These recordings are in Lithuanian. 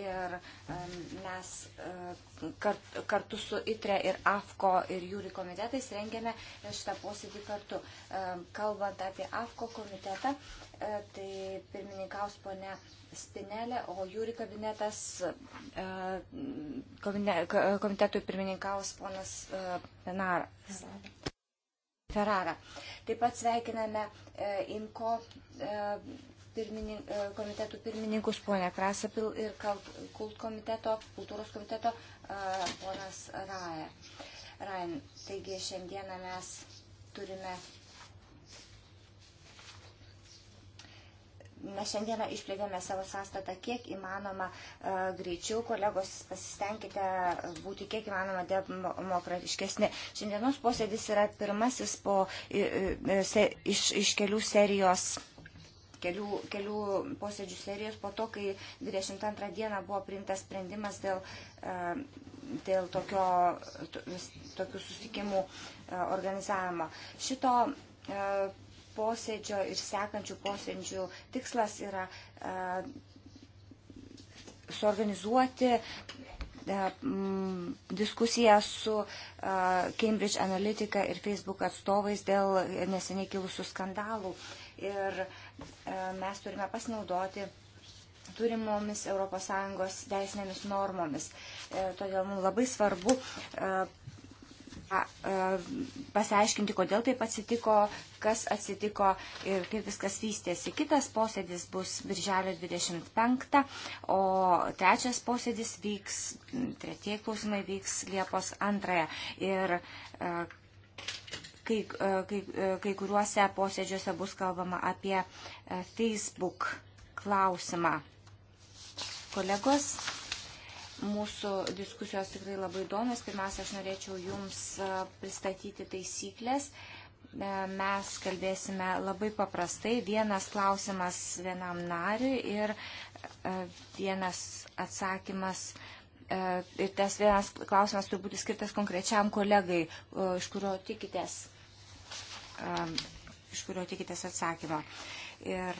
ir mes kartu su ITRE ir AFKO ir jūri komitetais rengėme šitą posėdį kartu. Kalbant apie AFKO komitetą, e, tai pirmininkaus pone Spinelė, o jūri kabinetas e, komitetui pirmininkaus ponas e, Penaras. Ferrara. Taip pat sveikiname IMCO pirminink, e, komitetų pirmininkus, ponę Krasapil ir kult komiteto, kultūros komiteto, e, ponas Raja. Rain, taigi šiandieną mes turime mes šiandieną išplėtėme savo sąstatą kiek įmanoma uh, greičiau. Kolegos, pasistengkite būti kiek įmanoma demokratiškesni. Šiandienos posėdis yra pirmasis po, iš, iš kelių serijos kelių, kelių posėdžių serijos po to, kai 22 dieną buvo priimtas sprendimas dėl, e, dėl tokio, to, tokių susikimų e, organizavimo. Šito e, posėdžio ir sekančių posėdžių tikslas yra suorganizuoti diskusiją su Cambridge Analytica ir Facebook atstovais dėl neseniai kilusių skandalų. Ir uh, E, mes turime pasinaudoti turimomis ES teisinėmis normomis. E, todėl mums labai svarbu e, pasiaiškinti, kodėl taip atsitiko, kas atsitiko ir kaip viskas vystėsi. Kitas posėdis bus birželio 25, o trečias posėdis vyks, tretie klausimai vyks Liepos 2. Ir kai, e, kai, e, kai kuriuose posėdžiuose bus kalbama apie e, Facebook klausimą. Kolegos, mūsų diskusijos tikrai labai įdomios. Pirmiausia, aš norėčiau Jums pristatyti taisyklės. Mes kalbėsime labai paprastai. Vienas klausimas vienam nariui ir vienas atsakymas ir tas vienas klausimas turi būti skirtas konkrečiam kolegai, iš kurio tikitės Um, iš kurio tikitės atsakymo. Ir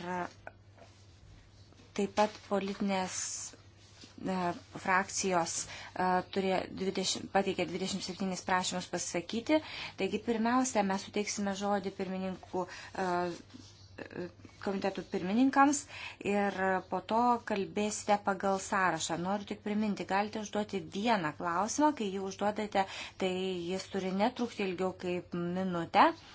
taip pat politinės uh, frakcijos uh, turė 20, pateikė 27 prašymus pasisakyti. Taigi pirmiausia, mes suteiksime žodį pirmininkų uh, komitetų pirmininkams ir po to kalbėsite pagal sąrašą. Noriu tik priminti, galite užduoti vieną klausimą, kai jį užduodate, tai jis turi netrukti ilgiau kaip minutę. Uh,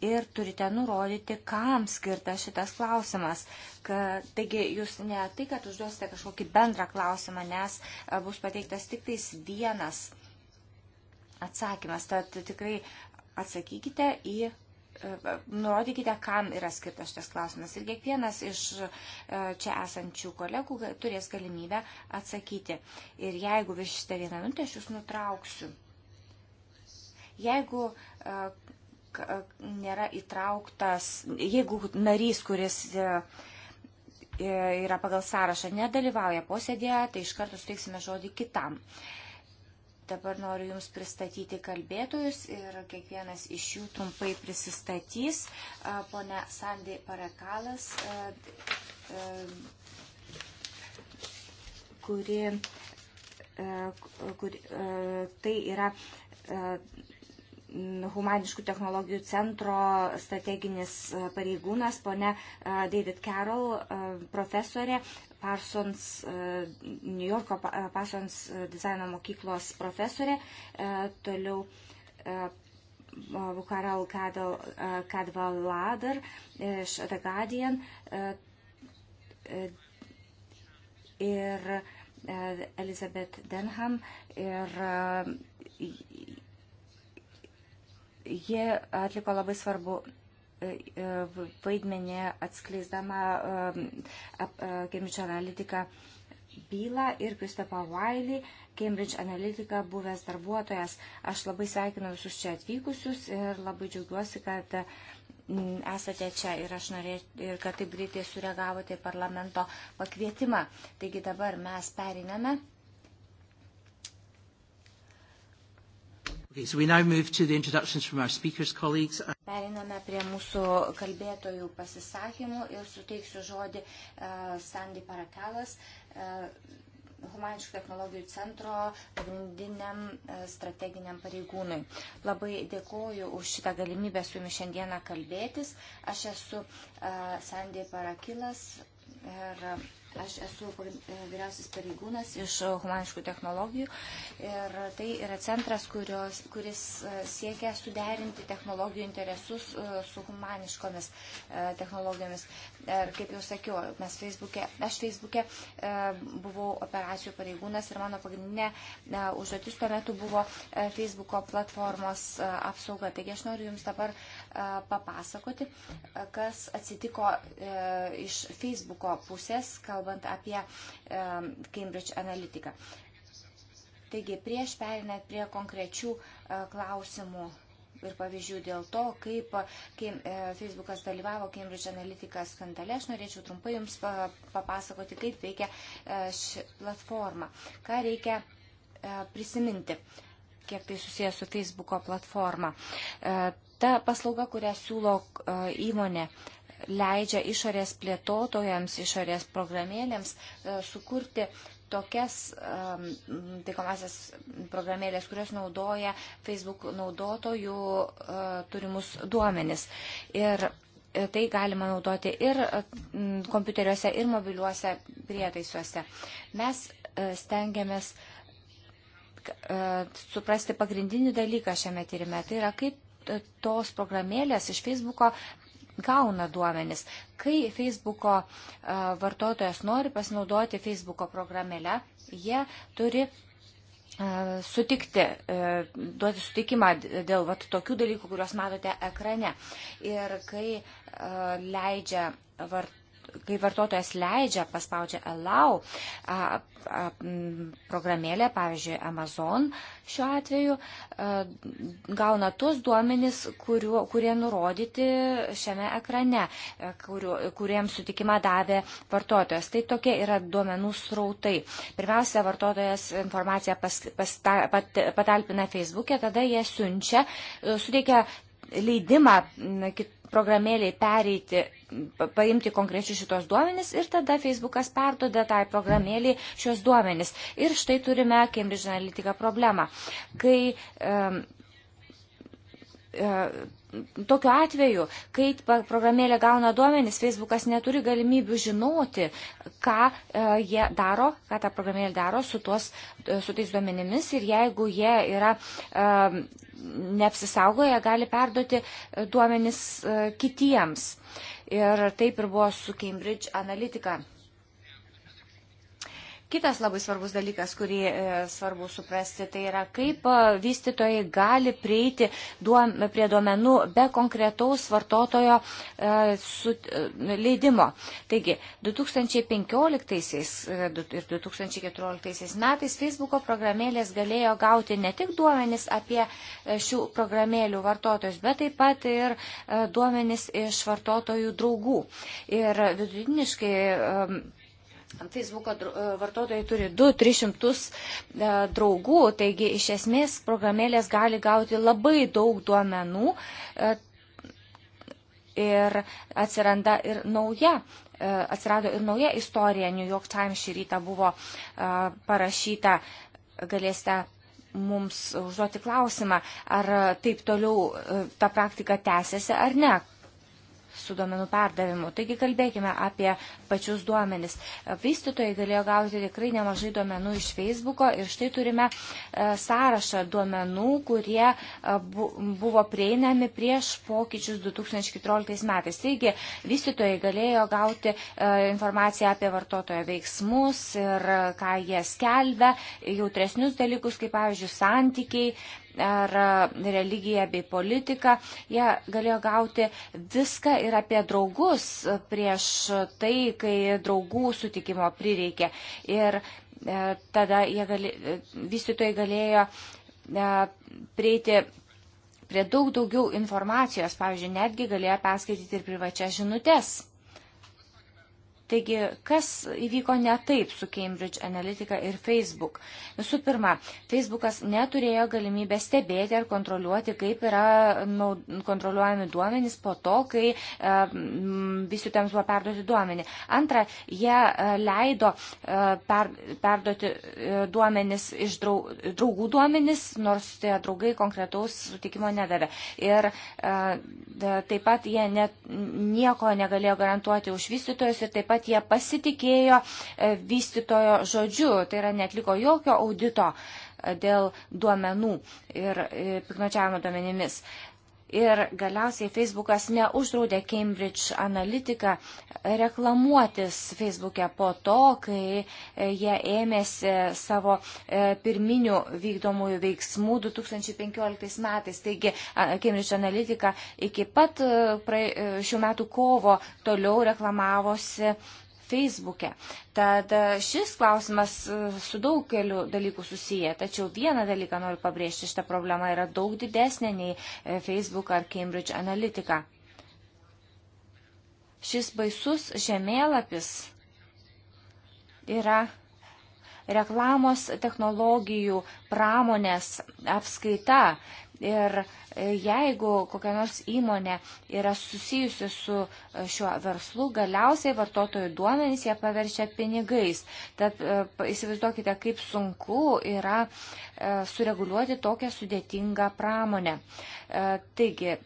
ir turite nurodyti, kam skirtas šitas klausimas. Ka, taigi jūs ne tai, kad užduosite kažkokį bendrą klausimą, nes e, bus pateiktas tik tais vienas atsakymas. Tad tikrai atsakykite į. E, e, nurodykite, kam yra skirtas šitas klausimas ir kiekvienas iš čia esančių kolegų turės galimybę atsakyti. Ir jeigu viršite vieną minutę, aš jūs nutrauksiu. Jeigu uh, nėra įtrauktas, jeigu narys, kuris e, e, yra pagal sąrašą, nedalyvauja posėdėje, tai iš karto suteiksime žodį kitam. Dabar noriu Jums pristatyti kalbėtojus ir kiekvienas iš jų trumpai prisistatys. E, pone Sandi Parekalas, kuri, kuri tai yra humaniškų technologijų centro strateginis e, pareigūnas, ponė e, David Carroll, e, profesorė, Parsons, New Yorko Parsons dizaino mokyklos profesorė, toliau Vukaral Kadvaladar iš The Guardian ir Elizabeth Denham ir Jie atliko labai svarbu e, e, vaidmenį atskleisdama e, Cambridge Analytica bylą ir Christopher Wiley, Cambridge Analytica buvęs darbuotojas. Aš labai sveikinu visus čia atvykusius ir labai džiaugiuosi, kad esate čia ir aš norėčiau, ir kad taip greitai sureagavote į parlamento pakvietimą. Taigi dabar mes periname Okay, so Periname prie mūsų kalbėtojų pasisakymų ir suteiksiu žodį uh, Sandy Parakalas, uh, Humaniškų technologijų centro pagrindiniam uh, strateginiam pareigūnui. Labai dėkoju už šitą galimybę su jumis šiandieną kalbėtis. Aš esu uh, Sandy Parakilas ir. Uh, Aš esu e, vyriausias pareigūnas iš humaniškų technologijų ir tai yra centras, kurios, kuris e, siekia suderinti technologijų interesus e, su humaniškomis technologijomis. Ir kaip jau sakiau, mes Facebook'e, aš Facebook'e buvau operacijų pareigūnas ir mano pagrindinė užduotis tuo metu buvo Facebook'o platformos apsauga. Taigi aš noriu Jums dabar papasakoti, kas atsitiko e, iš Facebook'o pusės, kalbant apie e, Cambridge Analytica. Taigi, prieš perinant prie konkrečių klausimų ir pavyzdžių dėl to, kaip e, Facebookas dalyvavo Cambridge Analytica skandale, aš norėčiau trumpai Jums papasakoti, kaip veikia ši platforma, ką reikia prisiminti kiek tai susijęs su Facebooko platforma. Ta paslauga, kurią siūlo e, įmonė, leidžia išorės plėtotojams, išorės programėlėms e, sukurti tokias taikomasias programėlės, kurios naudoja Facebook naudotojų e, turimus duomenis. Ir tai galima naudoti ir kompiuteriuose, ir mobiliuose prietaisuose. Mes stengiamės suprasti pagrindinį dalyką šiame tyrime. Tai yra, kaip tos programėlės iš Facebooko gauna duomenis. Kai Facebooko e, vartotojas nori pasinaudoti Facebooko programėlę, jie turi e, sutikti, e, duoti sutikimą dėl vat, tokių dalykų, kuriuos matote ekrane. Ir kai leidžia vart, kai vartotojas leidžia, paspaudžia allow a, a, programėlė, pavyzdžiui, Amazon šiuo atveju, a, gauna tuos duomenis, kuriu, kurie nurodyti šiame ekrane, kuriu, kuriems sutikimą davė vartotojas. Tai tokie yra duomenų srautai. Pirmiausia, vartotojas informaciją pas, pas, pat, patalpina Facebook'e, tada jie siunčia, suteikia leidimą kitų programėliai pereiti, paimti konkrečius šitos duomenys ir tada Facebookas perduoda tai programėliai šios duomenys. Ir štai turime Cambridge Analytica problemą. Kai um, tokiu atveju, kai programėlė gauna duomenys, Facebookas neturi galimybių žinoti, ką e, jie daro, ką ta programėlė daro su, tuos, e, su tais duomenimis ir jeigu jie yra e, neapsisaugoję, gali perduoti duomenys kitiems. Ir taip ir buvo su Cambridge Analytica Kitas labai svarbus dalykas, kurį e, svarbu suprasti, tai yra, kaip e, vystytojai gali prieiti duom, prie duomenų be konkretaus vartotojo e, su, e, leidimo. Taigi, 2015 e, ir 2014 metais Facebooko programėlės galėjo gauti ne tik duomenis apie e, šių programėlių vartotojus, bet taip pat ir e, duomenis iš vartotojų draugų. Ir vidutiniškai e, Facebook'o e, vartotojai turi 2-300 e, draugų, taigi iš esmės programėlės gali gauti labai daug duomenų e, ir atsiranda ir nauja. Atsirado ir nauja istorija, New York Times šį rytą buvo parašyta, galėsite mums užduoti klausimą, ar taip toliau ta praktika tęsiasi ar ne, su duomenų perdavimu. Taigi kalbėkime apie pačius duomenis. Vystytojai galėjo gauti tikrai nemažai duomenų iš Facebooko ir štai turime e, sąrašą duomenų, kurie e, buvo prieinami prieš pokyčius 2014 metais. Taigi vystytojai galėjo gauti e, informaciją apie vartotojo veiksmus ir ką jie skelbia, jautresnius dalykus, kaip pavyzdžiui, santykiai ar e, religiją bei politiką. Jie galėjo gauti viską ir apie draugus prieš tai, kai draugų sutikimo prireikė. Ir e, tada gali, e, vystytojai galėjo prieiti prie daug daugiau informacijos, pavyzdžiui, netgi galėjo perskaityti ir privačias žinutės. Taigi, kas įvyko ne taip su Cambridge Analytica ir Facebook? Visų pirma, Facebookas neturėjo galimybę stebėti ar kontroliuoti, kaip yra kontroliuojami duomenys po to, kai visi tams buvo perduoti duomenį. Antra, jie e, leido e, per, perduoti e, duomenys iš draug, draugų duomenys, nors tie draugai konkretaus sutikimo nedavė. Ir taip pat jie net, nieko negalėjo garantuoti už vystytojus ir taip pat kad jie pasitikėjo e, vystytojo žodžiu, tai yra netliko jokio audito e, dėl duomenų ir e, piknočiavimo duomenimis. Ir galiausiai Facebookas neuždraudė Cambridge Analytica reklamuotis Facebook'e po to, kai e, jie ėmėsi savo e, pirminių vykdomųjų veiksmų 2015 metais. Taigi Cambridge Analytica iki pat e, šių metų kovo toliau reklamavosi Facebook'e. Tad e, šis klausimas e, su daugeliu dalykų susiję, tačiau vieną dalyką noriu pabrėžti, šita problema yra daug didesnė nei e, Facebook ar Cambridge Analytica. Šis baisus žemėlapis yra reklamos technologijų pramonės apskaita. Ir e, jeigu kokia nors įmonė yra susijusi su e, šiuo verslu, galiausiai vartotojų duomenys jie paverčia pinigais. Tad e, įsivaizduokite, kaip sunku yra sureguliuoti tokią sudėtingą pramonę. Taigi,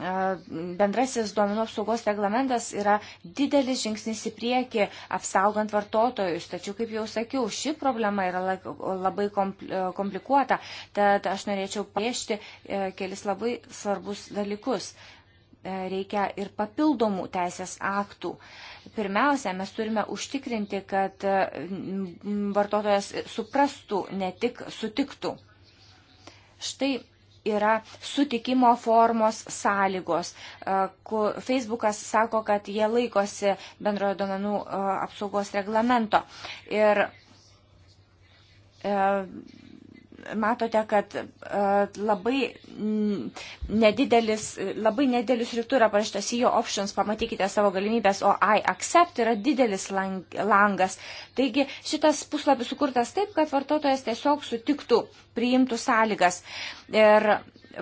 bendrasis duomenų apsaugos reglamentas yra didelis žingsnis į priekį apsaugant vartotojus. Tačiau, kaip jau sakiau, ši problema yra labai komplikuota. Tad aš norėčiau pabrėžti e, kelis labai svarbus dalykus. E, reikia ir papildomų teisės aktų. Pirmiausia, mes turime užtikrinti, kad e, vartotojas suprastų, ne tik sutiktų. Štai yra sutikimo formos sąlygos. E, Facebookas sako, kad jie laikosi bendrojo domenų e, apsaugos reglamento. Ir e, matote, kad e, labai nedidelis, labai nedidelis rytų yra parašytas į jo options, pamatykite savo galimybės, o I accept yra didelis langas. Taigi šitas puslapis sukurtas taip, kad vartotojas tiesiog sutiktų, priimtų sąlygas. Ir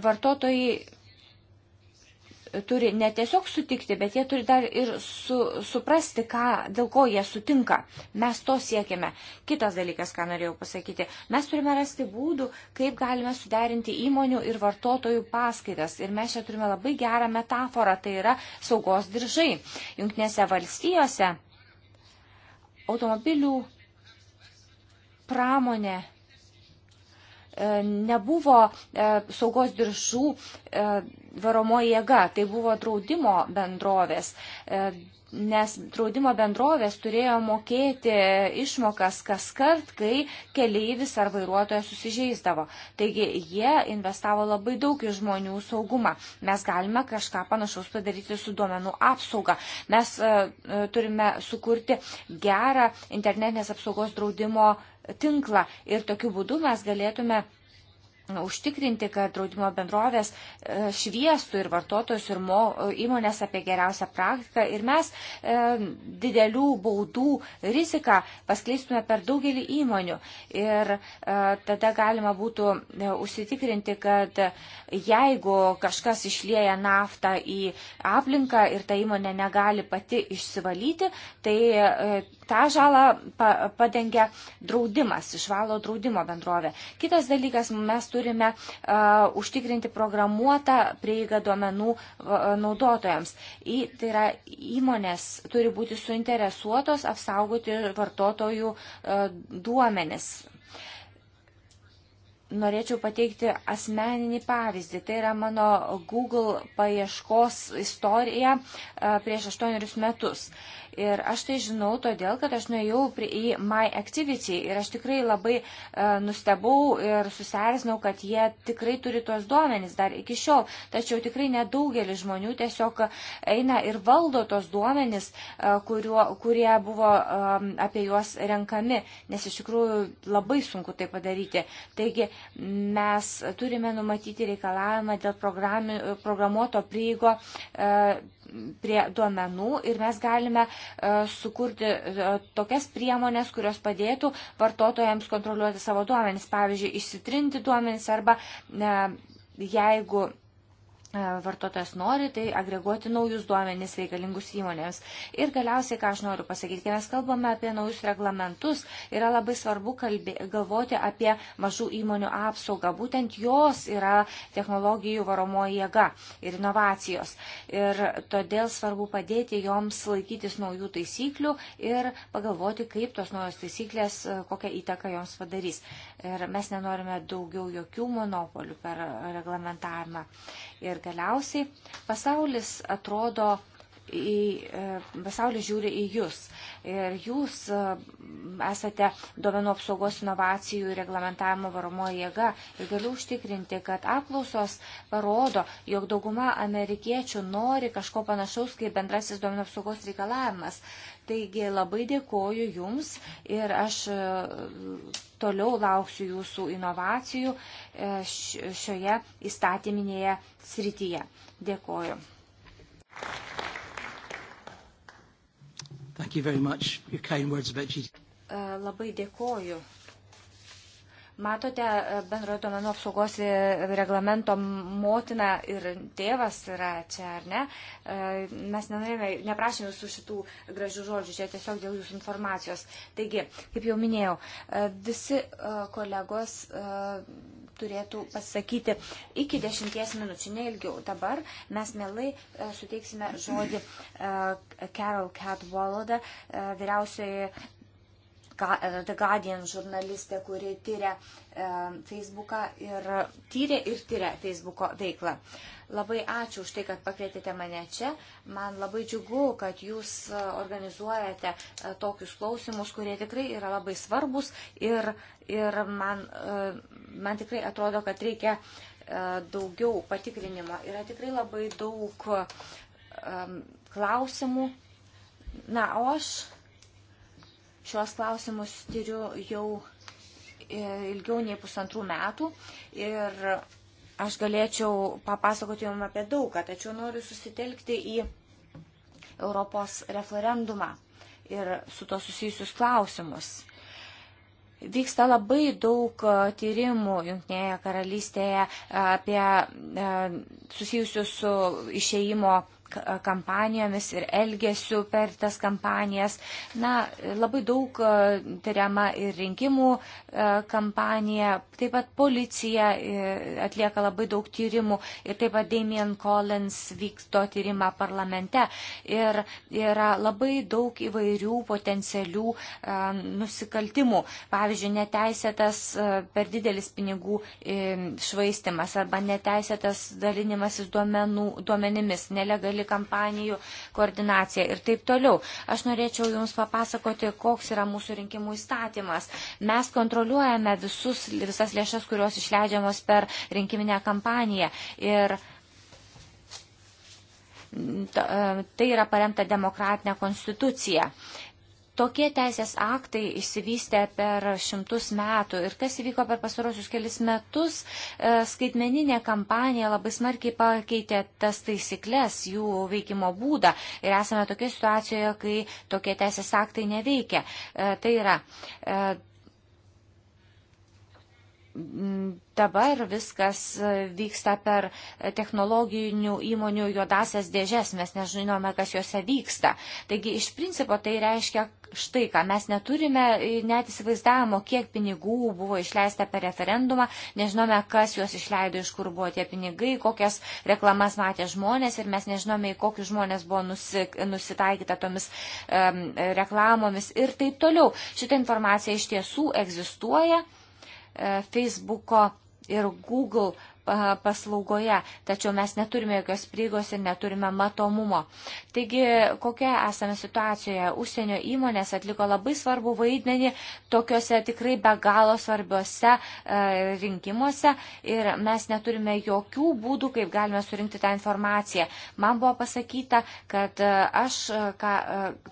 vartotojai turi ne tiesiog sutikti, bet jie turi dar ir su, suprasti, ką, dėl ko jie sutinka. Mes to siekime. Kitas dalykas, ką norėjau pasakyti, mes turime rasti būdų, kaip galime suderinti įmonių ir vartotojų paskaitas. Ir mes čia turime labai gerą metaforą, tai yra saugos diržai. Junktinėse valstijose automobilių pramonė e, nebuvo e, saugos diržų e, varomoji jėga, tai buvo draudimo bendrovės, e, nes draudimo bendrovės turėjo mokėti išmokas kas kart, kai keleivis ar vairuotojas susižeisdavo. Taigi jie investavo labai daug į žmonių saugumą. Mes galime kažką panašaus padaryti su duomenų apsauga. Mes e, e, turime sukurti gerą internetinės apsaugos draudimo tinklą ir tokiu būdu mes galėtume užtikrinti, kad draudimo bendrovės e, šviestų ir vartotojus, ir mo, įmonės apie geriausią praktiką. Ir mes e, didelių baudų riziką paskleistume per daugelį įmonių. Ir e, tada galima būtų e, užsitikrinti, kad jeigu kažkas išlieja naftą į aplinką ir ta įmonė negali pati išsivalyti, tai e, tą žalą pa, padengia draudimas, išvalo draudimo bendrovė. Kitas dalykas, mes turime turime uh, užtikrinti programuotą prieigą duomenų uh, naudotojams. Į, tai yra įmonės turi būti suinteresuotos apsaugoti vartotojų uh, duomenis norėčiau pateikti asmeninį pavyzdį. Tai yra mano Google paieškos istorija e, prieš aštuonerius metus. Ir aš tai žinau todėl, kad aš nuėjau į My Activity ir aš tikrai labai e, nustebau ir susierzinau, kad jie tikrai turi tuos duomenys dar iki šiol. Tačiau tikrai nedaugelis žmonių tiesiog eina ir valdo tuos duomenys, e, kuriuo, kurie buvo apie juos renkami, nes iš tikrųjų labai sunku tai padaryti. Taigi, mes turime numatyti reikalavimą dėl programuoto prieigo e, prie duomenų ir mes galime e, sukurti e, tokias priemonės, kurios padėtų vartotojams kontroliuoti savo duomenys, pavyzdžiui, išsitrinti duomenys arba jeigu E, vartotojas nori, tai agreguoti naujus duomenys reikalingus įmonėms. Ir galiausiai, ką aš noriu pasakyti, kai mes kalbame apie naujus reglamentus, yra labai svarbu kalbė, galvoti apie mažų įmonių apsaugą. Būtent jos yra technologijų varomoji jėga ir inovacijos. Ir todėl svarbu padėti joms laikytis naujų taisyklių ir pagalvoti, kaip tos naujos taisyklės, e, kokią įtaką joms padarys. Ir mes nenorime daugiau jokių monopolių per reglamentavimą. Ir galiausiai pasaulis atrodo į e, pasaulį žiūri į jūs. Ir jūs e, esate duomenų apsaugos inovacijų reglamentavimo varomoji jėga. Ir galiu užtikrinti, kad apklausos parodo, jog dauguma amerikiečių nori kažko panašaus kaip bendrasis duomenų apsaugos reikalavimas. Taigi labai dėkoju Jums ir aš e, toliau lauksiu jūsų inovacijų šioje įstatyminėje srityje. Dėkoju. Thank you very much. Your kind words about GDPR. Labai dėkoju. Matote, bendrojo duomenų apsaugos reglamento motina ir tėvas yra čia, ar ne? Mes nenorėjome, neprašėme visų šitų gražių žodžių, čia tiesiog dėl jūsų informacijos. Taigi, kaip jau minėjau, visi kolegos turėtų pasakyti iki dešimties minučių, ne ilgiau. Dabar mes mielai e, suteiksime žodį e, Carol Cat Walloda, e, vyriausioji The Guardian žurnalistė, kuri tyria Facebooką ir tyrė ir tyria Facebooko veiklą. Uh, Labai ačiū už tai, kad pakvietėte mane čia. Man labai džiugu, kad jūs e, organizuojate e, tokius klausimus, kurie tikrai yra labai svarbus ir, ir man, e, man tikrai atrodo, kad reikia daugiau patikrinimo. Yra tikrai labai daug klausimų. Na, o aš šios klausimus tyriu jau ilgiau nei pusantrų metų ir Aš galėčiau papasakoti jums apie daugą, tačiau noriu susitelkti į Europos referendumą ir su to susijusius klausimus. Vyksta labai daug e, tyrimų Junktinėje karalystėje e, apie e, susijusius su išeimo kampanijomis ir elgesiu per tas kampanijas. Na, labai daug e, tyriama ir rinkimų e, kampanija, taip pat policija e, atlieka labai daug tyrimų ir taip pat Damien Collins vyksto tyrimą parlamente. Ir yra labai daug įvairių potencialių nusikaltimų. Pavyzdžiui, neteisėtas per didelis pinigų švaistimas arba neteisėtas dalinimasis duomenų, duomenimis, nelegali kampanijų koordinacija ir taip toliau. Aš norėčiau Jums papasakoti, koks yra mūsų rinkimų įstatymas. Mes kontroliuojame visus, visas lėšas, kurios išleidžiamos per rinkiminę kampaniją. Ir e, tai yra paremta demokratinė konstitucija. Tokie teisės aktai išsivystė per šimtus metų ir kas įvyko per pasarosius kelis metus, e, skaitmeninė kampanija labai smarkiai pakeitė tas taisyklės, jų veikimo būdą ir esame tokioje situacijoje, kai tokie teisės aktai neveikia. E, tai yra, e, dabar viskas e, vyksta per technologinių įmonių juodasias dėžes, mes nežinome, kas juose vyksta. Taigi iš principo tai reiškia štai ką, mes neturime e, net įsivaizdavimo, kiek pinigų buvo išleista per referendumą, nežinome, kas juos išleido, iš kur buvo tie pinigai, kokias reklamas matė žmonės ir mes nežinome, į kokius žmonės buvo nusi, nusitaikyta tomis um, reklamomis ir taip toliau. Šitą informaciją iš tiesų egzistuoja. E, Facebook'o ir Google paslaugoje, tačiau mes neturime jokios prieigos ir neturime matomumo. Taigi, kokia esame situacijoje? Užsienio įmonės atliko labai svarbu vaidmenį tokiuose tikrai be galo svarbiuose e, rinkimuose ir mes neturime jokių būdų, kaip galime surinkti tą informaciją. Man buvo pasakyta, kad e, aš e, ką,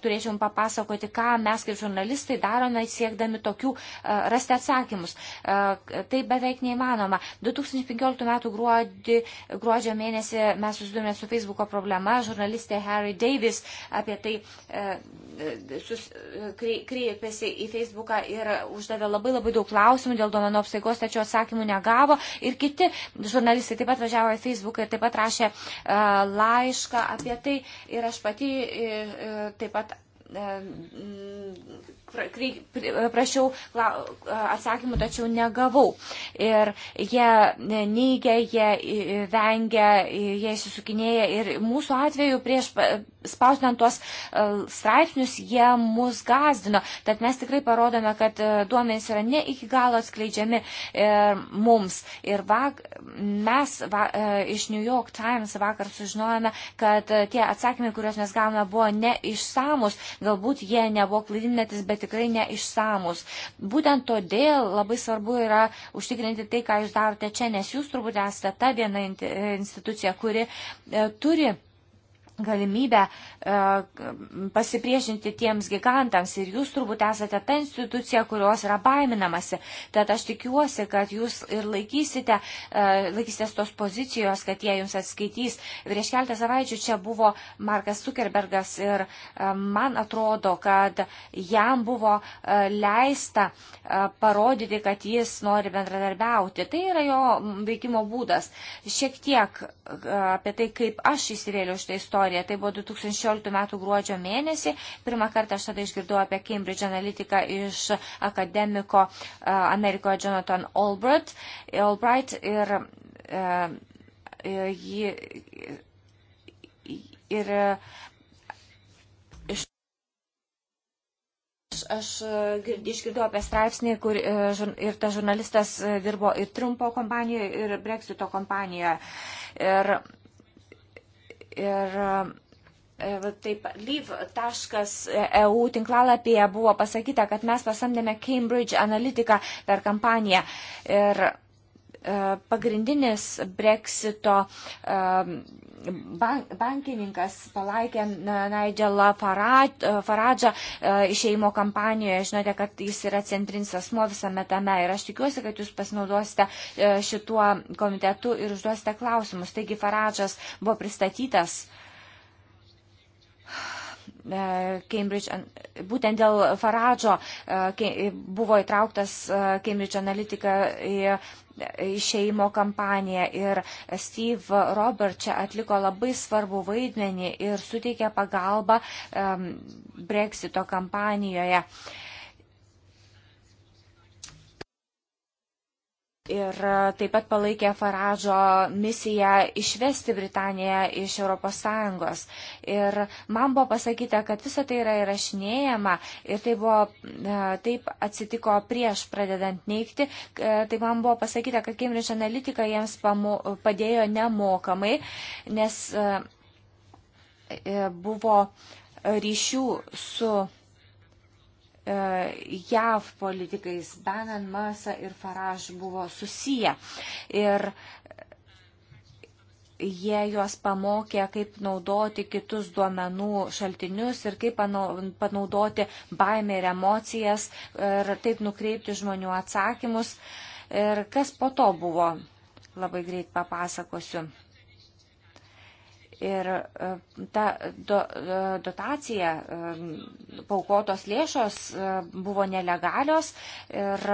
turėčiau jums papasakoti, ką mes kaip žurnalistai darome siekdami tokių rasti atsakymus. Tai beveik neįmanoma. 2015 metų gruodį, gruodžio mėnesį mes susidūrėme su Facebooko problema. Žurnalistė Harry Davis apie tai e, e sus, e, krei, kreipėsi į Facebooką ir uždavė labai labai daug klausimų dėl duomenų apsaigos, tačiau atsakymų negavo. Ir kiti žurnalistai taip pat važiavo į Facebooką ir taip pat rašė e, laišką apie tai. Ir aš pati e, e, taip pat e, prašiau atsakymų, tačiau negavau. Ir jie neigia, jie vengia, jie įsisukinėja. Ir mūsų atveju prieš spausdinant tuos straipsnius, jie mus gazdino. Tad mes tikrai parodome, kad duomenys yra ne iki galo atskleidžiami ir e, mums. Ir vak, mes va, e, iš New York Times vakar sužinojame, kad e, tie atsakymai, kuriuos mes gavome, buvo neišsamus. Galbūt jie nebuvo klaidinantis, bet bet tikrai neišsamus. Būtent todėl labai svarbu yra užtikrinti tai, ką jūs darote čia, nes jūs turbūt esate ta viena institucija, kuri e, turi galimybę e, pasipriešinti tiems gigantams ir jūs turbūt esate ta institucija, kurios yra baiminamasi. Tad aš tikiuosi, kad jūs ir laikysite, e, laikysitės tos pozicijos, kad jie jums atskaitys. Prieš keltą savaičių čia buvo Markas Zuckerbergas ir e, man atrodo, kad jam buvo leista parodyti, kad jis nori bendradarbiauti. Tai yra jo veikimo būdas. Šiek tiek apie tai, kaip aš įsivėliau šitą istoriją istoriją. Tai buvo 2016 m. gruodžio mėnesį. Pirmą kartą aš tada išgirdau apie Cambridge Analytica iš akademiko e, Amerikoje Jonathan Albright. Albright ir, e, e, ir, ir aš išgirdau apie straipsnį, kur ir tas žurnalistas dirbo ir Trumpo kompanijoje, ir Brexito kompanijoje. Ir Ir e, Taip, leave.eu tinklalapyje buvo pasakyta, kad mes pasamdėme Cambridge Analytica per kampaniją. Ir e, pagrindinis breksito e, bank, bankininkas palaikė Nigelą Faradžą e, išeimo kampanijoje. Žinote, kad jis yra centrinis asmo visame tame. Ir aš tikiuosi, kad jūs pasinaudosite e, šituo komitetu ir užduosite klausimus. Taigi Faradžas buvo pristatytas. E, Cambridge, būtent dėl Faradžo buvo įtrauktas Cambridge Analytica į išeimo kampaniją ir Steve Robert čia atliko labai svarbu vaidmenį ir suteikė pagalbą um, Brexito kampanijoje. Uh, ir e, taip pat palaikė Faražo misiją išvesti Britaniją iš ES. Ir man buvo pasakyta, kad visa tai yra įrašinėjama ir tai buvo, e, taip atsitiko prieš pradedant neikti. E, tai man buvo pasakyta, kad Cambridge Analytica jiems pamu, padėjo nemokamai, nes buvo ryšių su E, JAV politikais Benan, Masa ir Faraž buvo susiję. Ir jie juos pamokė, kaip naudoti kitus duomenų šaltinius ir kaip panaudoti baimę ir emocijas ir taip nukreipti žmonių atsakymus. Ir kas po to buvo, labai greit papasakosiu. Ir e, ta do, e, dotacija, e, paukotos lėšos buvo nelegalios ir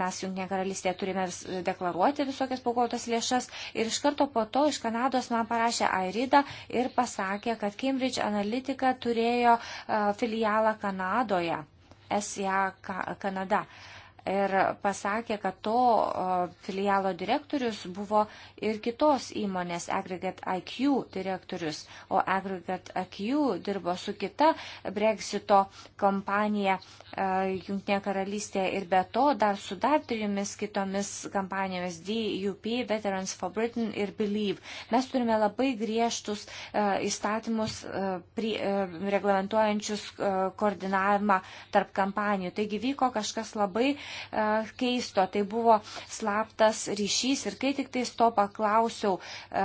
mes Junktinė karalystė turime deklaruoti visokias paukotas lėšas. Ir iš karto po to iš Kanados man parašė Airida ir pasakė, kad Cambridge Analytica turėjo filialą Kanadoje, SIA Kanada. -Ka ir pasakė, kad to filialo direktorius buvo ir kitos įmonės Aggregate IQ direktorius, o Aggregate IQ dirbo su kita Brexito kompanija e, Junktinė karalystė ir be to dar su dar trijomis kitomis kampanijomis DUP, Veterans for Britain ir Believe. Mes turime labai griežtus e, įstatymus e, reglamentuojančius koordinavimą tarp kampanijų. Taigi vyko kažkas labai uh, E, keisto. Tai buvo slaptas ryšys ir kai tik tai to paklausiau e,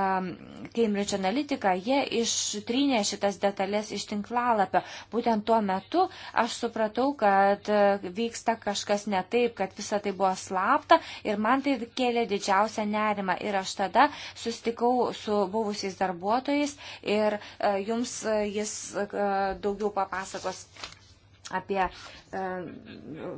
Cambridge Analytica, jie ištrynė šitas detalės iš tinklalapio. Būtent tuo metu aš supratau, kad e, vyksta kažkas ne taip, kad visa tai buvo slapta ir man tai kėlė didžiausią nerimą. Ir aš tada sustikau su buvusiais darbuotojais ir jums jis daugiau papasakos apie, e,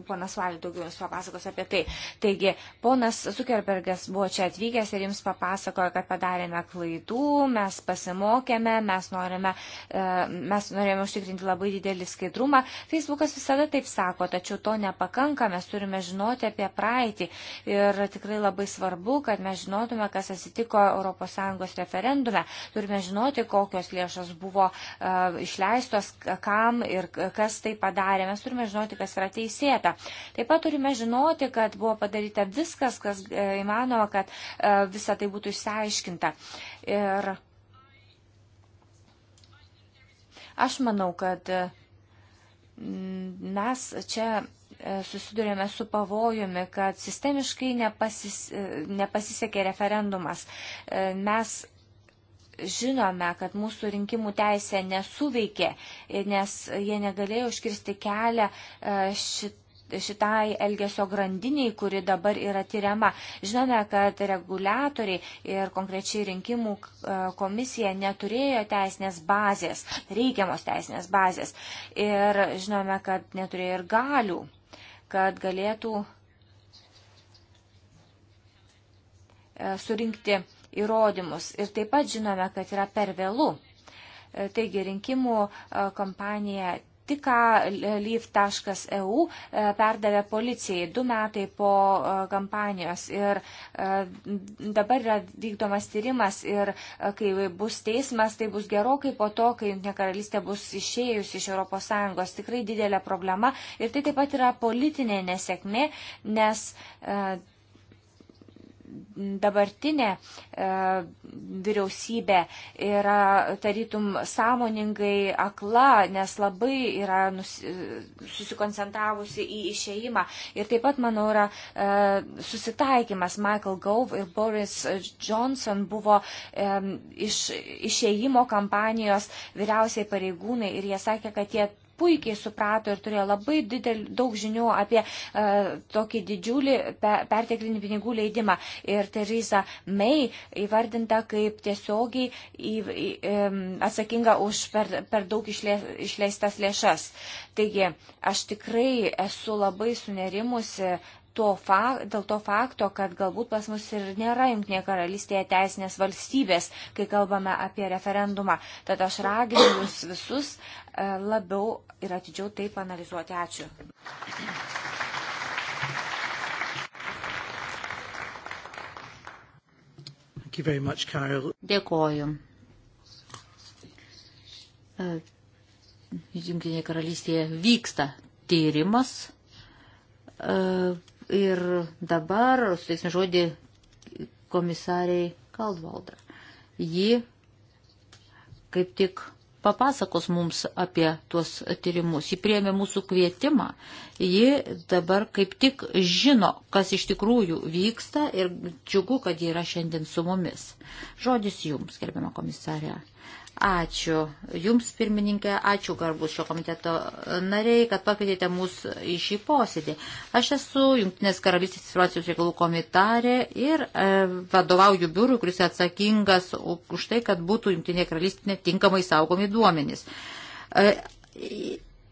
ponas Valė daugiau jums papasakos apie tai. Taigi, ponas Zuckerbergas buvo čia atvykęs ir jums papasakojo, kad padarėme klaidų, mes pasimokėme, mes norime, e, mes norėjome užtikrinti labai didelį skaidrumą. Facebookas visada taip sako, tačiau to nepakanka, mes turime žinoti apie praeitį. Ir tikrai labai svarbu, kad mes žinotume, kas atsitiko ES referendume. Turime žinoti, kokios lėšos buvo e, išleistos, kam ir kas tai padarė padarė, mes turime žinoti, kas yra teisėta. Taip pat turime žinoti, kad buvo padaryta viskas, kas e, įmanoma, kad e, visa tai būtų išsiaiškinta. Ir aš manau, kad e, mes čia susidurėme su pavojumi, kad sistemiškai nepasis, nepasisekė referendumas. Mes žinome, kad mūsų rinkimų teisė nesuveikė, nes jie negalėjo užkirsti kelią e, šitą šitai elgesio grandiniai, kuri dabar yra tyriama. Žinome, kad reguliatoriai ir konkrečiai rinkimų e, komisija neturėjo teisinės bazės, reikiamos teisinės bazės. Ir žinome, kad neturėjo ir galių, kad galėtų e, surinkti įrodymus. Ir taip pat žinome, kad yra per vėlų. E, taigi rinkimų e, kompanija tik e, leaf.eu perdavė policijai du metai po kampanijos ir dabar yra vykdomas tyrimas ir kai bus teismas, tai bus gerokai po to, kai Junktinė karalystė bus išėjus iš ES. Tikrai didelė problema ir tai taip pat yra politinė nesėkmė, nes dabartinė e, vyriausybė yra tarytum sąmoningai akla, nes labai yra e, susikoncentravusi į išeimą. Ir taip pat, manau, yra e, susitaikymas. Michael Gove ir Boris Johnson buvo iš išeimo kampanijos vyriausiai pareigūnai ir jie sakė, kad jie puikiai suprato ir turėjo labai didel, daug žinių apie e, tokį didžiulį pe, perteklinį pinigų leidimą. Ir Teresa May įvardinta kaip tiesiogiai į, į, į, e, atsakinga už per, per daug išlė, išleistas lėšas. Taigi, aš tikrai esu labai sunerimusi to fa, dėl to fakto, kad galbūt pas mus ir nėra Junktinėje karalystėje teisinės valstybės, kai kalbame apie referendumą. Tad aš raginu jūs visus e, labiau ir atidžiau tai panalizuoti. Ačiū. Much, Carol. Dėkoju. E, Junktinėje karalystėje vyksta tyrimas e, Ir dabar suteiksime žodį komisariai Kaldvalda. Ji kaip tik papasakos mums apie tuos tyrimus. Ji priemė mūsų kvietimą. Ji dabar kaip tik žino, kas iš tikrųjų vyksta ir džiugu, kad ji yra šiandien su mumis. Žodis jums, gerbiama komisarė. Ačiū Jums, pirmininkė, ačiū garbus šio komiteto nariai, kad pakvietėte mus į šį posėdį. Aš esu Junktinės karalystės situacijos reikalų komitarė ir e, vadovauju biurui, kuris atsakingas už tai, kad būtų Junktinė karalystė netinkamai saugomi duomenys. E,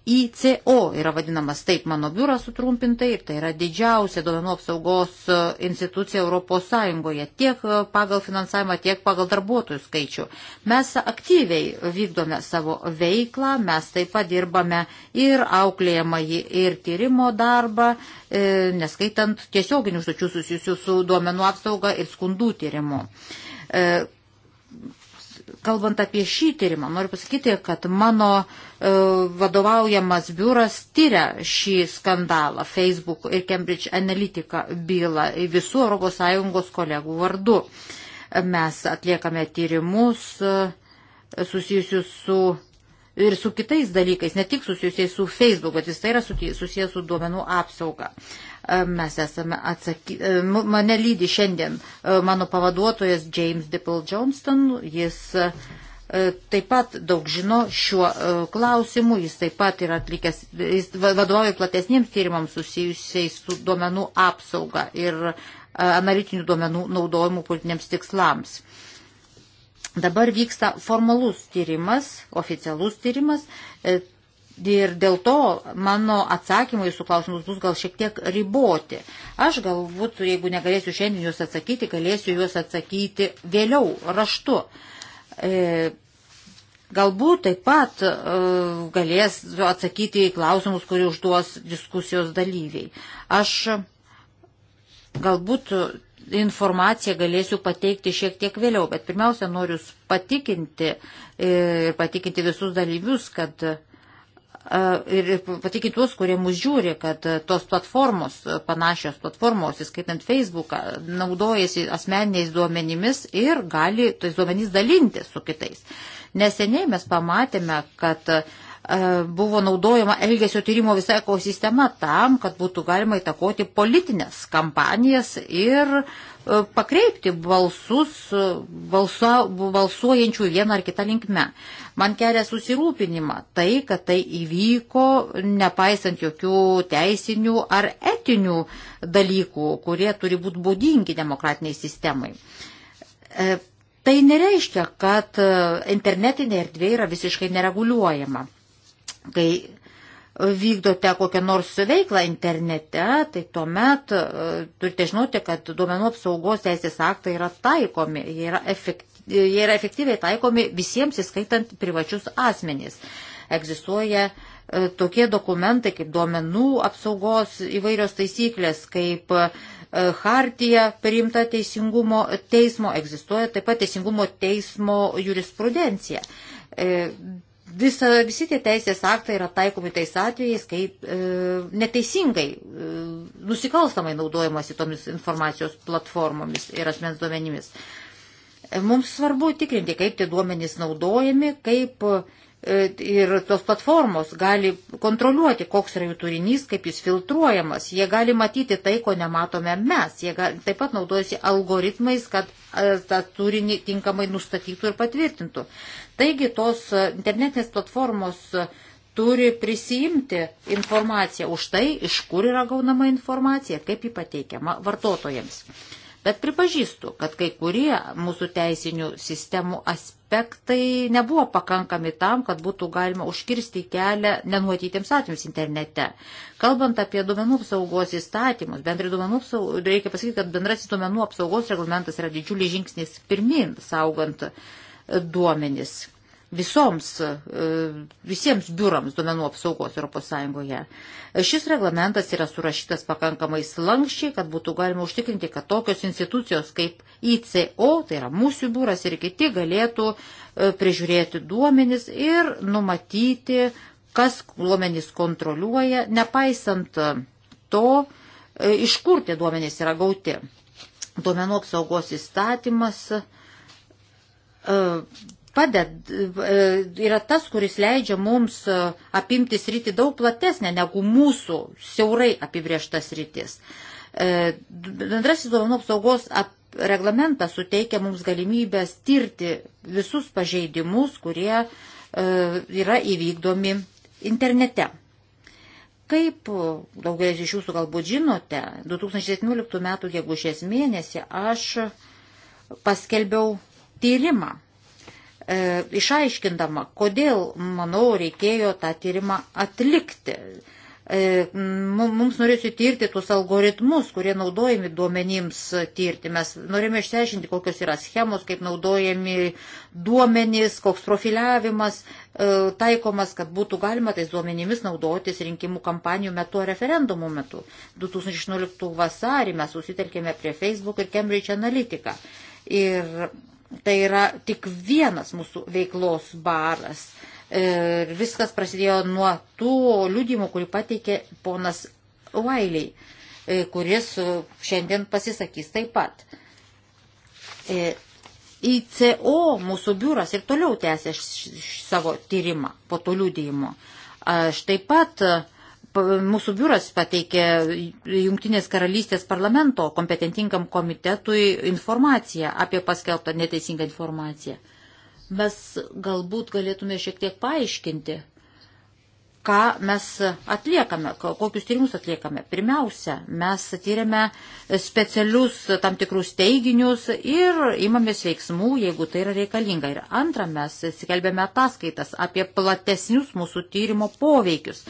ICO yra vadinamas taip mano biuras sutrumpintai ir tai yra didžiausia duomenų apsaugos e, institucija ES tiek e, pagal finansavimą, tiek pagal darbuotojų skaičių. Mes aktyviai vykdome savo veiklą, mes taip pat dirbame ir auklėjamąjį, ir tyrimo darbą, e, neskaitant tiesioginių užduočių susijusių su duomenų apsauga ir skundų tyrimu kalbant apie šį tyrimą, noriu pasakyti, kad mano e, vadovaujamas biuras tyria šį skandalą Facebook ir Cambridge Analytica bylą visų ES kolegų vardu. Mes atliekame tyrimus e, susijusius su ir su kitais dalykais, ne tik susijusiais su Facebook, bet vis tai yra susijęs su duomenų apsauga. Mes esame atsaky... E, mane lydi šiandien e, mano pavaduotojas James Dipple Johnston. Jis e, taip pat daug žino šiuo klausimu, jis taip pat yra atlikęs, jis vadovauja platesniems tyrimams susijusiais su duomenų apsauga ir analitinių duomenų naudojimu politiniams tikslams. Dabar vyksta formalus tyrimas, oficialus tyrimas, Ir dėl to mano atsakymai su klausimus bus gal šiek tiek riboti. Aš galbūt, jeigu negalėsiu šiandien juos atsakyti, galėsiu juos atsakyti vėliau raštu. E, galbūt taip pat e, galės atsakyti į klausimus, kurį užduos diskusijos dalyviai. Aš galbūt informaciją galėsiu pateikti šiek tiek vėliau, bet pirmiausia noriu patikinti e, ir patikinti visus dalyvius, kad ir patikiu tuos, kurie mus žiūri, kad e, tos platformos, e, panašios platformos, įskaitant Facebooką, naudojasi asmeniniais duomenimis ir gali tais duomenys dalintis su kitais. Neseniai mes pamatėme, kad uh, E, buvo naudojama elgesio tyrimo visa ekosistema tam, kad būtų galima įtakoti politinės kampanijas ir e, pakreipti balsus e, balso, balsuojančių vieną ar kitą linkmę. Man kelia susirūpinimą tai, kad tai įvyko nepaisant jokių teisinių ar etinių dalykų, kurie turi būti būdingi demokratiniai sistemai. Tai nereiškia, kad internetinė erdvė yra visiškai nereguliuojama kai vykdote kokią nors veiklą internete, tai tuomet e, turite žinoti, kad duomenų apsaugos teisės aktai yra taikomi, jie yra, efekty, jie yra efektyviai taikomi visiems, įskaitant privačius asmenys. Egzistuoja e, tokie dokumentai kaip duomenų apsaugos įvairios taisyklės, kaip e, Hartija priimta teisingumo teismo, egzistuoja taip pat teisingumo teismo jurisprudencija Visa, visi tie teisės aktai yra taikomi tais atvejais, kai e, neteisingai, e, nusikalstamai naudojamasi tomis informacijos platformomis ir asmens duomenimis. E, mums svarbu tikrinti, kaip tie duomenys naudojami, kaip e, ir tos platformos gali kontroliuoti, koks yra jų turinys, kaip jis filtruojamas. Jie gali matyti tai, ko nematome mes. Jie gali, taip pat naudojasi algoritmais, kad e, tą turinį tinkamai nustatytų ir patvirtintų. Taigi tos internetinės platformos turi prisijimti informaciją už tai, iš kur yra gaunama informacija, kaip ji pateikiama vartotojams. Bet pripažįstu, kad kai kurie mūsų teisinių sistemų aspektai nebuvo pakankami tam, kad būtų galima užkirsti kelią nenuotytiems atvejams internete. Kalbant apie duomenų apsaugos įstatymus, bendrai duomenų apsaugos, reikia pasakyti, kad bendrasis duomenų apsaugos reglamentas yra didžiulis žingsnis pirmin, saugant uh, duomenis visoms, e, visiems biurams duomenų apsaugos ES. Šis reglamentas yra surašytas pakankamai slankščiai, kad būtų galima užtikrinti, kad tokios institucijos kaip ICO, tai yra mūsų biuras ir kiti, galėtų e, prižiūrėti duomenis ir numatyti, kas duomenys kontroliuoja, nepaisant to, e, iš kur tie duomenys yra gauti. Duomenų apsaugos įstatymas E, paded, e, yra tas, kuris leidžia mums e, apimti sritį daug platesnę negu mūsų siaurai apibrieštas sritis. Bendrasis duomenų apsaugos reglamentas suteikia mums galimybės tirti visus pažeidimus, kurie yra įvykdomi internete. Kaip daugelis iš jūsų galbūt žinote, 2017 m. gegužės mėnesį aš paskelbiau tyrimą, e, išaiškindama, kodėl, manau, reikėjo tą tyrimą atlikti. E, mums norėsiu tirti tuos algoritmus, kurie naudojami duomenims tirti. Mes norime išsiaiškinti, kokios yra schemos, kaip naudojami duomenys, koks profiliavimas e, taikomas, kad būtų galima tais duomenimis naudotis rinkimų kampanijų metu ar referendumų metu. 2016 vasarį mes susitelkėme prie Facebook ir Cambridge Analytica. Ir tai yra tik vienas mūsų veiklos baras. E, ir viskas prasidėjo nuo tų liūdimų, kurį pateikė ponas Vailiai, e, kuris e, šiandien pasisakys taip pat. ICO mūsų biuras ir toliau tęsė savo tyrimą po to liūdėjimo. Aš taip pat uh, mūsų biuras pateikė Junktinės karalystės parlamento kompetentingam komitetui informaciją apie paskelbtą neteisingą informaciją. Mes galbūt galėtume šiek tiek paaiškinti, ką mes atliekame, kokius tyrimus atliekame. Pirmiausia, mes tyriame specialius tam tikrus teiginius ir imamės veiksmų, jeigu tai yra reikalinga. Ir antra, mes skelbėme ataskaitas apie platesnius mūsų tyrimo poveikius,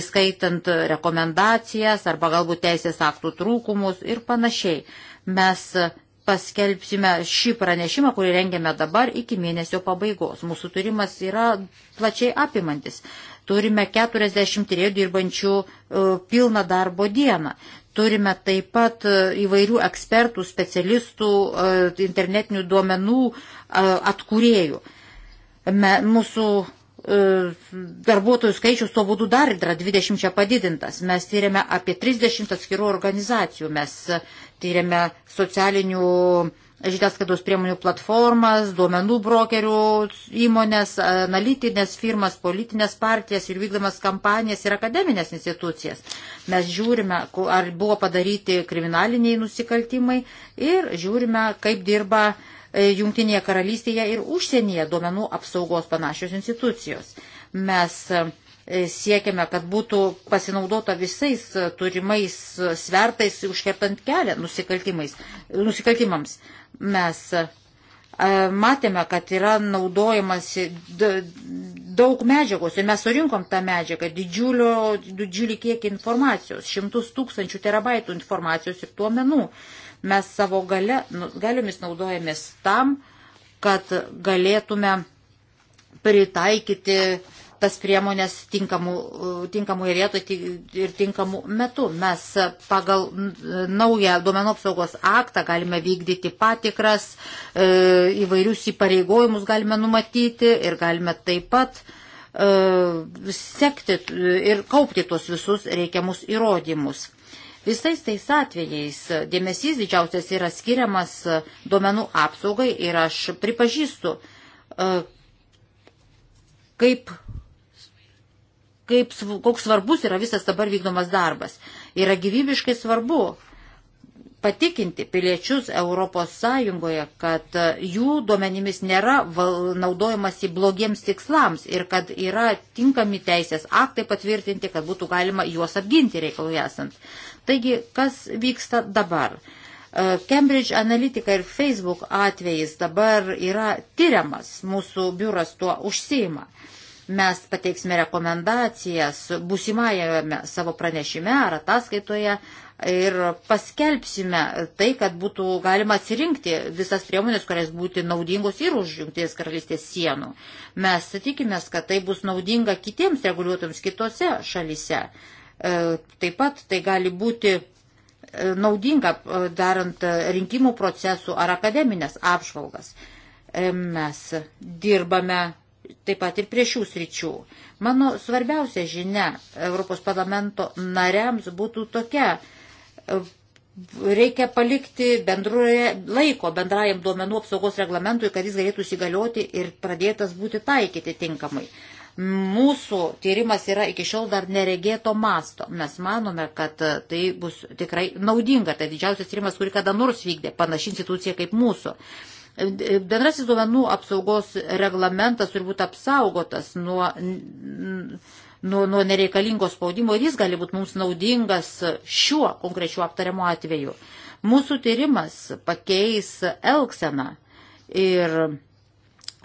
įskaitant rekomendacijas arba galbūt teisės aktų trūkumus ir panašiai. Mes paskelbsime šį pranešimą, kurį rengiame dabar iki mėnesio pabaigos. Mūsų turimas yra plačiai apimantis. Turime 43 dirbančių e, pilną darbo dieną. Turime taip pat e, įvairių ekspertų, specialistų, e, internetinių duomenų atkūrėjų. Mūsų E, darbuotojų skaičius tuo būdu dar yra 20 padidintas. Mes tyrėme apie 30 atskirų organizacijų, mes tyrėme socialinių žiniasklaidos priemonių platformas, duomenų brokerių įmonės, analitinės firmas, politinės partijas ir vykdamas kampanijas ir akademinės institucijas. Mes žiūrime, ar buvo padaryti kriminaliniai nusikaltimai ir žiūrime, kaip dirba uh, E, Jungtinėje karalystėje ir užsienyje duomenų apsaugos panašios institucijos. Mes e, siekiame, kad būtų pasinaudota visais e, turimais svertais, užkertant kelią nusikaltimams. Mes matėme, kad yra naudojamas daug medžiagos ir mes surinkom tą medžiagą, didžiulio, didžiulį kiekį informacijos, šimtus tūkstančių terabaitų informacijos ir tuomenų. menų Mes savo gale, nu, galiomis naudojamės tam, kad galėtume pritaikyti tas priemonės tinkamų, tinkamų vietoje ir tinkamų metų. Mes pagal e, naują duomenų apsaugos aktą galime vykdyti patikras, e, įvairius įpareigojimus galime numatyti ir galime taip pat e, sekti ir kaupti tuos visus reikiamus įrodymus. Visais tais atvejais dėmesys didžiausias yra skiriamas e, duomenų apsaugai ir aš pripažįstu, e, kaip, kaip, koks svarbus yra visas dabar vykdomas darbas. Yra gyvybiškai svarbu patikinti piliečius Europos Sąjungoje, kad e, jų duomenimis nėra naudojamas į blogiems tikslams ir kad yra tinkami teisės aktai patvirtinti, kad būtų galima juos apginti reikalų esant. Taigi, kas vyksta dabar? E, Cambridge Analytica ir Facebook atvejais dabar yra tyriamas, mūsų biuras tuo užsima. Mes pateiksime rekomendacijas busimajame savo pranešime ar ataskaitoje ir paskelbsime tai, kad būtų galima atsirinkti visas priemonės, kurias būti naudingos ir už Junktinės karalystės sienų. Mes tikimės, kad tai bus naudinga kitiems reguliuotams kitose šalise. E, taip pat tai gali būti e, naudinga e, darant rinkimų procesų ar akademinės apžvalgas. Mes dirbame taip pat ir prie šių sričių. Mano svarbiausia žinia Europos parlamento nariams būtų tokia. Reikia palikti bendroje laiko bendrajam duomenų apsaugos reglamentui, kad jis galėtų įsigalioti ir pradėtas būti taikyti tinkamai. Mūsų tyrimas yra iki šiol dar neregėto masto. Mes manome, kad tai bus tikrai naudinga. Tai didžiausias tyrimas, kurį kada nors vykdė panaši institucija kaip mūsų. Bendrasis duomenų apsaugos reglamentas turi būti apsaugotas nuo, nuo, nuo nereikalingo spaudimo ir jis gali būti mums naudingas šiuo konkrečiu aptariamu atveju. Mūsų tyrimas pakeis elkseną ir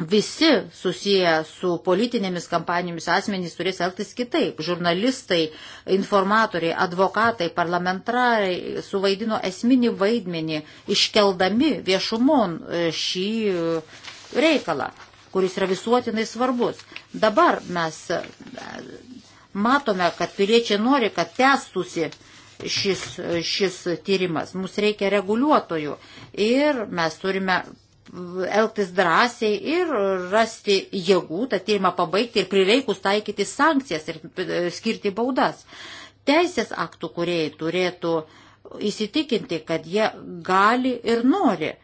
visi susiję su politinėmis kampanijomis asmenys turės elgtis kitaip. Žurnalistai, informatoriai, advokatai, parlamentarai suvaidino esminį vaidmenį, iškeldami viešumon e, šį e, reikalą, kuris yra visuotinai svarbus. Dabar mes e, matome, kad piliečiai nori, kad tęstusi šis, šis tyrimas. Mums reikia reguliuotojų ir mes turime elgtis drąsiai ir rasti jėgų tą tyrimą pabaigti ir prireikus taikyti sankcijas ir e, skirti baudas. Teisės aktų kuriejai turėtų įsitikinti, kad jie gali ir nori e,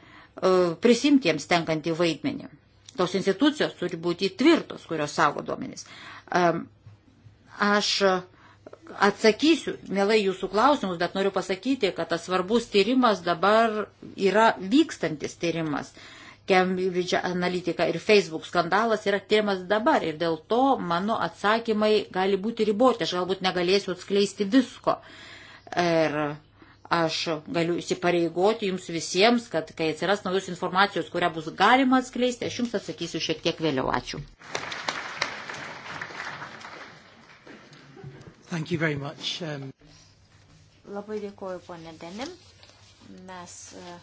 prisimtiems tenkantį vaidmenį. Tos institucijos turi būti tvirtos, kurios savo duomenys. E, aš atsakysiu, mielai, jūsų klausimus, bet noriu pasakyti, kad tas svarbus tyrimas dabar yra vykstantis tyrimas. Uh, Cambridge Analytica ir Facebook skandalas yra tyrimas dabar ir dėl to mano atsakymai gali būti riboti, aš galbūt negalėsiu atskleisti visko. Ir aš galiu įsipareigoti jums visiems, kad kai atsiras naujus informacijos, kurią bus galima atskleisti, aš jums atsakysiu šiek tiek vėliau. Ačiū. Um... Labai dėkuoju, ponė Denim. Mes uh,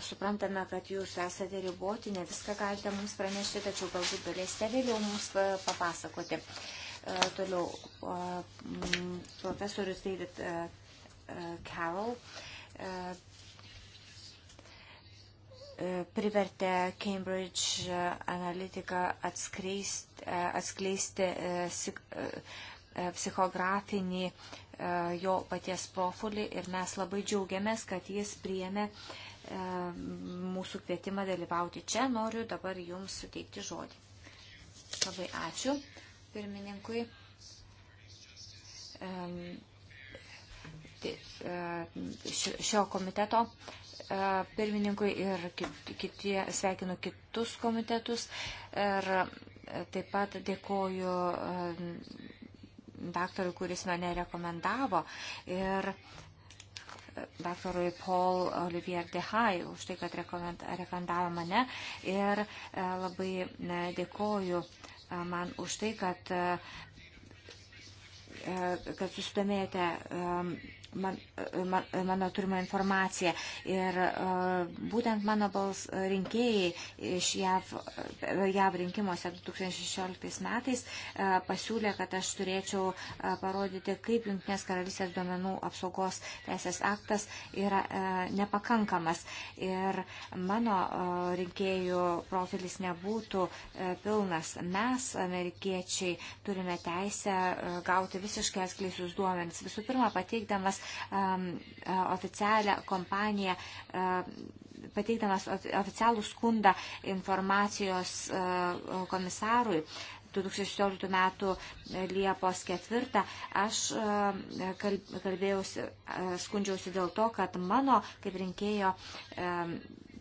Suprantame, kad jūs esate riboti, ne viską galite mums pranešti, tačiau galbūt galėsite vėliau mums e, papasakoti. E, toliau e, profesorius David Carroll privertė Cambridge analitiką atskleisti, atskleisti psichografinį jo paties profilį ir mes labai džiaugiamės, kad jis priėmė uh, E, mūsų kvietimą dalyvauti čia. Noriu dabar Jums suteikti žodį. Labai ačiū pirmininkui. E, šio komiteto e, pirmininkui ir kiti, sveikinu kitus komitetus ir taip pat dėkoju daktarui, kuris mane rekomendavo. Ir uh, daktarui Paul Olivier Dehai už tai, kad rekomendavo mane ir e, labai e, dėkoju e, man už tai, kad kad susidomėjote man, man, mano turimą informaciją. Ir e, būtent mano bals rinkėjai iš JAV, JAV rinkimuose 2016 metais e, pasiūlė, kad aš turėčiau e, parodyti, kaip Junktinės karalystės duomenų apsaugos teisės aktas yra nepakankamas. Ir mano rinkėjų profilis nebūtų pilnas. Mes, amerikiečiai, turime teisę gauti visiškai atskleisius duomenis. Visų pirma, pateikdamas um, uh, oficialią kompaniją, um, pateikdamas oficialų skundą informacijos uh, komisarui. 2016 metų uh, Liepos 4 aš kalbėjausi, skundžiausi dėl to, kad mano kaip rinkėjo um,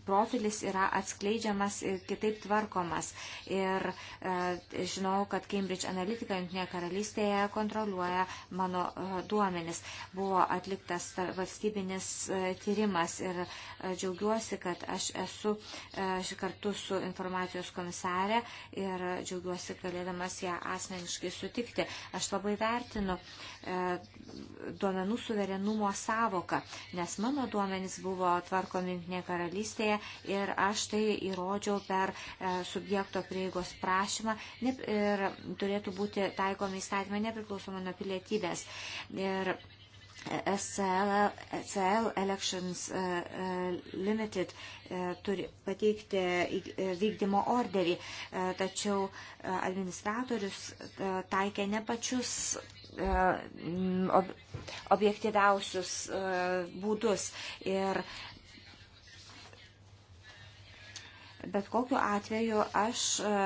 profilis yra atskleidžiamas ir kitaip tvarkomas. Ir e, žinau, kad Cambridge Analytica Junktinėje karalystėje kontroliuoja mano e, duomenis. Buvo atliktas valstybinis e, tyrimas ir džiaugiuosi, kad aš esu kartu su informacijos komisarė ir džiaugiuosi galėdamas ją asmeniškai sutikti. Aš labai vertinu duomenų suverenumo savoką, nes mano duomenys buvo tvarkomi Junktinėje karalystėje ir aš tai įrodžiau per e, subjekto prieigos prašymą ir turėtų būti taikomi įstatymai nepriklausomai nuo pilietybės. Ir SL, SL Elections e, e, Limited turi pateikti vykdymo orderį, tačiau administratorius taikė ne pačius objektyviausius būdus ir Bet kokiu atveju aš e,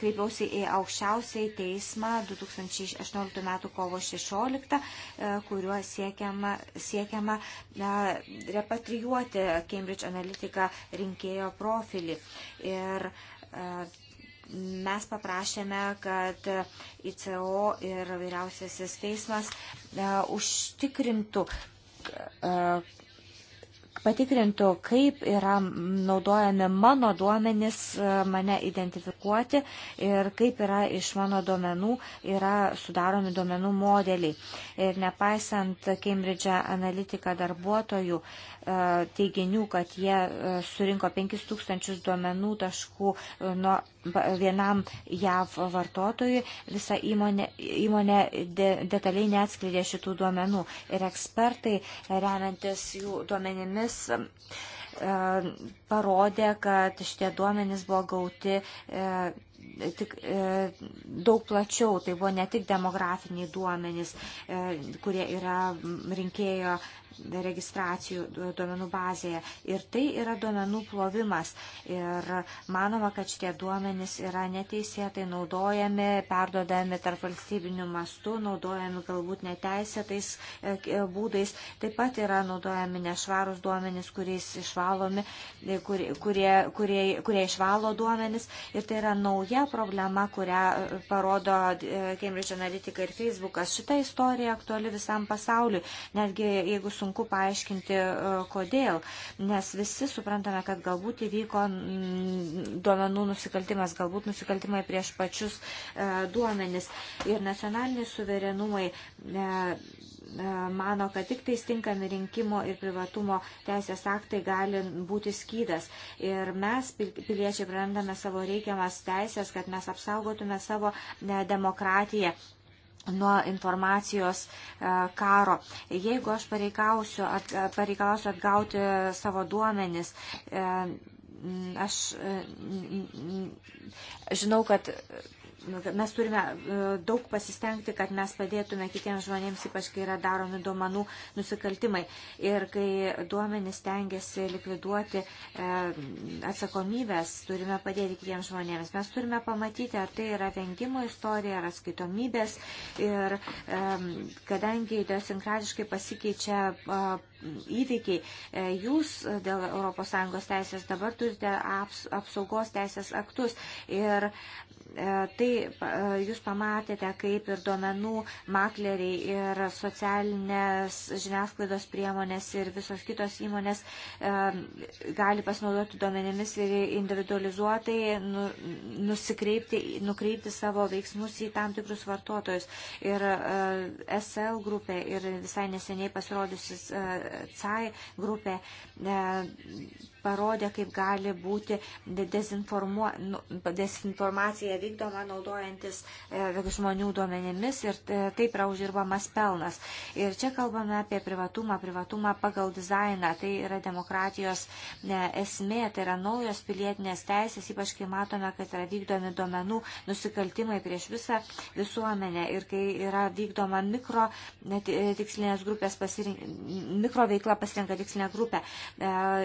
kreipiausi į aukščiausiai teismą 2018 m. kovo 16, e, kuriuo siekiama, siekiama repatrijuoti Cambridge Analytica rinkėjo profilį. Ir e, mes paprašėme, kad ICO ir vyriausiasis teismas užtikrintų patikrintų, kaip yra naudojami mano duomenys e, mane identifikuoti ir kaip yra iš mano duomenų yra sudaromi duomenų modeliai. Ir nepaisant Cambridge Analytica darbuotojų, E, teiginių, kad jie e, surinko 5000 duomenų taškų e, nuo vienam JAV vartotojui. Visa įmonė, įmonė de, detaliai neatskleidė šitų duomenų. Ir ekspertai, remiantis jų duomenimis, parodė, kad šitie duomenys buvo gauti tik e, daug plačiau, tai buvo ne tik demografiniai duomenys, e, kurie yra rinkėjo registracijų duomenų bazėje. Ir tai yra duomenų plovimas. Ir manoma, kad šitie duomenys yra neteisėtai naudojami, perdodami tarp valstybinių mastų, naudojami galbūt neteisėtais e, e, būdais. Taip pat yra naudojami nešvarus duomenys, kuriais išvalomi, e, kur, kurie, kurie, kurie išvalo duomenys. Ir tai yra nauja problema, kurią parodo Cambridge Analytica ir Facebookas. Šita istorija aktuali visam pasauliu. Netgi jeigu sunku paaiškinti, e, kodėl, nes visi suprantame, kad galbūt įvyko mm, duomenų nusikaltimas, galbūt nusikaltimai prieš pačius e, duomenis. Ir nacionaliniai suverenumai e, mano, kad tik tai tinkami rinkimo ir privatumo teisės aktai gali būti skydas. Ir mes, piliečiai, prarandame savo reikiamas teisės, kad mes apsaugotume savo demokratiją nuo informacijos e, karo. Jeigu aš pareikalausiu, e, pareikalausiu atgauti savo duomenis, e, aš žinau, kad Nu, mes turime e, daug pasistengti, kad mes padėtume kitiems žmonėms, ypač kai yra daromi duomenų nusikaltimai. Ir kai duomenys tengiasi likviduoti e, atsakomybės, turime padėti kitiems žmonėms. Mes turime pamatyti, ar tai yra vengimo istorija, ar atskaitomybės. Ir e, kadangi idiosinkratiškai pasikeičia įvykiai, jūs dėl ES teisės dabar turite apsaugos teisės aktus. Ir E, tai e, jūs pamatėte, kaip ir duomenų makleriai ir socialinės žiniasklaidos priemonės ir visos kitos įmonės e, gali pasinaudoti duomenimis ir individualizuotai nu, nusikreipti, nukreipti savo veiksmus į tam tikrus vartotojus. Ir SL grupė ir visai neseniai pasirodysis CAI grupė parodė, kaip gali būti nu, dezinformacija vykdoma naudojantis e, žmonių duomenimis ir e, taip yra uždirbamas pelnas. Ir čia kalbame apie privatumą, privatumą pagal dizainą. Tai yra demokratijos e, esmė, tai yra naujos pilietinės teisės, ypač kai matome, kad yra vykdomi duomenų nusikaltimai prieš visą visuomenę ir kai yra vykdoma mikro tikslinės grupės pasirink, mikro veikla pasirinka tikslinę grupę.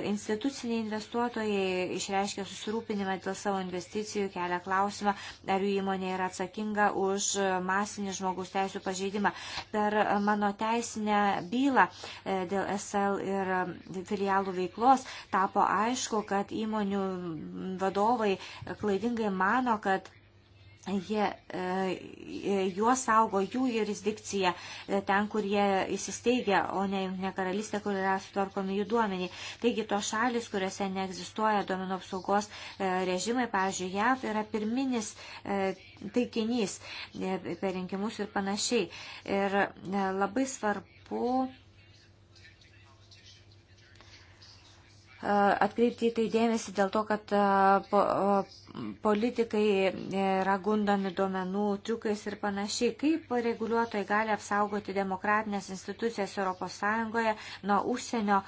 Institucija Užsienio investuotojai išreiškia susirūpinimą dėl savo investicijų, kelia klausimą, ar jų įmonė yra atsakinga už masinį žmogus teisų pažeidimą. Per mano teisinę bylą e, dėl SL ir e, filialų veiklos tapo aišku, kad įmonių vadovai klaidingai mano, kad jie, e, juos saugo jų jurisdikcija e, ten, kur jie įsisteigia, o ne Junktinė karalystė, kur yra sutvarkomi jų duomeniai. Taigi tos šalis, kuriuose neegzistuoja duomenų apsaugos e, režimai, pavyzdžiui, JAV yra pirminis taikinys per rinkimus ir panašiai. Ir labai svarbu atkreipti į tai dėmesį dėl to, kad po, politikai yra gundami duomenų triukais ir panašiai. Kaip reguliuotojai gali apsaugoti demokratinės institucijas ES nuo užsienio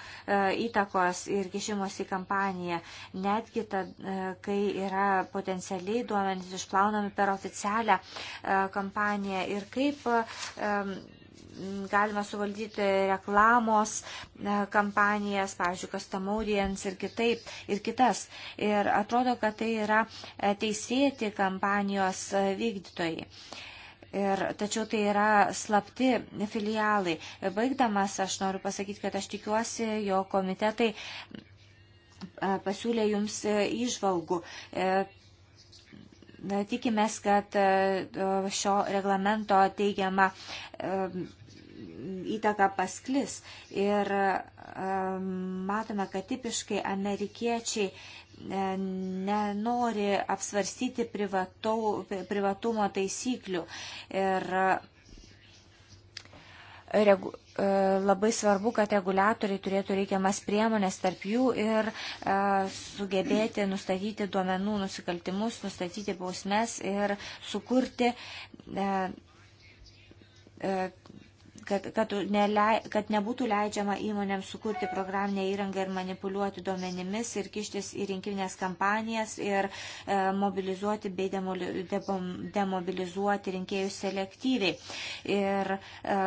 įtakos ir kišimos į kampaniją, netgi tad, kai yra potencialiai duomenys išplaunami per oficialią kampaniją ir kaip galime suvaldyti reklamos e, kampanijas, pavyzdžiui, custom audience ir, kitaip, ir kitas. Ir atrodo, kad tai yra e, teisėti kampanijos e, vykdytojai. Ir, tačiau tai yra slapti filialai. Baigdamas, aš noriu pasakyti, kad aš tikiuosi, jo komitetai pasiūlė jums išvalgų tikimės, kad šio reglamento teigiama įtaka pasklis. Ir matome, kad tipiškai amerikiečiai e, nenori apsvarstyti privatau, privatumo taisyklių. Ir regu, e, labai svarbu, kad reguliatoriai turėtų reikiamas priemonės tarp jų ir e, sugebėti nustatyti duomenų nusikaltimus, nustatyti bausmes ir sukurti kad, kad, nelei, kad nebūtų leidžiama įmonėms sukurti programinę įrangą ir manipuliuoti duomenimis ir kištis į rinkiminės kampanijas ir e, mobilizuoti bei demoli, de, demobilizuoti rinkėjus selektyviai. Ir e,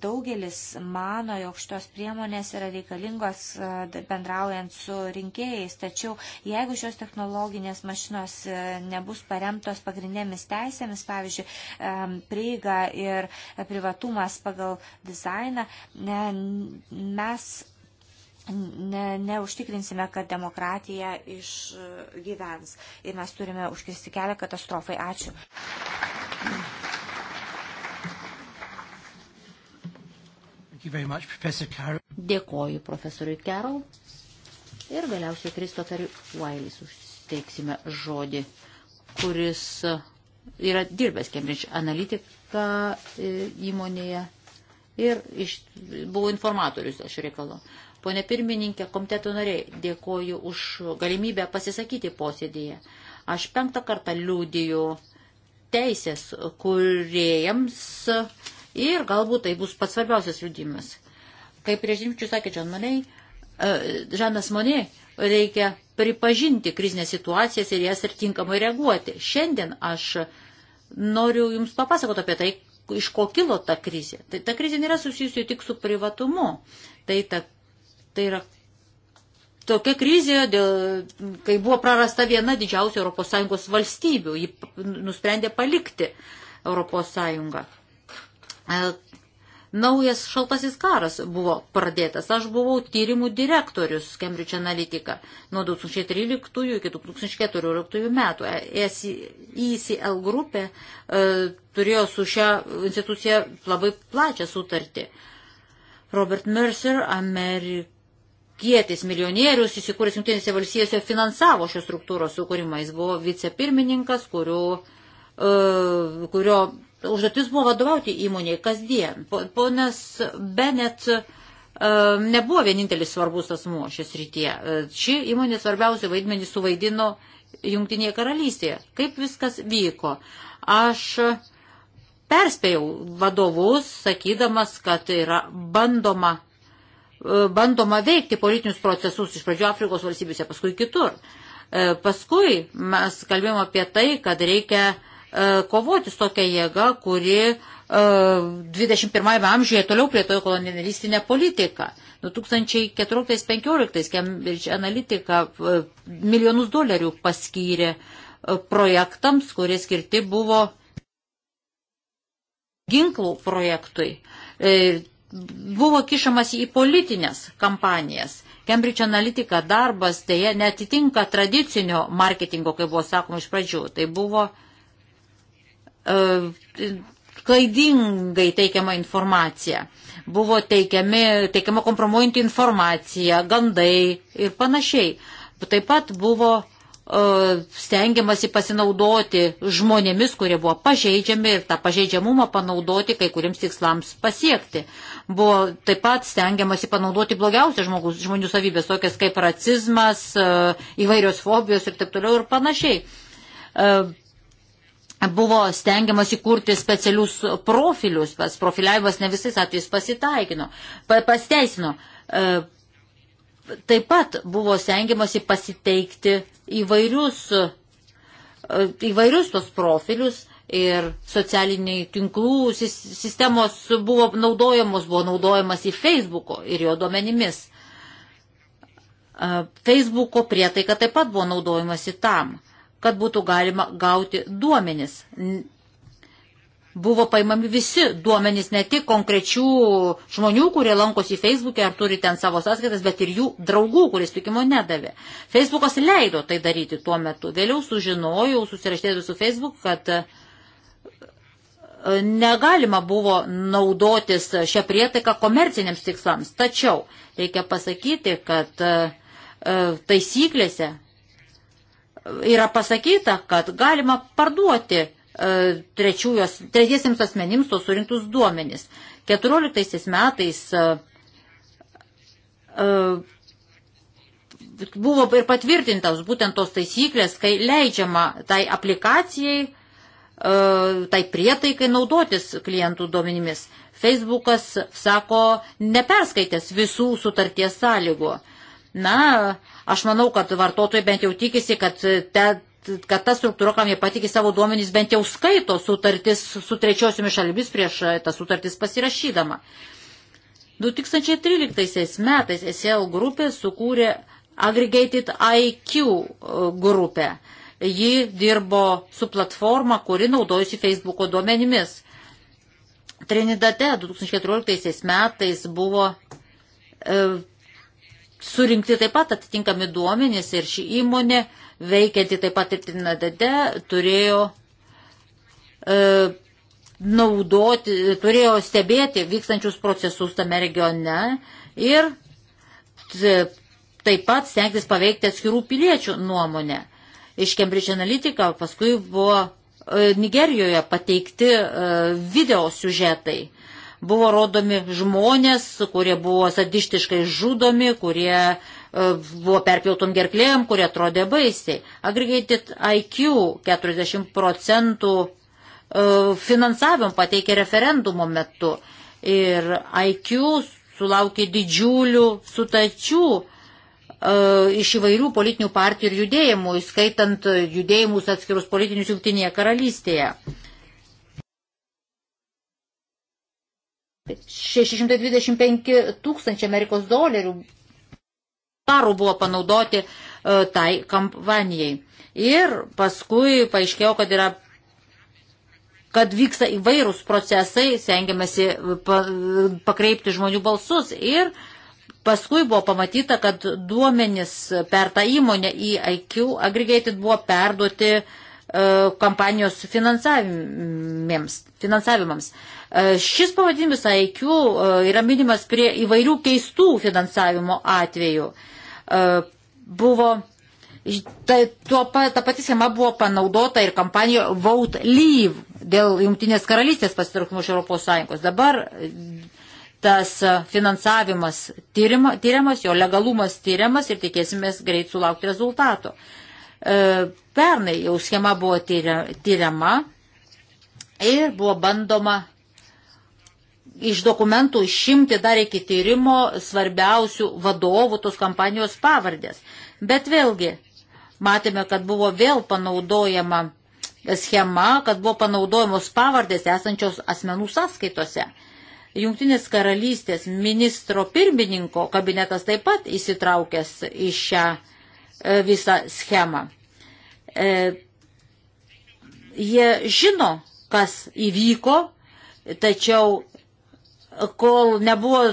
daugelis mano, jog šitos priemonės yra reikalingos e, bendraujant su rinkėjais, tačiau jeigu šios technologinės mašinos e, nebus paremtos pagrindėmis teisėmis, pavyzdžiui, e, prieiga ir privatumas pagal dizainą, mes ne, neužtikrinsime, kad demokratija išgyvens. Ir mes turime užkirsti kelią katastrofai. Ačiū. much, Professor Dėkoju profesoriui Carroll ir galiausiai Kristoferiu Wailis užteiksime žodį, kuris e, yra dirbęs Cambridge Analytica e, įmonėje ir iš, buvo informatorius aš reikalo. Pone pirmininkė, komiteto nariai, dėkoju už galimybę pasisakyti posėdėje. Aš penktą kartą liūdiju teisės kuriejams Ir galbūt tai bus pats svarbiausias liūdimas. Kaip prieš dimčių sakė Žan Monei, e, Žanas Monei, reikia pripažinti krizinės situacijas ir jas ir tinkamai reaguoti. Šiandien aš noriu Jums papasakoti apie tai, iš ko kilo ta krizė. Tai ta krizė nėra susijusi tik su privatumu. Tai, ta, tai yra tokia krizė, dėl, kai buvo prarasta viena didžiausia ES valstybių, ji nusprendė palikti ES. E, naujas šaltasis karas buvo pradėtas. Aš buvau tyrimų direktorius Cambridge Analytica nuo 2013 iki 2014 metų. ECL e grupė e, turėjo su šia institucija labai plačią sutartį. Robert Mercer, amerikietis milijonierius, įsikūręs Junktinėse valstijose, finansavo šios struktūros sukūrimą. Jis buvo vicepirmininkas, kurio, e, kurio užduotis buvo vadovauti įmoniai kasdien. Ponas Benet e, nebuvo vienintelis svarbus asmuo šias rytyje. E, ši įmonė svarbiausią vaidmenį suvaidino Jungtinėje karalystėje. Kaip viskas vyko? Aš perspėjau vadovus, sakydamas, kad yra bandoma, e, bandoma veikti politinius procesus iš pradžių Afrikos valstybėse, paskui kitur. Paskui mes kalbėjome apie tai, kad reikia uh, E, kovoti su tokia jėga, kuri 21 e, amžiuje toliau plėtojo kolonialistinę politiką. 2014-2015 nu, Cambridge Analytica e, milijonus dolerių paskyrė projektams, kurie skirti buvo ginklų projektui. Buvo kišamas į politinės kampanijas. Cambridge Analytica darbas dėja netitinka tradicinio marketingo, kaip buvo sakoma iš pradžių. Tai buvo uh, E, klaidingai teikiama informacija. Buvo teikiami, teikiama kompromuojanti informacija, gandai ir panašiai. Taip pat buvo e, stengiamasi pasinaudoti žmonėmis, kurie buvo pažeidžiami ir tą pažeidžiamumą panaudoti kai kuriems tikslams pasiekti. Buvo taip pat stengiamasi panaudoti blogiausias žmogus, žmonių savybės, tokias kaip racizmas, e, įvairios fobijos ir taip toliau ir panašiai buvo stengiamas įkurti specialius profilius, pas profiliavimas ne visais atvejais pasitaikino, pa, pasteisino. E, taip pat buvo stengiamasi pasiteikti įvairius, e, įvairius tos profilius ir socialiniai tinklų sistemos buvo naudojamos, buvo naudojamas į Facebook'o ir jo duomenimis. E, Facebook'o prietaika taip pat buvo naudojamas į tam kad būtų galima gauti duomenis. Buvo paimami visi duomenys, ne tik konkrečių žmonių, kurie lankosi Facebook'e ar turi ten savo sąskaitas, bet ir jų draugų, kuris tikimo nedavė. Facebookas leido tai daryti tuo metu. Vėliau sužinojau, susiraštėdavau su Facebook, kad e, negalima buvo naudotis šią prietaiką komerciniams tikslams. Tačiau reikia pasakyti, kad e, e, taisyklėse yra pasakyta, kad galima parduoti e, trečiesiems asmenims tos surinktus duomenis. 14 metais e, e, buvo ir patvirtintas būtent tos taisyklės, kai leidžiama tai aplikacijai, tai prietaikai naudotis klientų duomenimis. Facebookas sako, neperskaitęs visų sutarties sąlygų. Na, aš manau, kad vartotojai bent jau tikisi, kad, te, kad ta struktūra, kam jie patikė savo duomenys, bent jau skaito sutartis su trečiosiomis šalimis prieš tą sutartis pasirašydama. 2013 metais SEL grupė sukūrė Aggregated IQ e, grupę. Ji dirbo su platforma, kuri naudojusi Facebooko duomenimis. Trinidate 2014 metais buvo e, surinkti taip pat atitinkami duomenys ir ši įmonė, veikianti taip pat ir Trinadade, turėjo e, naudoti, turėjo stebėti vykstančius procesus tame regione ir e, taip pat stengtis paveikti atskirų piliečių nuomonę. Iš Cambridge Analytica paskui buvo e, Nigerijoje pateikti e, video siužetai buvo rodomi žmonės, kurie buvo sadistiškai žudomi, kurie e, buvo perpiltom gerklėm, kurie atrodė baisiai. Aggregated IQ 40 procentų e, finansavim pateikė referendumo metu ir IQ sulaukė didžiulių sutačių e, iš įvairių politinių partijų ir judėjimų, įskaitant judėjimus atskirus politinius Junktinėje karalystėje. 625 tūkstančiai Amerikos dolerių parų buvo panaudoti e, tai kampanijai. Ir paskui paaiškėjo, kad yra kad vyksta įvairūs procesai, stengiamasi e, pakreipti žmonių balsus ir paskui buvo pamatyta, kad duomenys per tą įmonę į IQ aggregated buvo perduoti uh, kampanijos finansavimams. E, šis pavadinimas IQ e, yra minimas prie įvairių keistų finansavimo atvejų. E, buvo Tai tuo, ta pati schema buvo panaudota ir kampanijoje Vote Leave dėl Junktinės karalystės pasitraukimo iš Europos Sąjungos. Dabar tas finansavimas tyrima, tyriamas, jo legalumas tyriamas ir tikėsimės greit sulaukti rezultato. Pernai jau schema buvo tyriama ir buvo bandoma iš dokumentų išimti dar iki tyrimo svarbiausių vadovų tos kampanijos pavardės. Bet vėlgi, matėme, kad buvo vėl panaudojama schema, kad buvo panaudojamos pavardės esančios asmenų sąskaitose. Jungtinės karalystės ministro pirmininko kabinetas taip pat įsitraukęs į šią e, visą schemą. E, jie žino, kas įvyko, tačiau kol nebuvo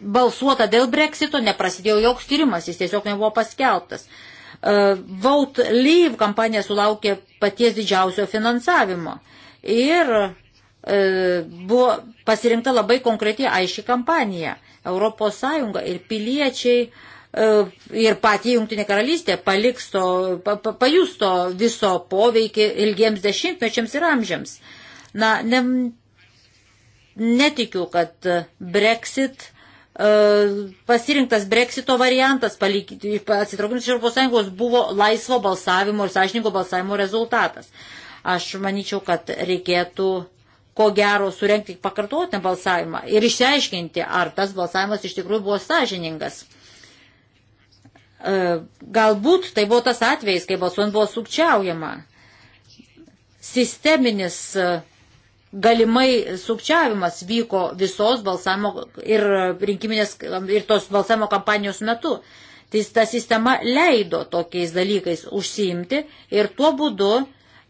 balsuota dėl breksito, neprasidėjo joks tyrimas, jis tiesiog nebuvo paskelbtas. E, Vote Leave kampanija sulaukė paties didžiausio finansavimo ir e, buvo pasirinkta labai konkreti aiški kampanija. Europos Sąjunga ir piliečiai e, ir pati Junktinė karalystė paliks to, pajusto viso poveikį ilgiems dešimtmečiams ir amžiams. Na, ne, netikiu, kad Brexit e, pasirinktas breksito variantas, atsitraukimas iš Europos Sąjungos, buvo laisvo balsavimo ir sąžininko balsavimo rezultatas. Aš manyčiau, kad reikėtų ko gero surenkti pakartotinę balsavimą ir išsiaiškinti, ar tas balsavimas iš tikrųjų buvo sąžiningas. E, galbūt tai buvo tas atvejis, kai balsuojant buvo sukčiaujama. Sisteminis galimai sukčiavimas vyko visos balsavimo ir rinkiminės ir tos balsavimo kampanijos metu. Tai ta sistema leido tokiais dalykais užsiimti ir tuo būdu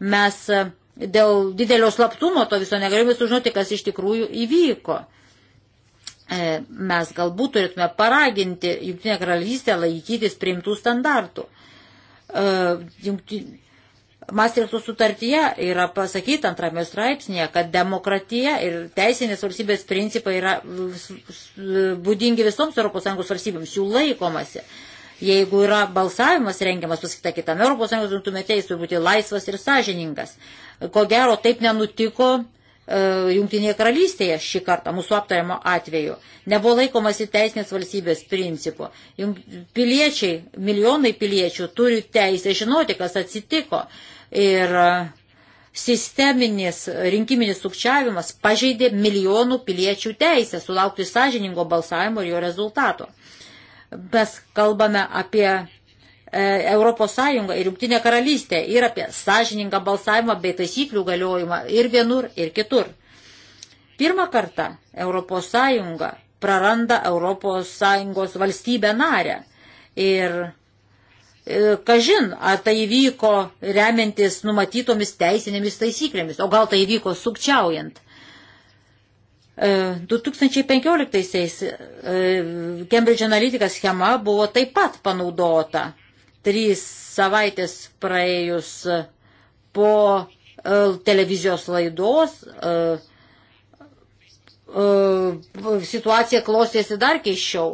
mes e, dėl didelio slaptumo to viso negalime sužinoti, kas iš tikrųjų įvyko. E, mes galbūt turėtume paraginti Junktinę karalystę laikytis priimtų standartų e, Mastrichto sutartyje yra pasakyta antrame straipsnėje, kad demokratija ir teisinės valstybės principai yra būdingi visoms ES valstybėms, jų laikomasi. Jeigu yra balsavimas rengiamas, pasakyta kitame ES rinktumėte, jis turi būti laisvas ir sąžiningas. Ko gero, taip nenutiko e, Junktinėje karalystėje šį kartą mūsų aptariamo atveju. Nebuvo laikomasi teisinės valstybės principų. Piliečiai, milijonai piliečių turi teisę žinoti, kas atsitiko. E, ir e, sisteminis rinkiminis sukčiavimas pažeidė milijonų piliečių teisę sulaukti sąžiningo balsavimo ir jo rezultato. Mes kalbame apie e, Europos Sąjungą ir Jungtinę karalystę ir apie sąžiningą balsavimą bei taisyklių galiojimą ir vienur, ir kitur. Pirmą kartą Europos Sąjunga praranda Europos Sąjungos valstybę narę ir E, kažin, ar tai įvyko remiantis numatytomis teisinėmis taisyklėmis, o gal tai įvyko sukčiaujant. 2015-aisiais e, e, Cambridge Analytica schema buvo taip pat panaudota. Trys savaitės praėjus po televizijos laidos situacija klostėsi dar keiščiau.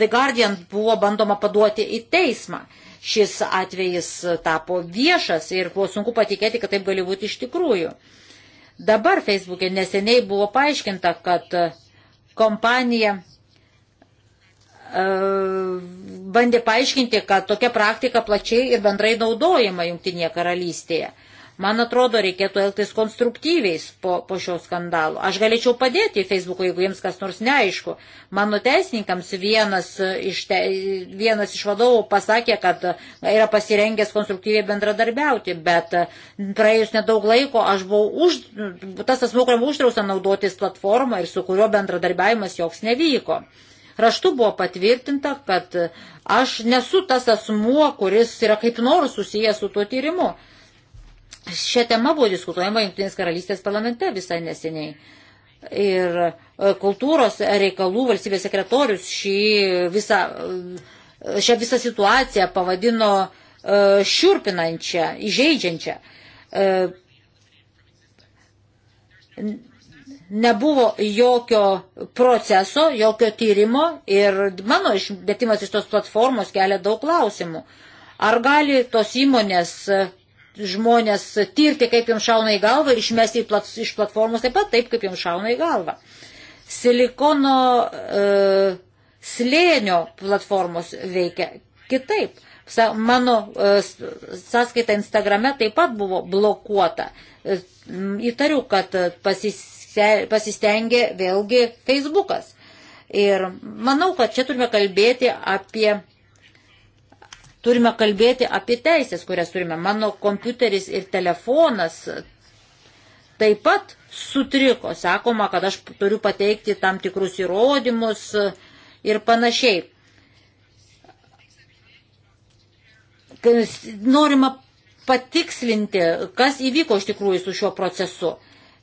The Guardian buvo bandoma paduoti į teismą šis atvejis tapo viešas ir buvo sunku patikėti, kad taip gali būti iš tikrųjų. Dabar Facebook'e neseniai buvo paaiškinta, kad kompanija e, bandė paaiškinti, kad tokia praktika plačiai ir bendrai naudojama Junktinėje karalystėje. Man atrodo, reikėtų elgtis konstruktyviais po, po šio skandalo. Aš galėčiau padėti Facebook'o, jeigu jiems kas nors neaišku. Mano teisininkams vienas e, iš, te, vienas iš vadovų pasakė, kad yra pasirengęs konstruktyviai bendradarbiauti, bet e, praėjus nedaug laiko aš buvau už, tas asmuo, kuriam uždrausta naudotis platformą ir su kurio bendradarbiavimas joks nevyko raštu buvo patvirtinta, kad aš nesu tas asmuo, kuris yra kaip nors susijęs su tuo tyrimu. Šią temą buvo diskutuojama Junktinės karalystės parlamente visai neseniai. Ir e, kultūros reikalų valstybės sekretorius šį visą, e, šią visą situaciją pavadino e, šiurpinančią, įžeidžiančią. Nebuvo jokio proceso, jokio tyrimo ir mano išbėtimas iš tos platformos kelia daug klausimų. Ar gali tos įmonės žmonės tirti, kaip jums šauna į galvą ir išmesti plat, iš platformos taip pat taip, kaip jums šauna į galvą. Silikono e, slėnio platformos veikia kitaip. Mano e, sąskaita Instagrame taip pat buvo blokuota. E, įtariu, kad pasise, pasistengė vėlgi Facebookas. Ir manau, kad čia turime kalbėti apie Turime kalbėti apie teisės, kurias turime. Mano kompiuteris ir telefonas taip pat sutriko. Sakoma, kad aš turiu pateikti tam tikrus įrodymus ir panašiai. Norima patikslinti, kas įvyko iš tikrųjų su šiuo procesu.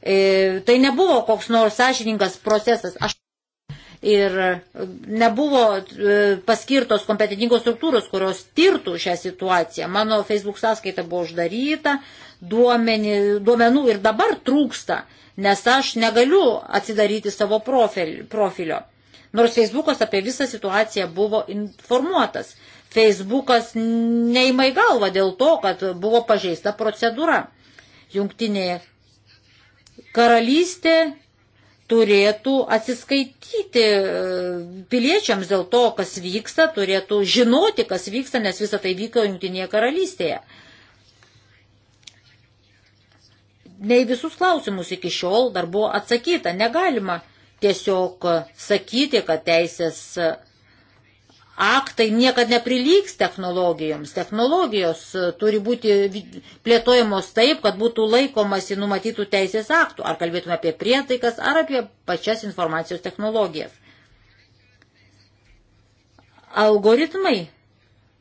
E, tai nebuvo koks nors sąžiningas procesas. Aš ir nebuvo e, paskirtos kompetitingos struktūros, kurios tirtų šią situaciją. Mano Facebook sąskaita buvo uždaryta, duomenį, duomenų ir dabar trūksta, nes aš negaliu atsidaryti savo profilio. Nors Facebookas apie visą situaciją buvo informuotas. Facebookas neima į galvą dėl to, kad buvo pažeista procedūra. Jungtinė karalystė turėtų atsiskaityti e, piliečiams dėl to, kas vyksta, turėtų žinoti, kas vyksta, nes visa tai vyko Junktinėje karalystėje. Nei visus klausimus iki šiol dar buvo atsakyta. Negalima tiesiog sakyti, kad teisės aktai niekad neprilygs technologijoms. Technologijos e, turi būti plėtojamos taip, kad būtų laikomasi numatytų teisės aktų. Ar kalbėtume apie prietaikas, ar apie pačias informacijos technologijas. Algoritmai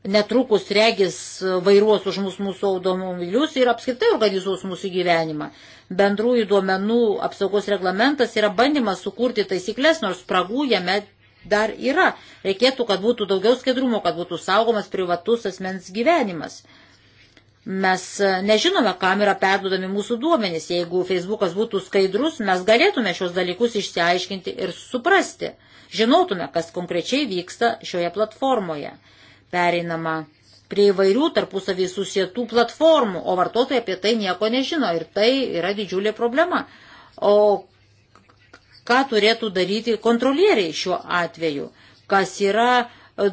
netrukus regis vairuos už mus mūsų automobilius ir apskritai organizuos mūsų gyvenimą. Bendrųjų duomenų apsaugos reglamentas yra bandymas sukurti taisyklės, nors spragų jame dar yra. Reikėtų, kad būtų daugiau skaidrumo, kad būtų saugomas privatus asmens gyvenimas. Mes e, nežinome, kam yra perdudami mūsų duomenys. Jeigu Facebookas būtų skaidrus, mes galėtume šios dalykus išsiaiškinti ir suprasti. Žinotume, kas konkrečiai vyksta šioje platformoje. Pereinama prie įvairių tarpusavį susietų platformų, o vartotojai apie tai nieko nežino ir tai yra didžiulė problema. O ką turėtų daryti kontrolieriai šiuo atveju, kas yra e,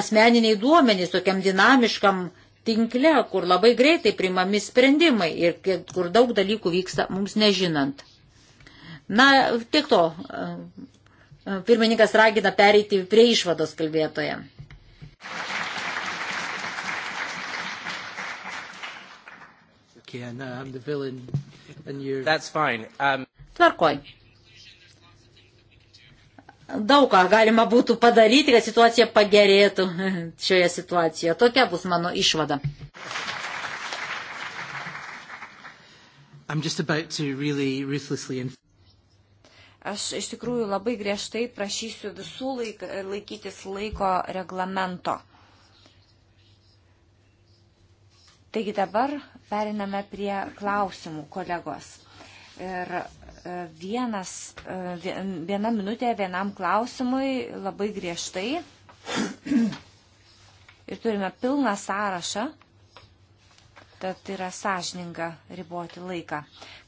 asmeniniai duomenys tokiam dinamiškam tinkle, kur labai greitai primami sprendimai ir kur daug dalykų vyksta mums nežinant. Na, tiek to. E, e, pirmininkas ragina pereiti prie išvados kalbėtoje. Okay, uh, um... Tvarkoj daug ką galima būtų padaryti, kad situacija pagerėtų šioje situacijoje. Tokia bus mano išvada. Really ruthlessly... Aš iš tikrųjų labai griežtai prašysiu visų laik, laikytis laiko reglamento. Taigi dabar periname prie klausimų, kolegos. Ir vienas, e, viena minutė vienam klausimui labai griežtai. Ir turime pilną sąrašą, tad yra sąžininga riboti laiką.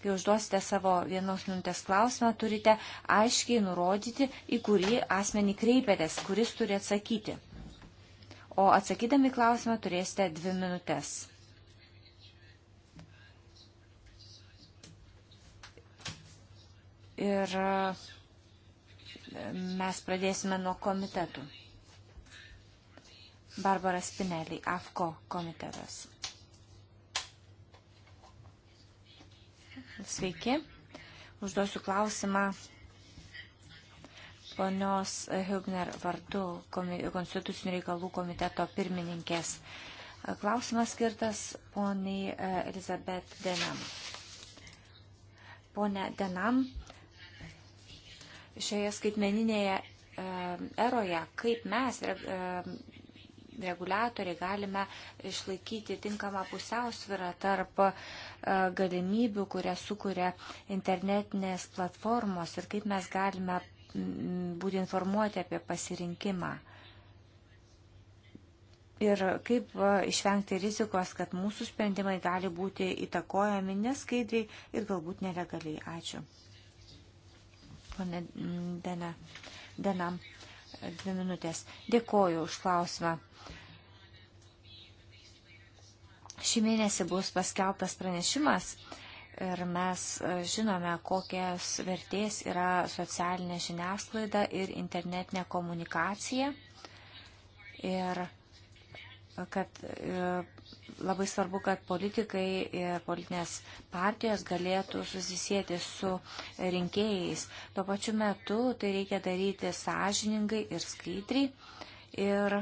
Kai užduosite savo vienos minutės klausimą, turite aiškiai nurodyti, į kurį asmenį kreipiatės, kuris turi atsakyti. O atsakydami klausimą turėsite dvi minutės. ir e, mes pradėsime nuo komitetų. Barbara Spinelli, AFKO komitetas. Sveiki. Užduosiu klausimą ponios Hübner vardu, Konstitucinių reikalų komiteto pirmininkės. Klausimas skirtas poniai e, Elizabet Denam. Pone Denam, šioje skaitmeninėje e, eroje, kaip mes e, reguliatoriai galime išlaikyti tinkamą pusiausvyrą tarp e, galimybių, kurią sukuria internetinės platformos ir kaip mes galime būti informuoti apie pasirinkimą. Ir kaip išvengti rizikos, kad mūsų sprendimai gali būti įtakojami neskaidriai ir galbūt nelegaliai. Ačiū. Pane Dena, Dena, dvi minutės. Dėkoju už klausimą. Šį mėnesį bus paskelbtas pranešimas ir mes e, žinome, kokias vertės yra socialinė žiniasklaida ir internetinė komunikacija. Ir kad e, labai svarbu, kad politikai ir politinės partijos galėtų susisėti su rinkėjais. Tuo pačiu metu tai reikia daryti sąžiningai ir skaidriai ir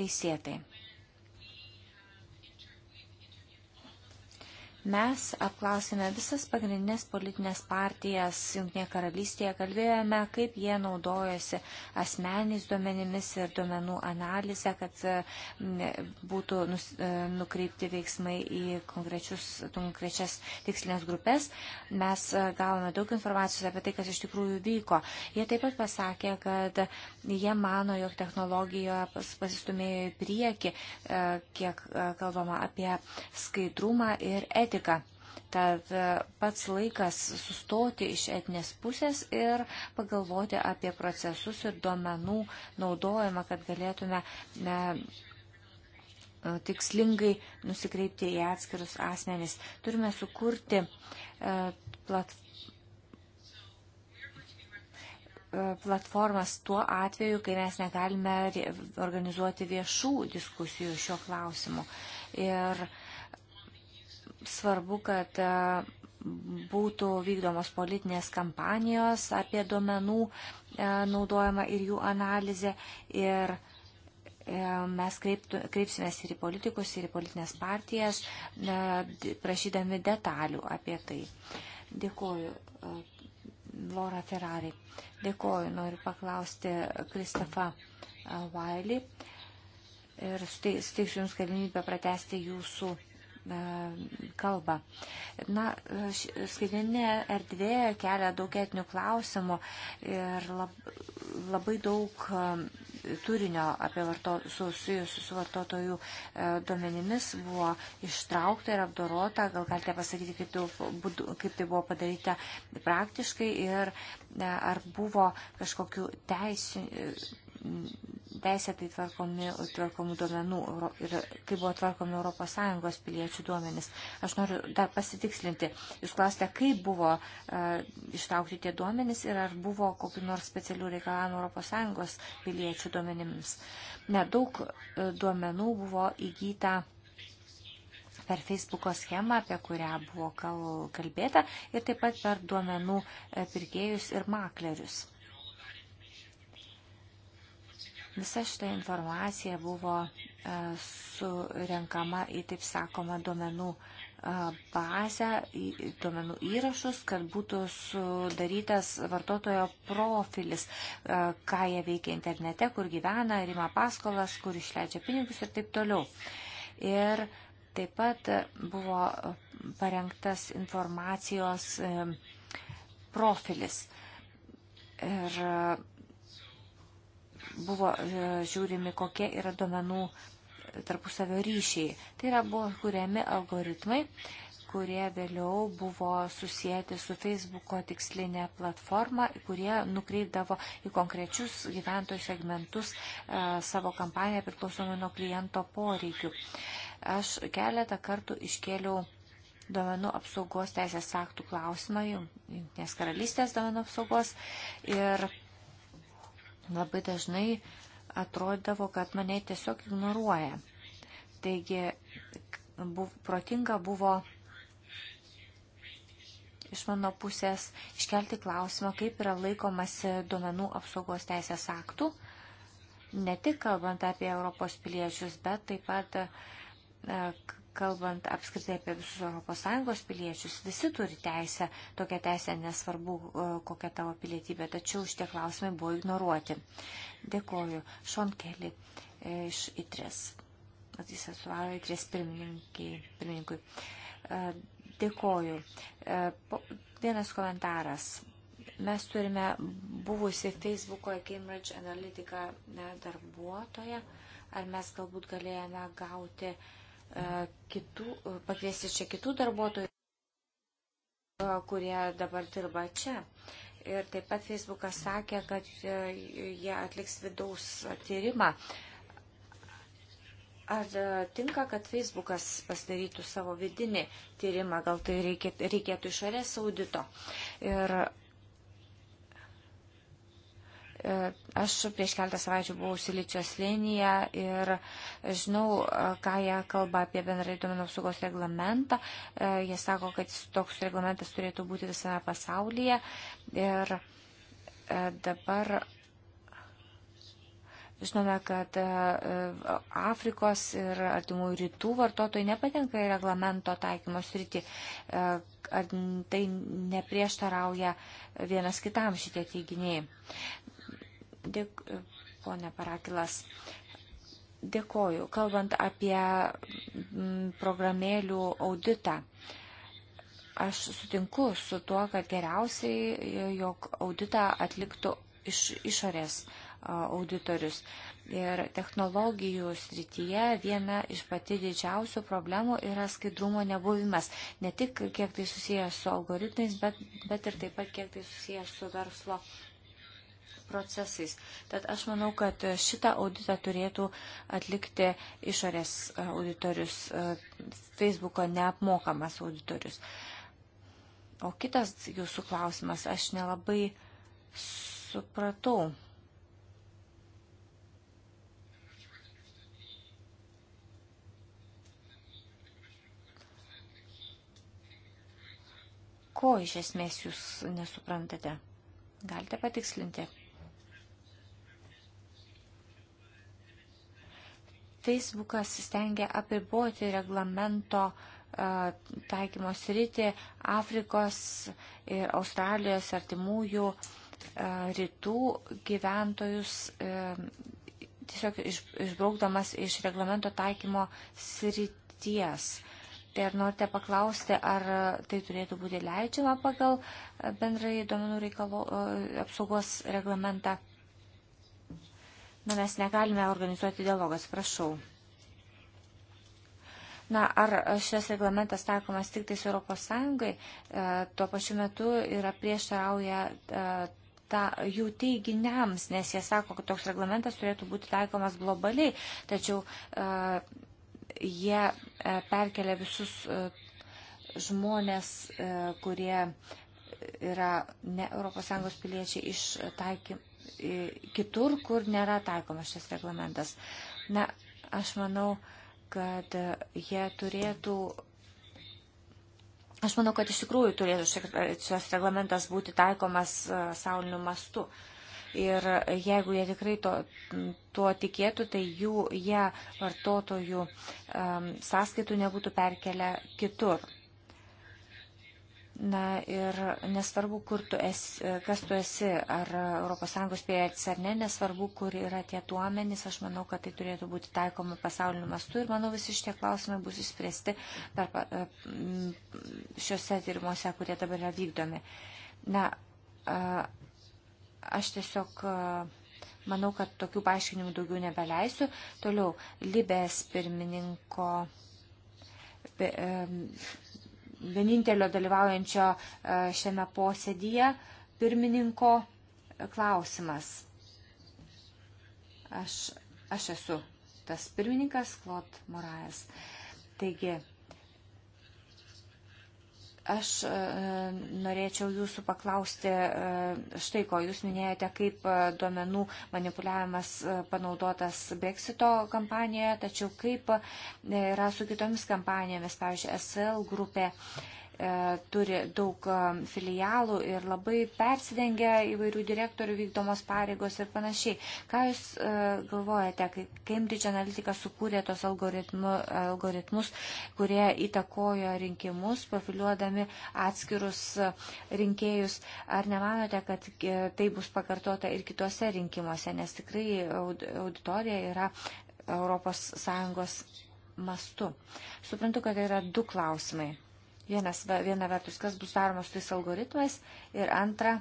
teisėtai. Mes apklausėme visas pagrindinės politinės partijas Junktinėje karalystėje, kalbėjome, kaip jie naudojasi asmeniais duomenimis ir duomenų analizę, kad būtų nus, e, nukreipti veiksmai į konkrečias tikslinės grupės. Mes e, gavome daug informacijos apie tai, kas iš tikrųjų vyko. Jie taip pat pasakė, kad jie mano, jog technologijoje pasistumėjo į priekį, e, kiek kalbama apie skaidrumą ir etiką politiką. Tad e, pats laikas sustoti iš etinės pusės ir pagalvoti apie procesus ir duomenų naudojimą, kad galėtume ne, tikslingai nusikreipti į atskirus asmenys. Turime sukurti e, plat, e, platformas tuo atveju, kai mes negalime organizuoti viešų diskusijų šiuo klausimu. Ir e, svarbu, kad e, būtų vykdomos politinės kampanijos apie duomenų e, naudojimą ir jų analizę. Ir e, mes kreipsimės ir į politikus, ir į politinės partijas, prašydami detalių apie tai. Dėkuoju, Laura Ferrari. Dėkuoju, noriu paklausti Kristofą Wiley ir suteiksiu Jums galimybę pratesti Jūsų E, kalbą. Na, skaitmeninė erdvė kelia daug etinių klausimų ir labai daug e, turinio apie varto, susijusių su vartotojų e, duomenimis buvo ištraukta ir apdorota. Gal galite pasakyti, kaip, tai daug, kaip tai buvo padaryta praktiškai ir ar buvo kažkokių teisų teisėtai tvarkomi, tvarkomų duomenų ir kaip buvo tvarkomi ES piliečių duomenys. Aš noriu dar pasitikslinti. Jūs klausite, kaip buvo uh, ištraukti tie duomenys ir ar buvo kokiu nors specialių reikalavimų ES piliečių duomenims. Nedaug e, duomenų buvo įgyta per Facebooko schemą, apie kurią buvo kalbėta, ir taip pat per duomenų e, pirkėjus ir maklerius. Visa šita informacija buvo e, surenkama į, taip sakoma, duomenų e, bazę, duomenų įrašus, kad būtų sudarytas vartotojo profilis, e, ką jie veikia internete, kur gyvena, ar ima paskolas, kur išleidžia pinigus ir taip toliau. Ir taip pat buvo parengtas informacijos profilis. Ir buvo e, žiūrimi, kokie yra duomenų tarpusavio ryšiai. Tai yra buvo kuriami algoritmai, kurie vėliau buvo susijęti su Facebooko tikslinė platforma, kurie nukreipdavo į konkrečius gyventojų segmentus e, savo kampaniją priklausomai nuo kliento poreikių. Aš keletą kartų iškėliau duomenų apsaugos teisės aktų klausimą, Junktinės karalystės duomenų apsaugos ir labai dažnai atrodydavo, kad mane tiesiog ignoruoja. Taigi, buv, protinga buvo iš mano pusės iškelti klausimą, kaip yra laikomasi duomenų apsaugos teisės aktų, ne tik kalbant apie Europos piliečius, bet taip pat e, kalbant apskritai apie visus ES piliečius, visi turi teisę, tokią teisę, nesvarbu, e, kokia tavo pilietybė, tačiau šitie klausimai buvo ignoruoti. Dėkoju. Šon Keli e, iš ITRES. Jis atsuvaro ITRES pirmininkui. E, dėkoju. Vienas komentaras. Mes turime buvusi Facebook'o Cambridge Analytica darbuotoją. Ar mes galbūt galėjome gauti uh, E, kitų, pakviesti čia kitų darbuotojų, e, kurie dabar dirba čia. Ir taip pat Facebookas sakė, kad e, jie atliks vidaus tyrimą. Ar tinka, kad Facebookas pasidarytų savo vidinį tyrimą, gal tai reikėtų, reikėtų išorės audito. Ir E, aš prieš keltą savaičių buvau Silicijos linija ir žinau, e, ką jie kalba apie bendrai duomenų apsaugos reglamentą. E, jie sako, kad toks reglamentas turėtų būti visame pasaulyje. Ir dabar Žinome, kad Afrikos ir artimųjų rytų vartotojai nepatenka į reglamento taikymo sritį. Ar tai neprieštarauja vienas kitam šitie teiginiai? Dėk, e, ponė Parakilas, dėkoju. Kalbant apie programėlių auditą, aš sutinku su tuo, kad geriausiai, e, jog auditą atliktų iš išorės auditorius. Ir technologijų srityje viena iš pati didžiausių problemų yra skaidrumo nebuvimas. Ne tik kiek tai susijęs su algoritmais, bet, bet ir taip pat kiek tai susijęs su verslo procesais. Tad aš manau, kad šitą auditą turėtų atlikti išorės e, auditorius, e, Facebooko neapmokamas auditorius. O kitas jūsų klausimas, aš nelabai supratau. ko iš esmės jūs nesuprantate? Galite patikslinti? Facebookas stengia apriboti reglamento taikymo sritį Afrikos ir Australijos artimųjų rytų gyventojus tiesiog išbraukdamas iš reglamento taikymo srities. Tai ar norite paklausti, ar tai turėtų būti leidžiama pagal bendrai duomenų reikalo apsaugos reglamentą? Na, nu, mes negalime organizuoti dialogą, prašau. Na, ar šis reglamentas taikomas tik tais Europos Sąjungai, e, tuo pačiu metu yra prieštarauja e, ta, jų teiginiams, nes jie sako, kad toks reglamentas turėtų būti taikomas globaliai, tačiau e, jie e, perkelia visus e, žmonės, e, kurie yra ne Europos Sąjungos piliečiai iš taikymų kitur, kur nėra taikomas šis reglamentas. Na, aš manau, kad jie turėtų. Aš manau, kad iš tikrųjų turėtų šis reglamentas būti taikomas e, sauliniu mastu. Ir jeigu jie tikrai to, tuo tikėtų, tai jų, jie vartotojų um, sąskaitų nebūtų perkelę kitur. Na ir nesvarbu, kur tu esi, kas tu esi, ar ES pilietis ar ne, nesvarbu, kur yra tie duomenys, aš manau, kad tai turėtų būti taikoma pasauliniu mastu ir manau visi šitie klausimai bus išspręsti per, e, šiuose tyrimuose, kurie dabar yra vykdomi. Na, aš tiesiog manau, kad tokių paaiškinimų daugiau nebeleisiu. Toliau, Libės pirmininko vienintelio dalyvaujančio e, šiame posėdyje pirmininko klausimas. Aš, aš esu tas pirmininkas, Klot Moraes. Taigi, Aš e, norėčiau jūsų paklausti e, štai ko. Jūs minėjote, kaip e, duomenų manipuliavimas panaudotas Brexito kampanijoje, tačiau kaip yra su kitomis kampanijomis, pavyzdžiui, SL grupė. Uh, E, turi daug e, filialų ir labai persidengia įvairių direktorių vykdomos pareigos ir panašiai. Ką Jūs e, galvojate, kai Cambridge Analytica sukūrė tos algoritmu, algoritmus, kurie įtakojo rinkimus, profiliuodami atskirus rinkėjus, ar nemanote, kad tai bus pakartota ir kitose rinkimuose, nes tikrai auditorija yra Europos Sąjungos mastu. Suprantu, kad tai yra du klausimai. Vienas, viena vertus, kas bus daroma su tais algoritmais ir antra,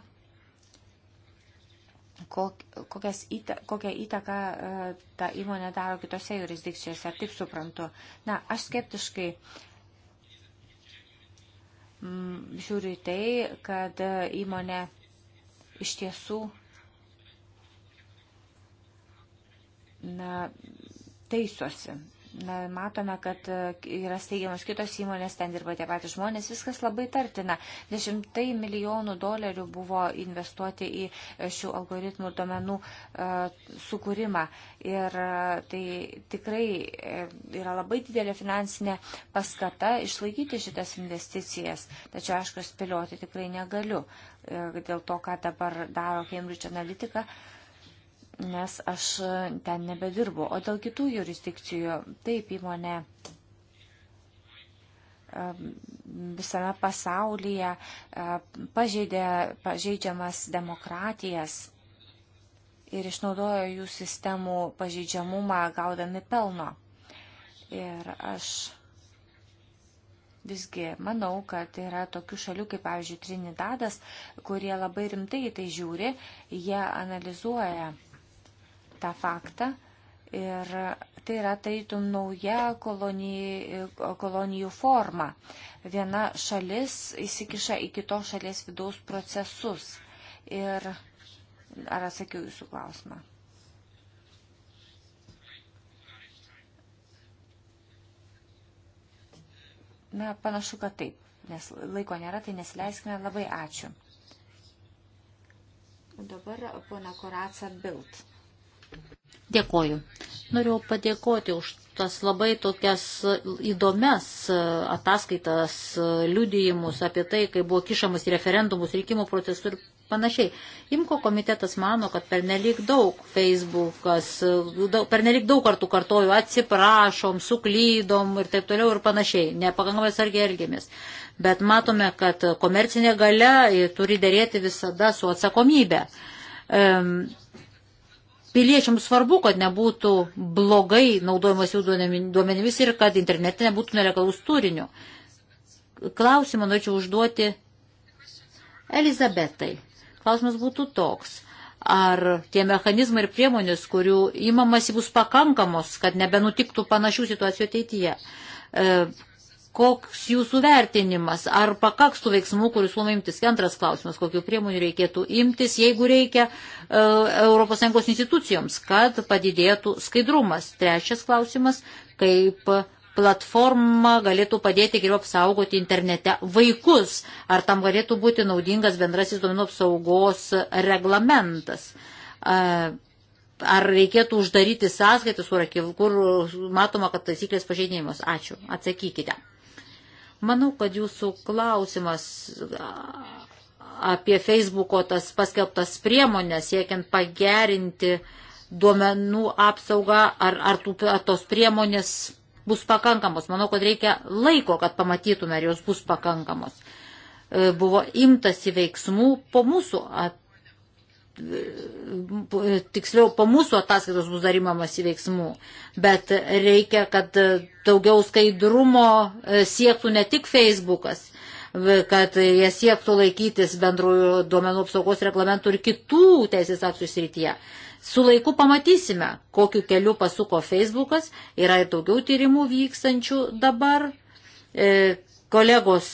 kokias įta, kokią įtaką e, ta įmonė daro kitose jurisdikcijose, ar taip suprantu. Na, aš skeptiškai m, mm, žiūriu į tai, kad e, įmonė iš tiesų na, taisosi matome, kad e, yra steigiamas kitos įmonės, ten dirba tie patys žmonės, viskas labai tartina. Dešimtai milijonų dolerių buvo investuoti į e, šių algoritmų ir domenų e, sukūrimą. Ir tai tikrai yra labai didelė finansinė paskata išlaikyti šitas investicijas. Tačiau aš kas spėlioti tikrai negaliu dėl to, ką dabar daro Cambridge Analytica nes aš e, ten nebedirbu. O dėl kitų jurisdikcijų, taip įmonė e, visame pasaulyje e, pažeidė, pažeidžiamas demokratijas ir išnaudojo jų sistemų pažeidžiamumą gaudami pelno. Ir aš Visgi manau, kad yra tokių šalių kaip, pavyzdžiui, Trinidadas, kurie labai rimtai tai žiūri, jie analizuoja tą faktą. Ir tai yra taitum nauja kolonijų, kolonijų forma. Viena šalis įsikiša į kitos šalies vidaus procesus. Ir ar atsakiau jūsų klausimą? Na, panašu, kad taip, nes laiko nėra, tai nesileiskime. Labai ačiū. Dabar pona Koraca Bilt. Dėkoju. Noriu padėkoti už tas labai tokias įdomias ataskaitas, liudijimus apie tai, kaip buvo kišamas į referendumus, rinkimų procesų ir panašiai. Imko komitetas mano, kad per nelik daug Facebookas, daug, per nelik daug kartų kartoju, atsiprašom, suklydom ir taip toliau ir panašiai, nepakankamai sargiai elgėmės. Bet matome, kad komercinė gale turi dėrėti visada su atsakomybė. Um, piliečiams svarbu, kad nebūtų blogai naudojamas jų duomenimis ir kad internete nebūtų nelegalus turinių. Klausimą norėčiau užduoti Elizabetai. Klausimas būtų toks. Ar tie mechanizmai ir priemonės, kurių įmamasi bus pakankamos, kad nebenutiktų panašių situacijų ateityje? E, Koks jūsų vertinimas? Ar pakaks tų veiksmų, kurių suomai imtis? Antras klausimas, kokiu priemonių reikėtų imtis, jeigu reikia uh, e, ES institucijoms, kad padidėtų skaidrumas? Trečias klausimas, kaip platforma galėtų padėti geriau apsaugoti internete vaikus? Ar tam galėtų būti naudingas bendrasis duomenų apsaugos reglamentas? Uh, ar reikėtų uždaryti sąskaitas, kur, kur matoma, kad taisyklės pažeidėjimas. Ačiū. Atsakykite. Manau, kad jūsų klausimas apie Facebooko tas paskelbtas priemonės, siekiant pagerinti duomenų apsaugą, ar, ar, tų, ar tos priemonės bus pakankamos. Manau, kad reikia laiko, kad pamatytume, ar jos bus pakankamos. E, buvo imtasi veiksmų po mūsų at, tiksliau po mūsų ataskaitos bus darimamas į veiksmų, bet reikia, kad daugiau skaidrumo e, siektų ne tik Facebookas, kad jie siektų laikytis bendrojo duomenų apsaugos reglamentų ir kitų teisės aktų srityje. Su laiku pamatysime, kokiu keliu pasuko Facebookas, yra ir daugiau tyrimų vykstančių dabar. E, kolegos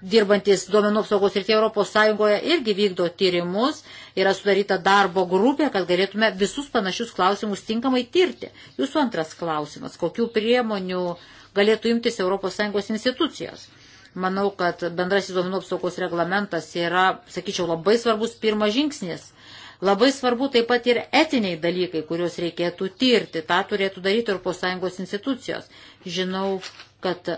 dirbantis duomenų apsaugos rytie Europos Sąjungoje irgi vykdo tyrimus, yra sudaryta darbo grupė, kad galėtume visus panašius klausimus tinkamai tirti. Jūsų antras klausimas, kokių priemonių galėtų imtis Europos Sąjungos institucijos? Manau, kad bendrasis duomenų apsaugos reglamentas yra, sakyčiau, labai svarbus pirmas žingsnis. Labai svarbu taip pat ir etiniai dalykai, kuriuos reikėtų tirti. Ta turėtų daryti Europos Sąjungos institucijos. Žinau, kad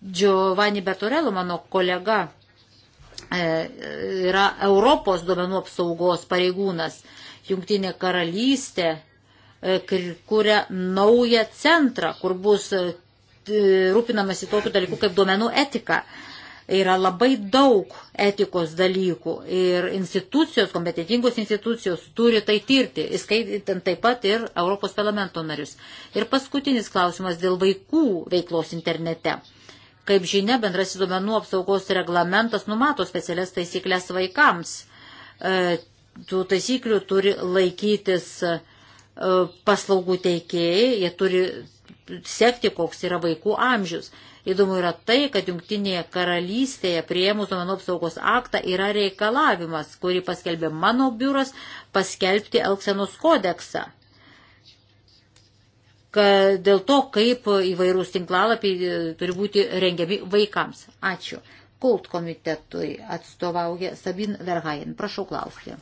Giovanni Betorello, mano kolega, e, yra Europos duomenų apsaugos pareigūnas. Jungtinė karalystė e, kuria naują centrą, kur bus e, rūpinamasi tokiu dalyku kaip duomenų etika. Yra labai daug etikos dalykų ir institucijos, kompetitingos institucijos turi tai tirti, įskaitant taip pat ir Europos parlamento narius. Ir paskutinis klausimas dėl vaikų veiklos internete. Kaip žinia, bendrasis duomenų apsaugos reglamentas numato specialias taisyklės vaikams. E, tų taisyklių turi laikytis e, paslaugų teikėjai, jie turi sekti, koks yra vaikų amžius. Įdomu yra tai, kad Junktinėje karalystėje prieimus duomenų apsaugos aktą yra reikalavimas, kurį paskelbė mano biuras, paskelbti Elksenos kodeksą kad dėl to, kaip įvairūs tinklalapiai e, turi būti rengiami vaikams. Ačiū. Kult komitetui atstovauja Sabin Verhaien. Prašau klausti.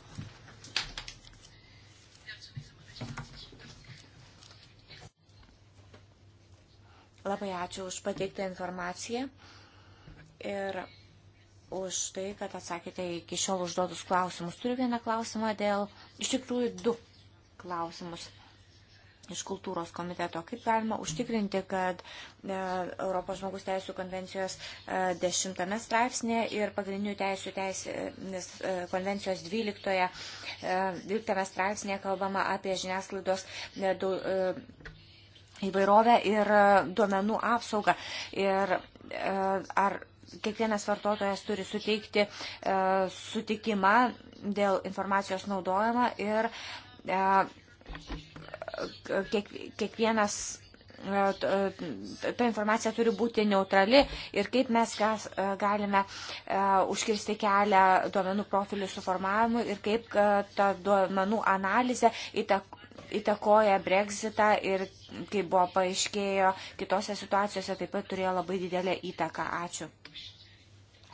Labai ačiū už pateiktą informaciją ir už tai, kad atsakėte iki šiol užduotus klausimus. Turiu vieną klausimą dėl, iš tikrųjų, du klausimus iš kultūros komiteto. Kaip galima užtikrinti, kad e, Europos žmogus teisų konvencijos e, dešimtame straipsnė ir pagrindinių teisų teisės e, konvencijos dvyliktoje, dvyliktame straipsnėje kalbama apie žiniasklaidos įvairovę ir duomenų apsaugą. Ir ar kiekvienas vartotojas turi suteikti sutikimą dėl informacijos naudojimą ir kiek, kiekvienas e, e, ta informacija turi būti neutrali ir kaip mes kas, e, galime užkirsti kelią duomenų profilių suformavimui ir kaip ta duomenų analizė įtakoja Brexitą ir, kaip buvo paaiškėjo, kitose situacijose taip pat turėjo labai didelę įtaką. Ačiū.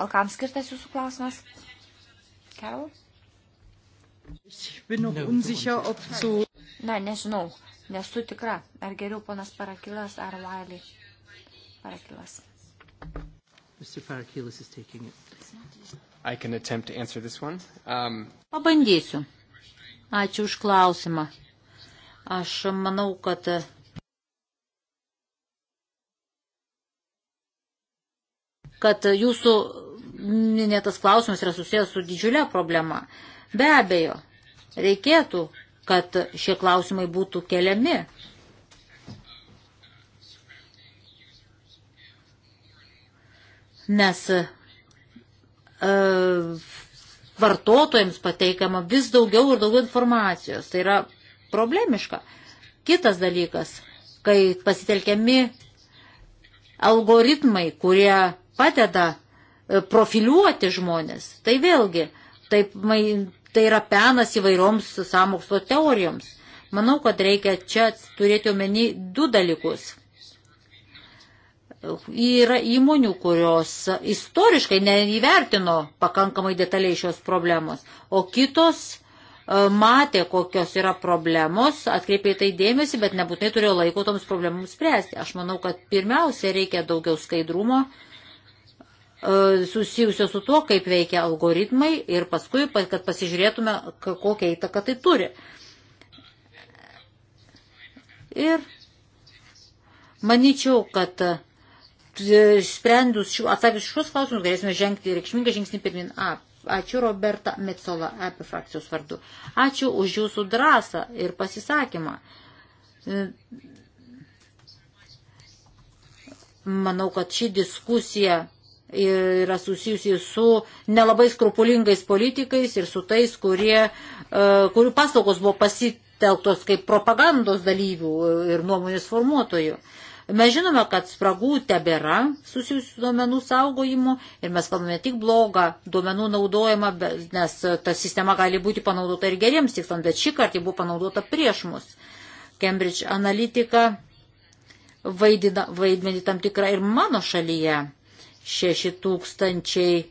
O kam skirtas jūsų klausimas? Carol? Ich bin noch unsicher, ob zu Na, nežinau, nesu tikra, ar geriau ponas Parakilas ar Vailiai. Parakilas. Mr. Parakilas is taking it. I can attempt to answer this one. Um... Pabandysiu. Ačiū už klausimą. Aš manau, kad kad jūsų minėtas klausimas yra susijęs su didžiulė problema. Be abejo, reikėtų kad šie klausimai būtų keliami. Nes e, vartotojams pateikiama vis daugiau ir daugiau informacijos. Tai yra problemiška. Kitas dalykas, kai pasitelkiami algoritmai, kurie padeda e, profiliuoti žmonės, tai vėlgi taip tai yra penas įvairioms samokslo teorijoms. Manau, kad reikia čia turėti omeny du dalykus. Yra įmonių, kurios istoriškai neįvertino pakankamai detaliai šios problemos, o kitos e, matė, kokios yra problemos, atkreipė tai dėmesį, bet nebūtinai turėjo laiko toms problemams spręsti. Aš manau, kad pirmiausia reikia daugiau skaidrumo, E, susijusios su tuo, kaip veikia algoritmai ir paskui, kad pasižiūrėtume, kokią įtaką tai turi. Ir manyčiau, kad e, sprendus šių, atsakius šios klausimus, galėsime žengti reikšmingą žingsnį pirmin. A, ačiū Roberta Metzola apie frakcijos vardu. Ačiū už jūsų drąsą ir pasisakymą. E, manau, kad ši diskusija yra susijusi su nelabai skrupulingais politikais ir su tais, kurie, e, kurių paslaugos buvo pasitelktos kaip propagandos dalyvių ir nuomonės formuotojų. Mes žinome, kad spragų tebėra susijusių duomenų saugojimu ir mes kalbame tik blogą duomenų naudojimą, nes ta sistema gali būti panaudota ir geriems tikslams, bet šį kartą buvo panaudota prieš mus. Cambridge Analytica vaidina, vaidmenį tam tikrą ir mano šalyje 6 tūkstančiai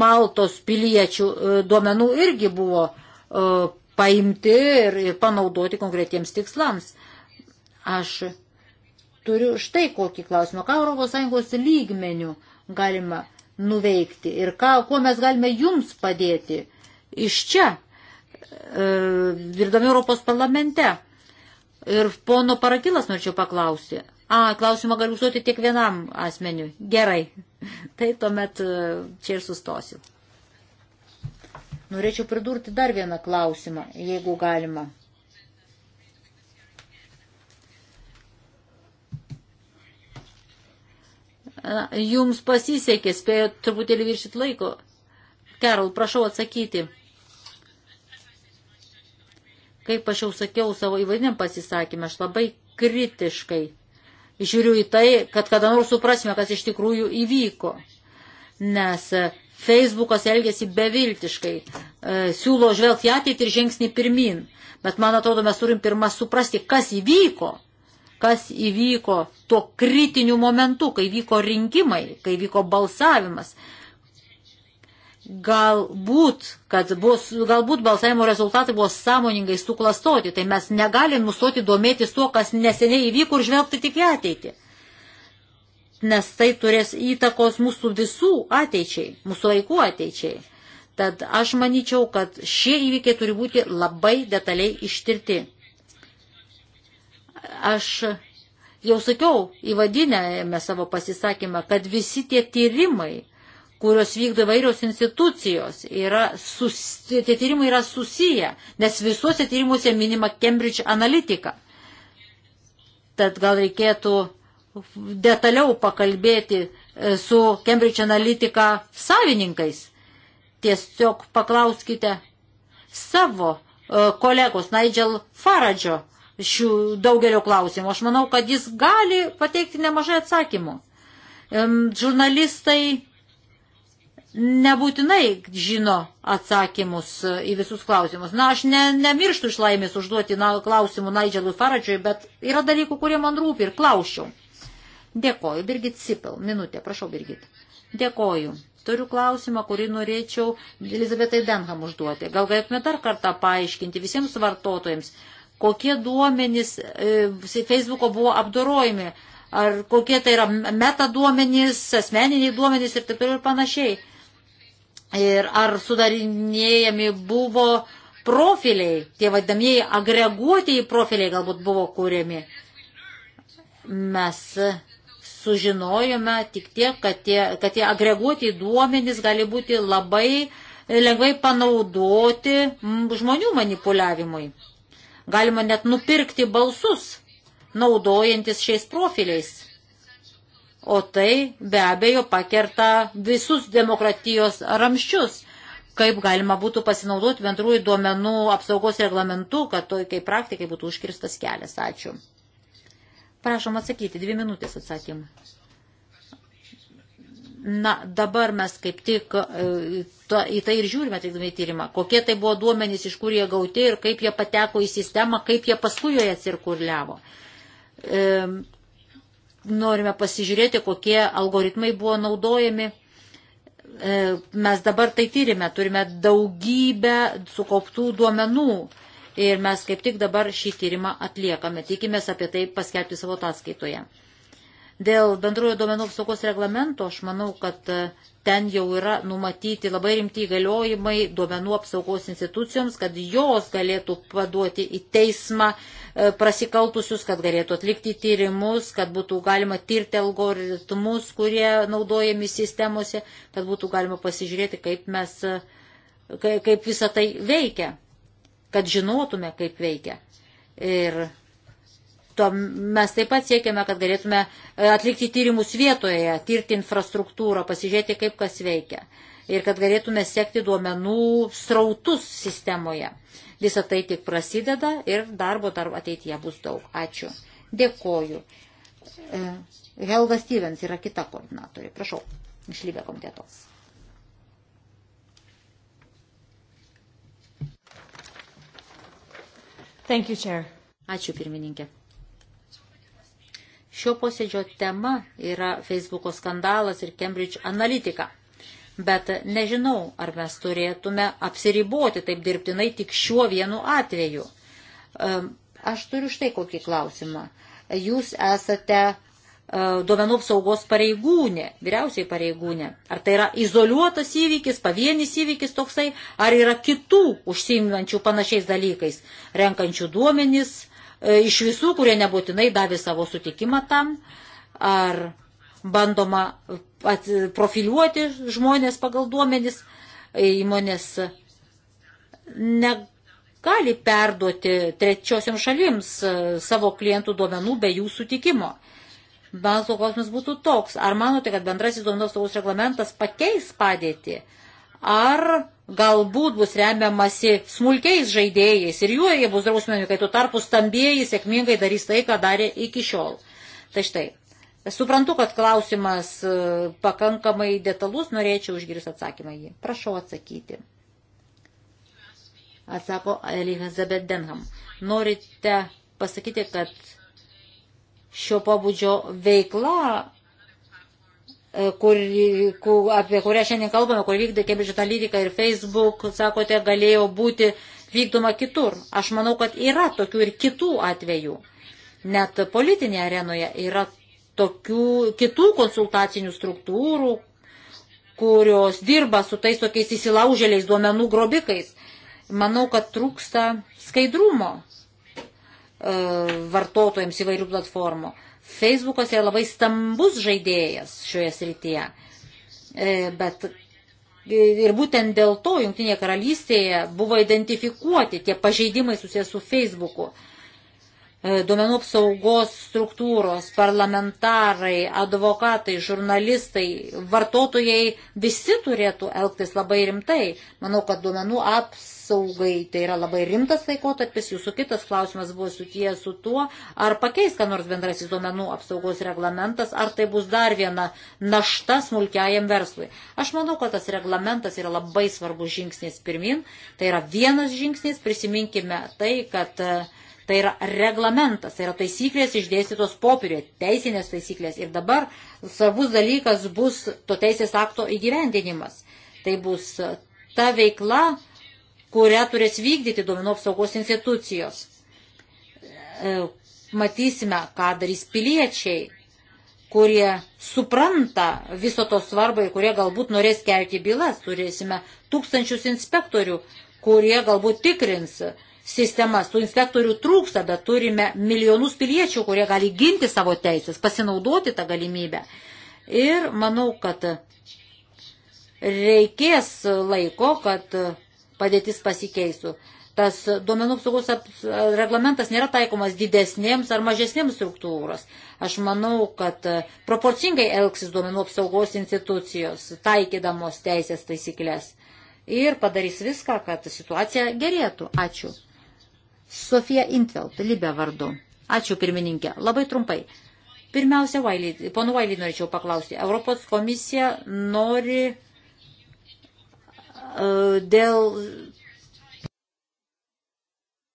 Maltos piliečių e, duomenų irgi buvo e, paimti ir, ir panaudoti konkretiems tikslams. Aš turiu štai kokį klausimą, ką ES lygmenių galima nuveikti ir ką, kuo mes galime jums padėti iš čia, e, dirbdami Europos parlamente. Ir pono Parakilas norėčiau paklausyti, A, klausimą galiu užduoti tik vienam asmeniu. Gerai. Tai tuomet e, čia ir sustosiu. Norėčiau pridurti dar vieną klausimą, jeigu galima. Na, jums pasisekė, spėjo truputėlį viršit laiko. Kerol, prašau atsakyti. Kaip aš jau sakiau savo įvaidiniam pasisakymę, aš labai kritiškai žiūriu į tai, kad kada nors suprasime, kas iš tikrųjų įvyko. Nes Facebookas elgesi beviltiškai, e, siūlo žvelgti ateitį ir žingsnį pirmin. Bet man atrodo, mes turim pirmą suprasti, kas įvyko, kas įvyko tuo kritiniu momentu, kai vyko rinkimai, kai vyko balsavimas, Galbūt, kad bus, galbūt balsavimo rezultatai buvo sąmoningai suklastoti, tai mes negalim nustoti domėtis tuo, kas neseniai įvyko ir žvelgti tik į ateitį. Nes tai turės įtakos mūsų visų ateičiai, mūsų vaikų ateičiai. Tad aš manyčiau, kad šie įvykiai turi būti labai detaliai ištirti. Aš jau sakiau įvadinėme savo pasisakymą, kad visi tie tyrimai, kurios vykdo vairios institucijos, yra sus, tie tyrimai yra susiję, nes visuose tyrimuose minima Cambridge Analytica. Tad gal reikėtų detaliau pakalbėti e, su Cambridge Analytica savininkais. Tiesiog paklauskite savo e, kolegos Nigel Faradžio šių daugelio klausimų. Aš manau, kad jis gali pateikti nemažai atsakymų. Žurnalistai nebūtinai žino atsakymus į visus klausimus. Na, aš ne, nemirštu iš laimės užduoti na, klausimų Nigelui Faradžiui, bet yra dalykų, kurie man rūpi ir klausiau. Dėkoju, Birgit Sipel. Minutė, prašau, Birgit. Dėkoju. Turiu klausimą, kurį norėčiau Elizabetai Denham užduoti. Gal galėtume dar kartą paaiškinti visiems vartotojams, kokie duomenys e, Facebook'o buvo apdorojami, ar kokie tai yra metaduomenys, asmeniniai duomenys ir taip toliau ir panašiai ir ar sudarinėjami buvo profiliai, tie vadinamieji agreguotieji profiliai galbūt buvo kūrėmi. Mes sužinojome tik tiek, kad tie, kad tie agreguotieji duomenys gali būti labai lengvai panaudoti žmonių manipuliavimui. Galima net nupirkti balsus, naudojantis šiais profiliais. O tai be abejo pakerta visus demokratijos ramščius. Kaip galima būtų pasinaudoti bendrųjų duomenų apsaugos reglamentu, kad tokiai praktikai būtų užkirstas kelias. Ačiū. Prašom atsakyti, dvi minutės atsakymą. Na, dabar mes kaip tik e, ta, į tai ir žiūrime, teikdami tyrimą, kokie tai buvo duomenys, iš kur jie gauti ir kaip jie pateko į sistemą, kaip jie paskui joje cirkuliavo. E, norime pasižiūrėti, kokie algoritmai buvo naudojami. E, mes dabar tai tyrime, turime daugybę sukauptų duomenų ir mes kaip tik dabar šį tyrimą atliekame. Tikimės apie tai paskelbti savo ataskaitoje. Dėl bendrojo duomenų apsaugos reglamento aš manau, kad e, ten jau yra numatyti labai rimti įgaliojimai duomenų apsaugos institucijoms, kad jos galėtų paduoti į teismą e, prasikaltusius, kad galėtų atlikti tyrimus, kad būtų galima tirti algoritmus, kurie naudojami sistemose, kad būtų galima pasižiūrėti, kaip mes, e, kaip visa tai veikia, kad žinotume, kaip veikia. Ir to mes taip pat siekiame, kad galėtume e, atlikti tyrimus vietoje, tirti infrastruktūrą, pasižiūrėti, kaip kas veikia. Ir kad galėtume sekti duomenų srautus sistemoje. Visą tai tik prasideda ir darbo dar ateityje bus daug. Ačiū. Dėkoju. E, Helga Stevens yra kita koordinatorė. Prašau, iš Lybė komiteto. Thank you, Chair. Ačiū pirmininkė. Šio posėdžio tema yra Facebook'o skandalas ir Cambridge Analytica. Bet nežinau, ar mes turėtume apsiriboti taip dirbtinai tik šiuo vienu atveju. Aš turiu štai kokį klausimą. Jūs esate e, duomenų apsaugos pareigūnė, vyriausiai pareigūnė. Ar tai yra izoliuotas įvykis, pavienis įvykis toksai, ar yra kitų užsiimančių panašiais dalykais, renkančių duomenis, E, iš visų, kurie nebūtinai davė savo sutikimą tam, ar bandoma profiliuoti žmonės pagal duomenis, e, įmonės negali perduoti trečiosiam šalims e, savo klientų duomenų be jų sutikimo. Balso klausimas būtų toks, ar manote, kad bendrasis duomenų apsaugos reglamentas pakeis padėtį? ar galbūt bus remiamasi smulkiais žaidėjais ir jų jie bus drausminami, kai tuo tarpu stambieji sėkmingai darys tai, ką darė iki šiol. Tai štai, suprantu, kad klausimas e, pakankamai detalus, norėčiau išgirsti atsakymą jį. Prašau atsakyti. Atsako Elizabeth Denham. Norite pasakyti, kad šio pabudžio veikla E, kur, kur, apie kurią šiandien kalbame, kur vykdė Cambridge Analytica ir Facebook, sakote, galėjo būti vykdoma kitur. Aš manau, kad yra tokių ir kitų atvejų. Net politinėje arenoje yra tokių kitų konsultacinių struktūrų, kurios dirba su tais tokiais įsilaužėliais duomenų grobikais. Manau, kad trūksta skaidrumo e, vartotojams įvairių platformų. E, Facebookas yra labai stambus žaidėjas šioje srityje. E, bet e, ir būtent dėl to Junktinėje karalystėje buvo identifikuoti tie pažeidimai susijęs su Facebooku. E, duomenų apsaugos struktūros, parlamentarai, advokatai, žurnalistai, vartotojai visi turėtų elgtis labai rimtai. Manau, kad duomenų aps saugai, tai yra labai rimtas laikotarpis, jūsų kitas klausimas buvo susijęs su tuo, ar pakeis, ką nors bendrasis duomenų apsaugos reglamentas, ar tai bus dar viena našta smulkiajam verslui. Aš manau, kad tas reglamentas yra labai svarbus žingsnis pirmin, tai yra vienas žingsnis, prisiminkime tai, kad e, Tai yra reglamentas, tai yra taisyklės išdėstytos popieriuje, teisinės taisyklės. Ir dabar svarbus dalykas bus to teisės akto įgyvendinimas. Tai bus ta veikla, kurią turės vykdyti duomenų apsaugos institucijos. E, matysime, ką darys piliečiai, kurie supranta viso to svarbą ir kurie galbūt norės kelti bylas. Turėsime tūkstančius inspektorių, kurie galbūt tikrins sistemas. Tų inspektorių trūksta, bet turime milijonus piliečių, kurie gali ginti savo teisės, pasinaudoti tą galimybę. Ir manau, kad reikės laiko, kad padėtis pasikeistų. Tas duomenų apsaugos reglamentas nėra taikomas didesnėms ar mažesnėms struktūros. Aš manau, kad e, proporcingai elgsis duomenų apsaugos institucijos, taikydamos teisės taisyklės. Ir padarys viską, kad situacija gerėtų. Ačiū. Sofija Intvelt, Libė vardu. Ačiū pirmininkė. Labai trumpai. Pirmiausia, Vailį, ponu Vailį norėčiau paklausti. Europos komisija nori E, dėl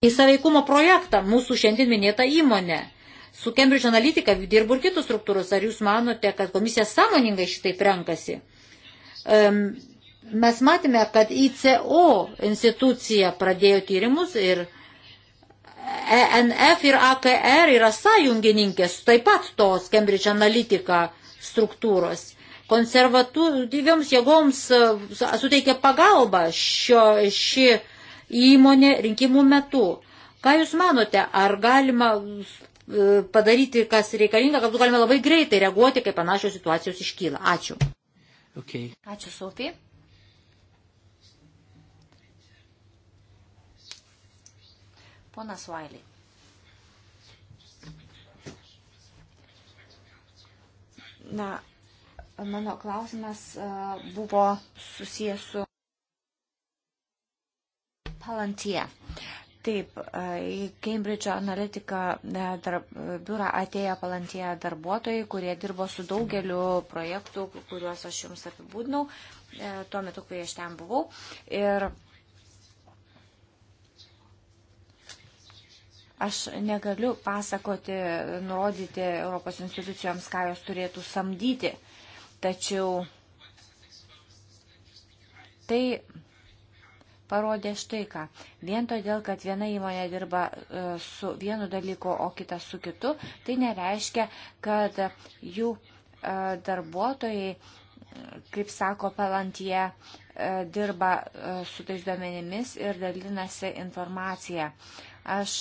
įsaveikumo projektą mūsų šiandien minėta įmonė. Su Cambridge Analytica dirbu ir kitus struktūrus. Ar jūs manote, kad komisija sąmoningai šitaip renkasi? Mes matėme, kad ICO institucija pradėjo tyrimus ir ENF ir AKR yra sąjungininkės taip pat tos Cambridge Analytica struktūros konservatyvioms jėgoms e, suteikė pagalbą šio, ši įmonė rinkimų metu. Ką Jūs manote, ar galima e, padaryti, kas reikalinga, kad galime labai greitai reaguoti, kai panašios situacijos iškyla? Ačiū. Okay. Ačiū, Sofija. Ponas Vailiai. Na, Mano klausimas e, buvo susijęs su Palantie. Taip, e, į Cambridge Analytica e, darb, biurą atėjo palantie darbuotojai, kurie dirbo su daugeliu projektų, kuriuos aš jums apibūdinau tuo metu, kai aš ten buvau. Ir aš negaliu pasakoti, nurodyti Europos institucijoms, ką jos turėtų samdyti. Uh, Tačiau tai parodė štai ką. Vien todėl, kad viena įmonė dirba e, su vienu dalyku, o kita su kitu, tai nereiškia, kad jų e, darbuotojai, kaip sako Palantie, e, dirba su tais duomenimis ir dalinasi informaciją. Aš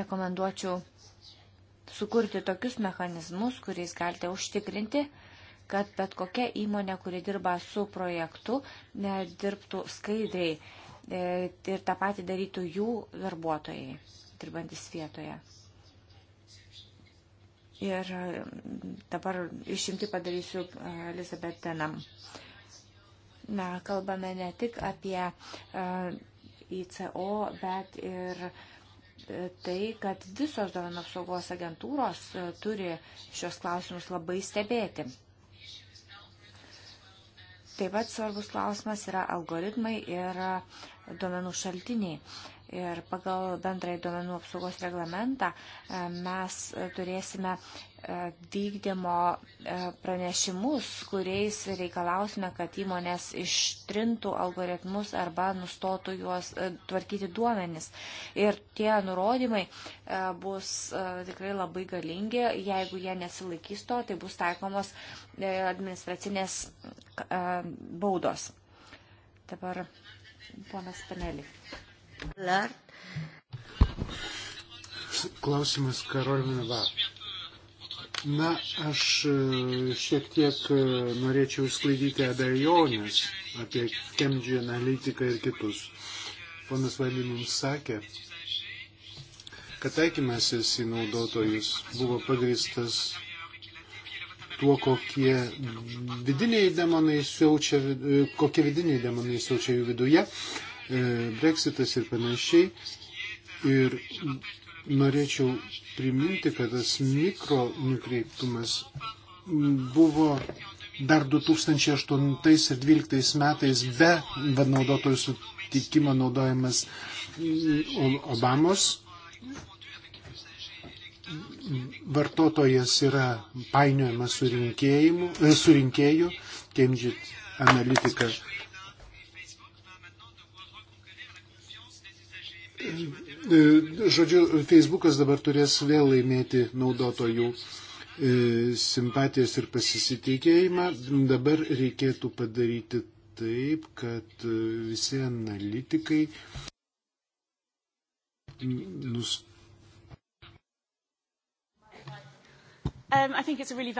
rekomenduočiau sukurti tokius mechanizmus, kuriais galite užtikrinti, kad bet kokia įmonė, kuri dirba su projektu, dirbtų skaidriai e, ir tą patį darytų jų darbuotojai, dirbantis vietoje. Ir e, dabar išimti padarysiu e, Elizabet Denam. Na, kalbame ne tik apie ICO, bet ir uh, tai, kad visos duomenų apsaugos agentūros e, turi šios klausimus labai stebėti. Taip pat svarbus klausimas yra algoritmai ir duomenų šaltiniai. Ir pagal bendrai duomenų apsaugos reglamentą e, mes turėsime E, vykdymo e, pranešimus, kuriais reikalausime, kad įmonės ištrintų algoritmus arba nustotų juos e, tvarkyti duomenis. Ir tie nurodymai bus tikrai labai galingi, jeigu jie nesilaikys to, tai bus taikomos administracinės baudos. Dabar ponas Panelį. Klausimas Karolina Vap Na, aš e, šiek tiek e, norėčiau išsklaidyti abejonės apie Kemdžių analitiką ir kitus. Ponas Valį mums sakė, kad taikymasis į naudotojus buvo pagristas tuo, kokie vidiniai demonai siaučia, e, kokie vidiniai demonai siaučia jų viduje, Brexitas ir panašiai. Ir norėčiau priminti, kad tas mikro nukreiptumas buvo dar 2008 ir 2012 metais be naudotojų sutikimo naudojamas Obamos. Vartotojas yra painiojamas su, e, su rinkėju, Cambridge Analytica E, žodžiu, Facebookas dabar turės vėl laimėti naudotojų e, simpatijas ir pasisitikėjimą. Dabar reikėtų padaryti taip, kad e, visi analitikai nus. Um, really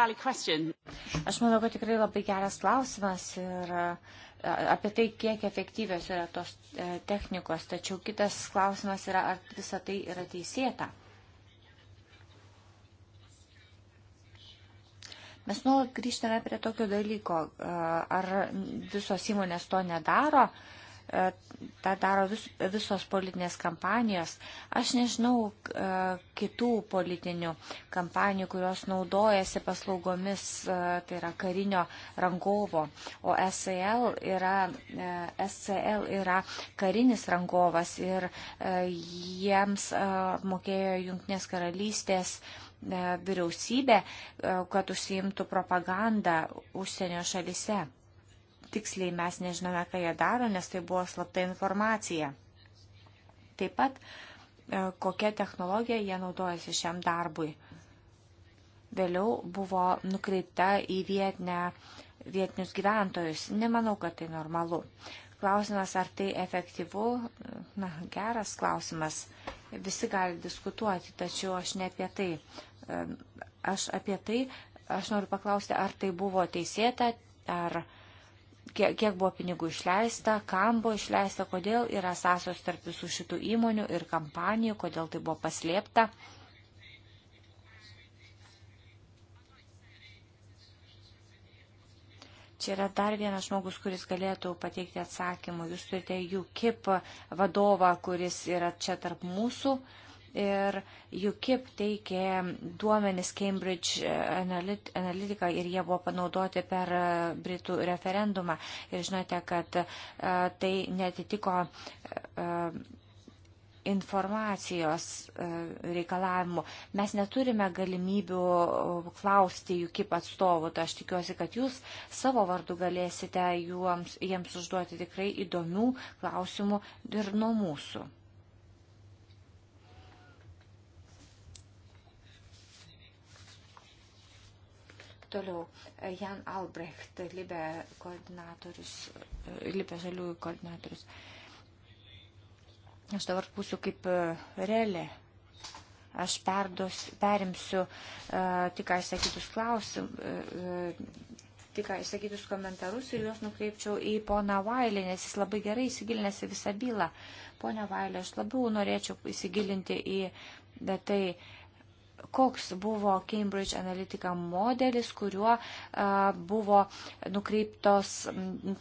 Aš manau, kad tikrai labai geras klausimas ir uh, apie tai, kiek efektyvios yra tos e, technikos. Tačiau kitas klausimas yra, ar visa tai yra teisėta. Mes nuolat grįžtame prie tokio dalyko, e, ar visos įmonės to nedaro, E, tą daro vis, visos politinės kampanijos. Aš nežinau e, kitų politinių kampanijų, kurios naudojasi paslaugomis, e, tai yra karinio rangovo, o SCL yra, SCL yra karinis rangovas ir jiems mokėjo Junktinės karalystės vyriausybė, kad užsiimtų propagandą užsienio šalise tiksliai mes nežinome, ką jie daro, nes tai buvo slapta informacija. Taip pat, e, kokią technologiją jie naudojasi šiam darbui. Vėliau buvo nukreipta į vietinę, vietinius gyventojus. Nemanau, kad tai normalu. Klausimas, ar tai efektyvu, na, geras klausimas. Visi gali diskutuoti, tačiau aš ne apie tai. E, aš apie tai, aš noriu paklausti, ar tai buvo teisėta, ar uh, kiek, kiek buvo pinigų išleista, kam buvo išleista, kodėl yra sąsos tarp visų šitų įmonių ir kampanijų, kodėl tai buvo paslėpta. Čia yra dar vienas žmogus, kuris galėtų pateikti atsakymų. Jūs turite jų kip vadovą, kuris yra čia tarp mūsų. Uh, ir UKIP teikė duomenis Cambridge Analytica ir jie buvo panaudoti per Britų referendumą. Ir žinote, kad e, tai netitiko e, e, informacijos reikalavimų. Mes neturime galimybių klausti jų kaip atstovų, tai aš tikiuosi, kad jūs savo vardu galėsite jums, jiems užduoti tikrai įdomių klausimų ir nuo mūsų. Toliau, Jan Albrecht, Libė koordinatorius, Libė žaliųjų koordinatorius. Aš dabar būsiu kaip e, relė. Aš perdos, perimsiu uh, tik ką išsakytus klausimus, uh, e, tik ką išsakytus komentarus ir juos nukreipčiau į poną Vailį, nes jis labai gerai įsigilinęs į visą bylą. Pone Vailį, aš labiau norėčiau įsigilinti į tai, uh, koks buvo Cambridge Analytica modelis, kuriuo buvo nukreiptos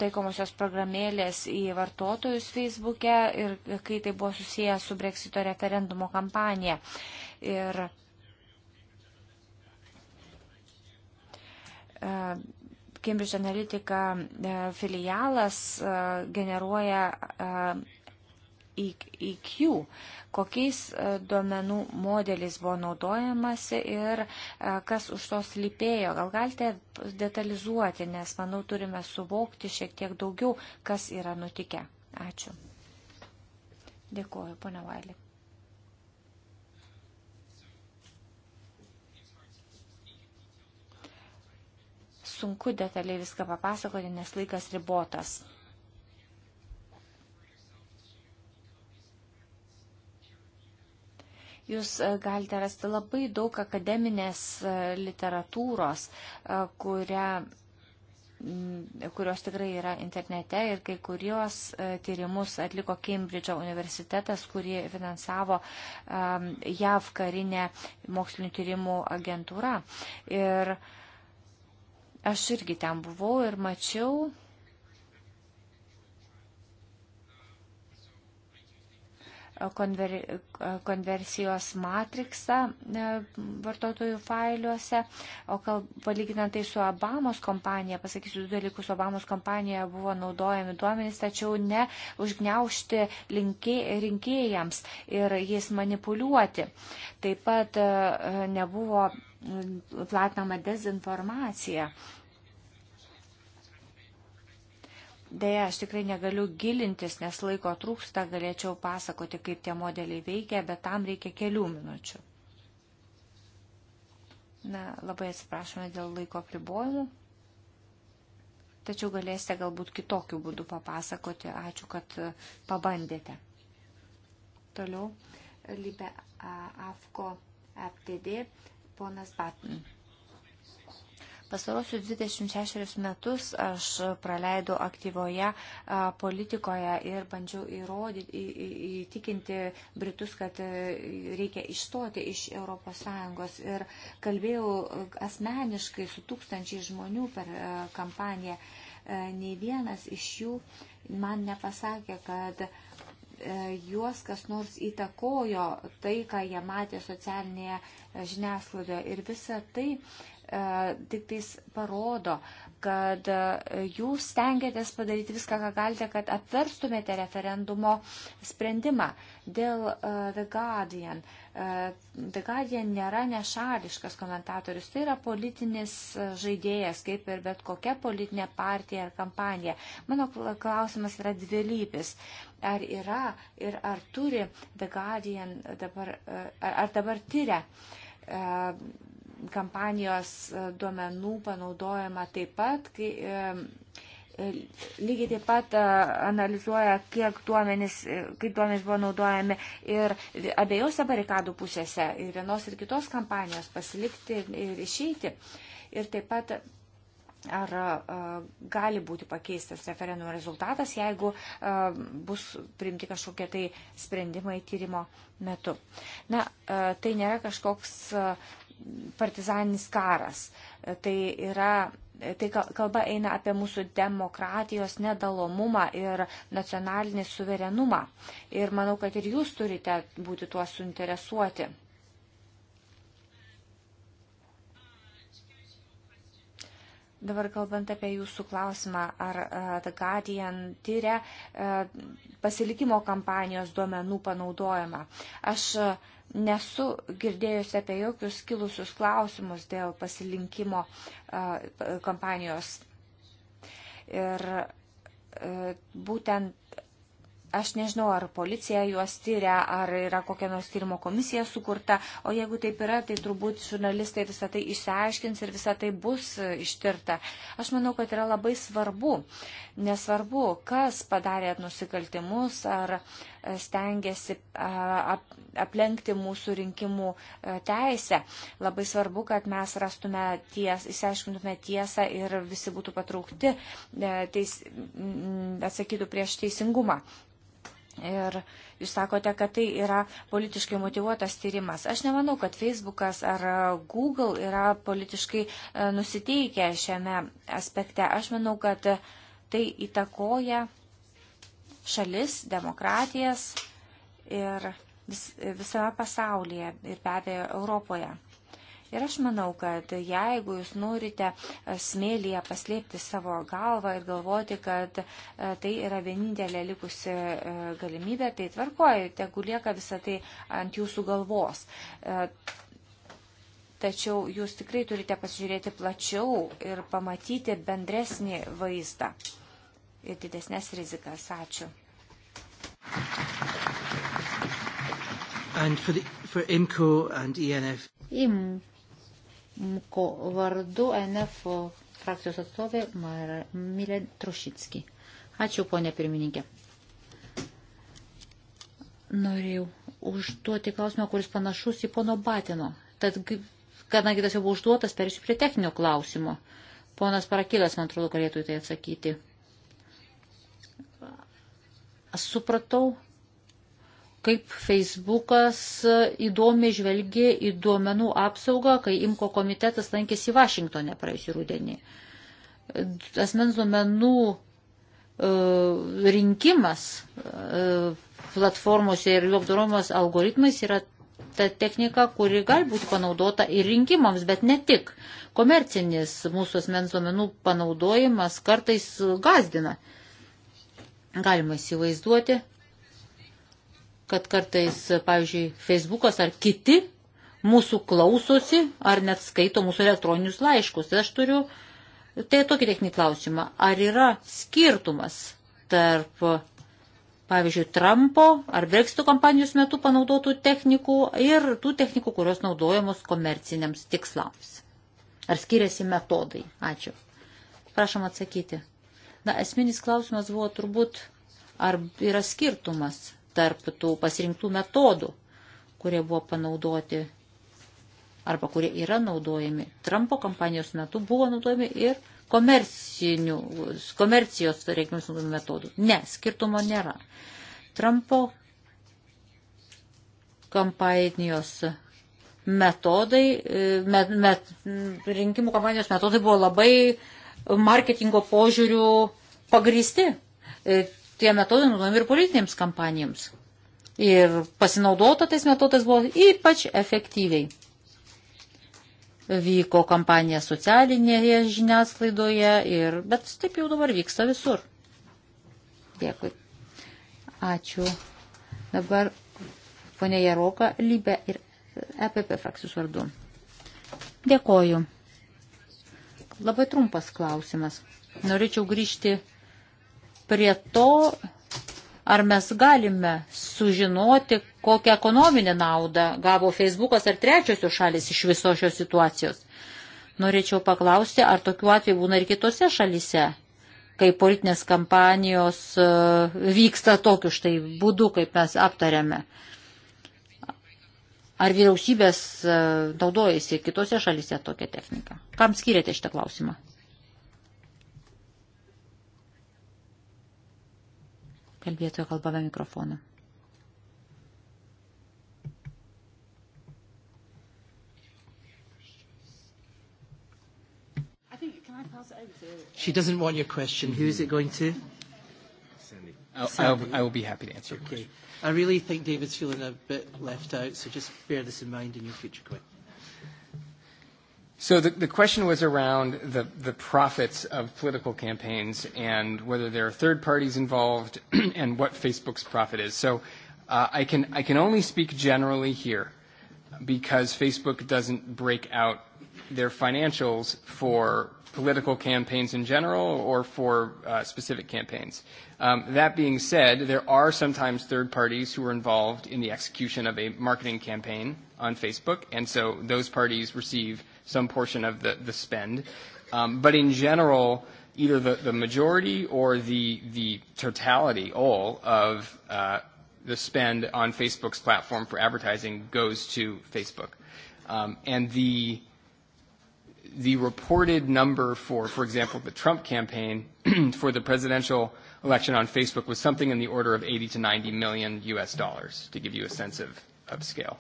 taikomosios programėlės į vartotojus Facebook'e ir kai tai buvo susiję su Brexito referendumo kampanija. Ir Cambridge Analytica filialas generuoja EQ, kokiais e, duomenų modeliais buvo naudojamasi ir e, kas už to slypėjo. Gal galite detalizuoti, nes manau turime suvokti šiek tiek daugiau, kas yra nutikę. Ačiū. Dėkuoju, ponia Vailė. Sunku detaliai viską papasakoti, nes laikas ribotas. Jūs e, galite rasti labai daug akademinės e, literatūros, e, kurią kurios tikrai yra internete ir kai kurios tyrimus atliko Cambridge'o universitetas, kurį finansavo JAV karinė mokslinių tyrimų agentūra. Ir aš irgi ten buvau ir mačiau konver, konversijos matriksą e, vartotojų failiuose, o kalb, palyginant tai su Obamos kompanija, pasakysiu du dalykus, Obamos kompanijoje buvo naudojami duomenys, tačiau ne užgneušti linkė, rinkėjams ir jais manipuliuoti. Taip pat e, nebuvo platinama dezinformacija. Deja, aš tikrai negaliu gilintis, nes laiko trūksta, galėčiau pasakoti, kaip tie modeliai veikia, bet tam reikia kelių minučių. Na, labai atsiprašome dėl laiko pribojimų, tačiau galėsite galbūt kitokių būdų papasakoti. Ačiū, kad e, pabandėte. Toliau, Libe Afko FTD, ponas Batin. Pastarosius 26 metus aš praleidau aktyvoje politikoje ir bandžiau įrodyti, įtikinti Britus, kad e, reikia išstoti iš ES. Ir kalbėjau asmeniškai su tūkstančiai žmonių per e, kampaniją. E, nei vienas iš jų man nepasakė, kad juos kas nors įtakojo tai, ką jie matė socialinėje žiniasklaidoje. Ir visa tai E, tik tais parodo, kad e, jūs stengiatės padaryti viską, ką galite, kad apverstumėte referendumo sprendimą dėl e, The Guardian. The Guardian nėra nešališkas komentatorius, tai yra politinis žaidėjas, kaip ir bet kokia politinė partija ar kampanija. Mano klausimas yra dvilypis. Ar yra ir ar turi The Guardian dabar, ar, ar dabar tyria kampanijos e, duomenų panaudojama taip pat, kai e, e, lygiai taip pat analizuoja, kiek duomenys, kaip duomenys buvo naudojami ir abiejose barikadų pusėse, ir vienos ir kitos kampanijos pasilikti ir išeiti. Ir taip pat ar gali būti pakeistas referendumo rezultatas, jeigu bus priimti kažkokie tai sprendimai tyrimo metu. Na, tai nėra kažkoks partizaninis karas. Tai yra, tai kalba eina apie mūsų demokratijos nedalomumą ir nacionalinį suverenumą. Ir manau, kad ir jūs turite būti tuo suinteresuoti. Dabar kalbant apie jūsų klausimą, ar uh, The Guardian tyria uh, pasilikimo kampanijos duomenų panaudojimą. Aš uh, nesu girdėjusi apie jokius kilusius klausimus dėl pasilinkimo kompanijos. Ir e, būtent aš nežinau, ar policija juos tyria, ar yra kokia nors tyrimo komisija sukurta, o jeigu taip yra, tai turbūt žurnalistai visą tai išsiaiškins ir visą tai bus e, ištirta. Aš manau, kad yra labai svarbu, nesvarbu, kas padarė nusikaltimus, ar stengiasi aplenkti mūsų rinkimų teisę. Labai svarbu, kad mes rastume tiesą, išsiaiškintume tiesą ir visi būtų patraukti, e, teis, atsakytų prieš teisingumą. Ir jūs sakote, kad tai yra politiškai motivuotas tyrimas. Aš nemanau, kad Facebookas ar Google yra politiškai e, nusiteikę šiame aspekte. Aš manau, kad tai įtakoja šalis, demokratijas ir vis, visame pasaulyje ir be abejo Europoje. Ir aš manau, kad jeigu jūs norite smėlyje paslėpti savo galvą ir galvoti, kad e, tai yra vienintelė likusi e, galimybė, tai tvarkoju, tegu lieka visą tai ant jūsų galvos. E, tačiau jūs tikrai turite pasižiūrėti plačiau ir pamatyti bendresnį vaizdą ir didesnės rizikas. Ačiū. And for the, for IMCO and ENF. IMCO vardu e NF frakcijos atstovė Milen Trušitski. Ačiū, ponė pirmininkė. Norėjau užduoti klausimą, kuris panašus į pono Batino. Tad, kadangi tas jau buvo užduotas, perėsiu prie techninio klausimo. Ponas Parakilas, man atrodo, galėtų į tai atsakyti. Aš supratau, kaip Facebookas įdomiai žvelgė į duomenų apsaugą, kai Imko komitetas lankėsi Vašingtonė praėjusį rudenį. Asmens duomenų e, rinkimas e, platformose ir jų apdorojimas algoritmais yra ta technika, kuri gali būti panaudota ir rinkimams, bet ne tik. Komercinis mūsų asmens duomenų panaudojimas kartais gazdina. E, Galima įsivaizduoti, kad kartais, pavyzdžiui, Facebookas ar kiti mūsų klausosi ar net skaito mūsų elektroninius laiškus. Tai aš turiu tai tokį techninį klausimą. Ar yra skirtumas tarp, pavyzdžiui, Trumpo ar Brexito kampanijos metu panaudotų technikų ir tų technikų, kurios naudojamos komerciniams tikslams? Ar skiriasi metodai? Ačiū. Prašom atsakyti. Na, esminis klausimas buvo turbūt, ar yra skirtumas tarp tų pasirinktų metodų, kurie buvo panaudoti arba kurie yra naudojami. Trumpo kampanijos metu buvo naudojami ir komercijos reikmėms naudojami metodų. Ne, skirtumo nėra. Trumpo kampanijos metodai, e, met, met, rinkimų kampanijos metodai buvo labai marketingo požiūrių pagristi. E, tie metodai naudojami ir politinėms kampanijoms. Ir pasinaudota tais metodais buvo ypač efektyviai. Vyko kampanija socialinėje žiniasklaidoje, ir, bet taip jau dabar vyksta visur. Dėkui. Ačiū. Dabar ponė Jaroka, Lybė ir EPP frakcijų vardu. Dėkoju. Labai trumpas klausimas. Norėčiau grįžti prie to, ar mes galime sužinoti, kokią ekonominę naudą gavo Facebookas ar trečiosios šalis iš viso šios situacijos. Norėčiau paklausti, ar tokiu atveju būna ir kitose šalise, kai politinės kampanijos e, vyksta tokiu štai būdu, kaip mes aptarėme. Uh, Ar vyriausybės e, naudojasi kitose šalise tokią techniką? Kam skiriate šitą klausimą? Kalbėtojo kalbame mikrofoną. She doesn't want your question. Who is it going to? I'll, I'll, I will be happy to answer your okay. question. I really think David's feeling a bit left out, so just bear this in mind in your future questions. So the, the question was around the, the profits of political campaigns and whether there are third parties involved and what Facebook's profit is. So uh, I, can, I can only speak generally here because Facebook doesn't break out their financials for political campaigns in general or for uh, specific campaigns. Um, that being said, there are sometimes third parties who are involved in the execution of a marketing campaign on Facebook, and so those parties receive some portion of the, the spend. Um, but in general, either the, the majority or the, the totality, all of uh, the spend on Facebook's platform for advertising goes to Facebook. Um, and the the reported number for, for example, the Trump campaign for the presidential election on Facebook was something in the order of 80 to 90 million US dollars, to give you a sense of, of scale.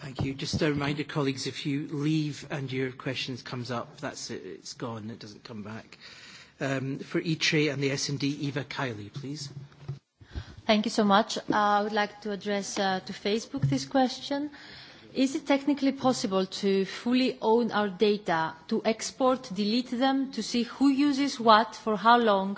Thank you. Just a reminder, colleagues, if you leave and your questions comes up, that's it. It's gone. It doesn't come back. Um, for E-Trade and the S&D, Eva Kiley, please. Thank you so much. Uh, I would like to address uh, to Facebook this question. Uh, Is it technically possible to fully own our data, to export, delete them, to see who uses what, for how long,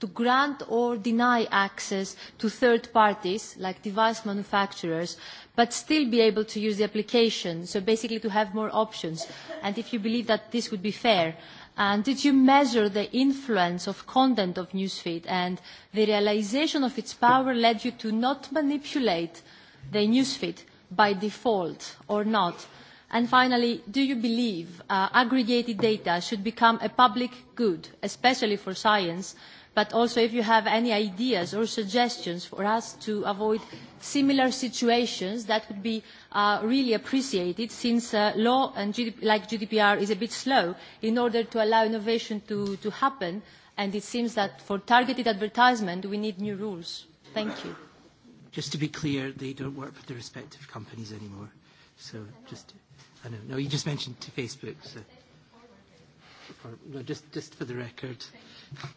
to grant or deny access to third parties, like device manufacturers, but still be able to use the application, so basically to have more options, and if you believe that this would be fair. And did you measure the influence of content of Newsfeed and the realization of its power led you to not manipulate the Newsfeed? by default or not? And finally, do you believe uh, aggregated data should become a public good, especially for science, but also if you have any ideas or suggestions for us to avoid similar situations, that would be uh, really appreciated since uh, law and GDP, like GDPR is a bit slow in order to allow innovation to, to happen, and it seems that for targeted advertisement we need new rules. Thank you just to be clear, they don't work for the respective companies anymore. So just, I know, no, you just mentioned to Facebook, so. Or, no, just, just for the record.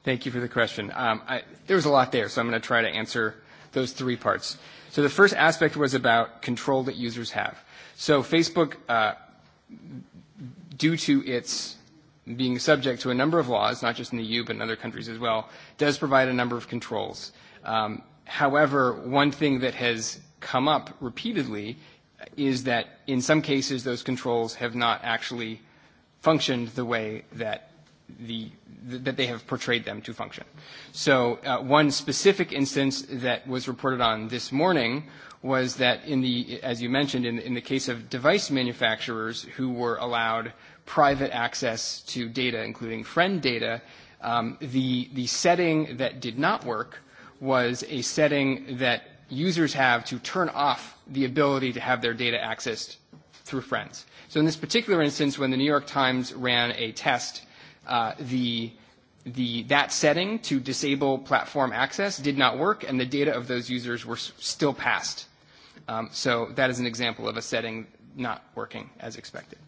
Thank you for the question. Um, I, there was a lot there, so I'm going to try to answer those three parts. So the first aspect was about control that users have. So Facebook, uh, due to its being subject to a number of laws, not just in the EU but in other countries as well, does provide a number of controls. Um, However, one thing that has come up repeatedly is that in some cases those controls have not actually functioned the way that the that they have portrayed them to function. So uh, one specific instance that was reported on this morning was that in the as you mentioned in, in the case of device manufacturers who were allowed private access to data, including friend data, um, the the setting that did not work was a setting that users have to turn off the ability to have their data accessed through friends. So in this particular instance, when the New York Times ran a test, uh, the the that setting to disable platform access did not work, and the data of those users were s- still passed. Um, so that is an example of a setting not working as expected.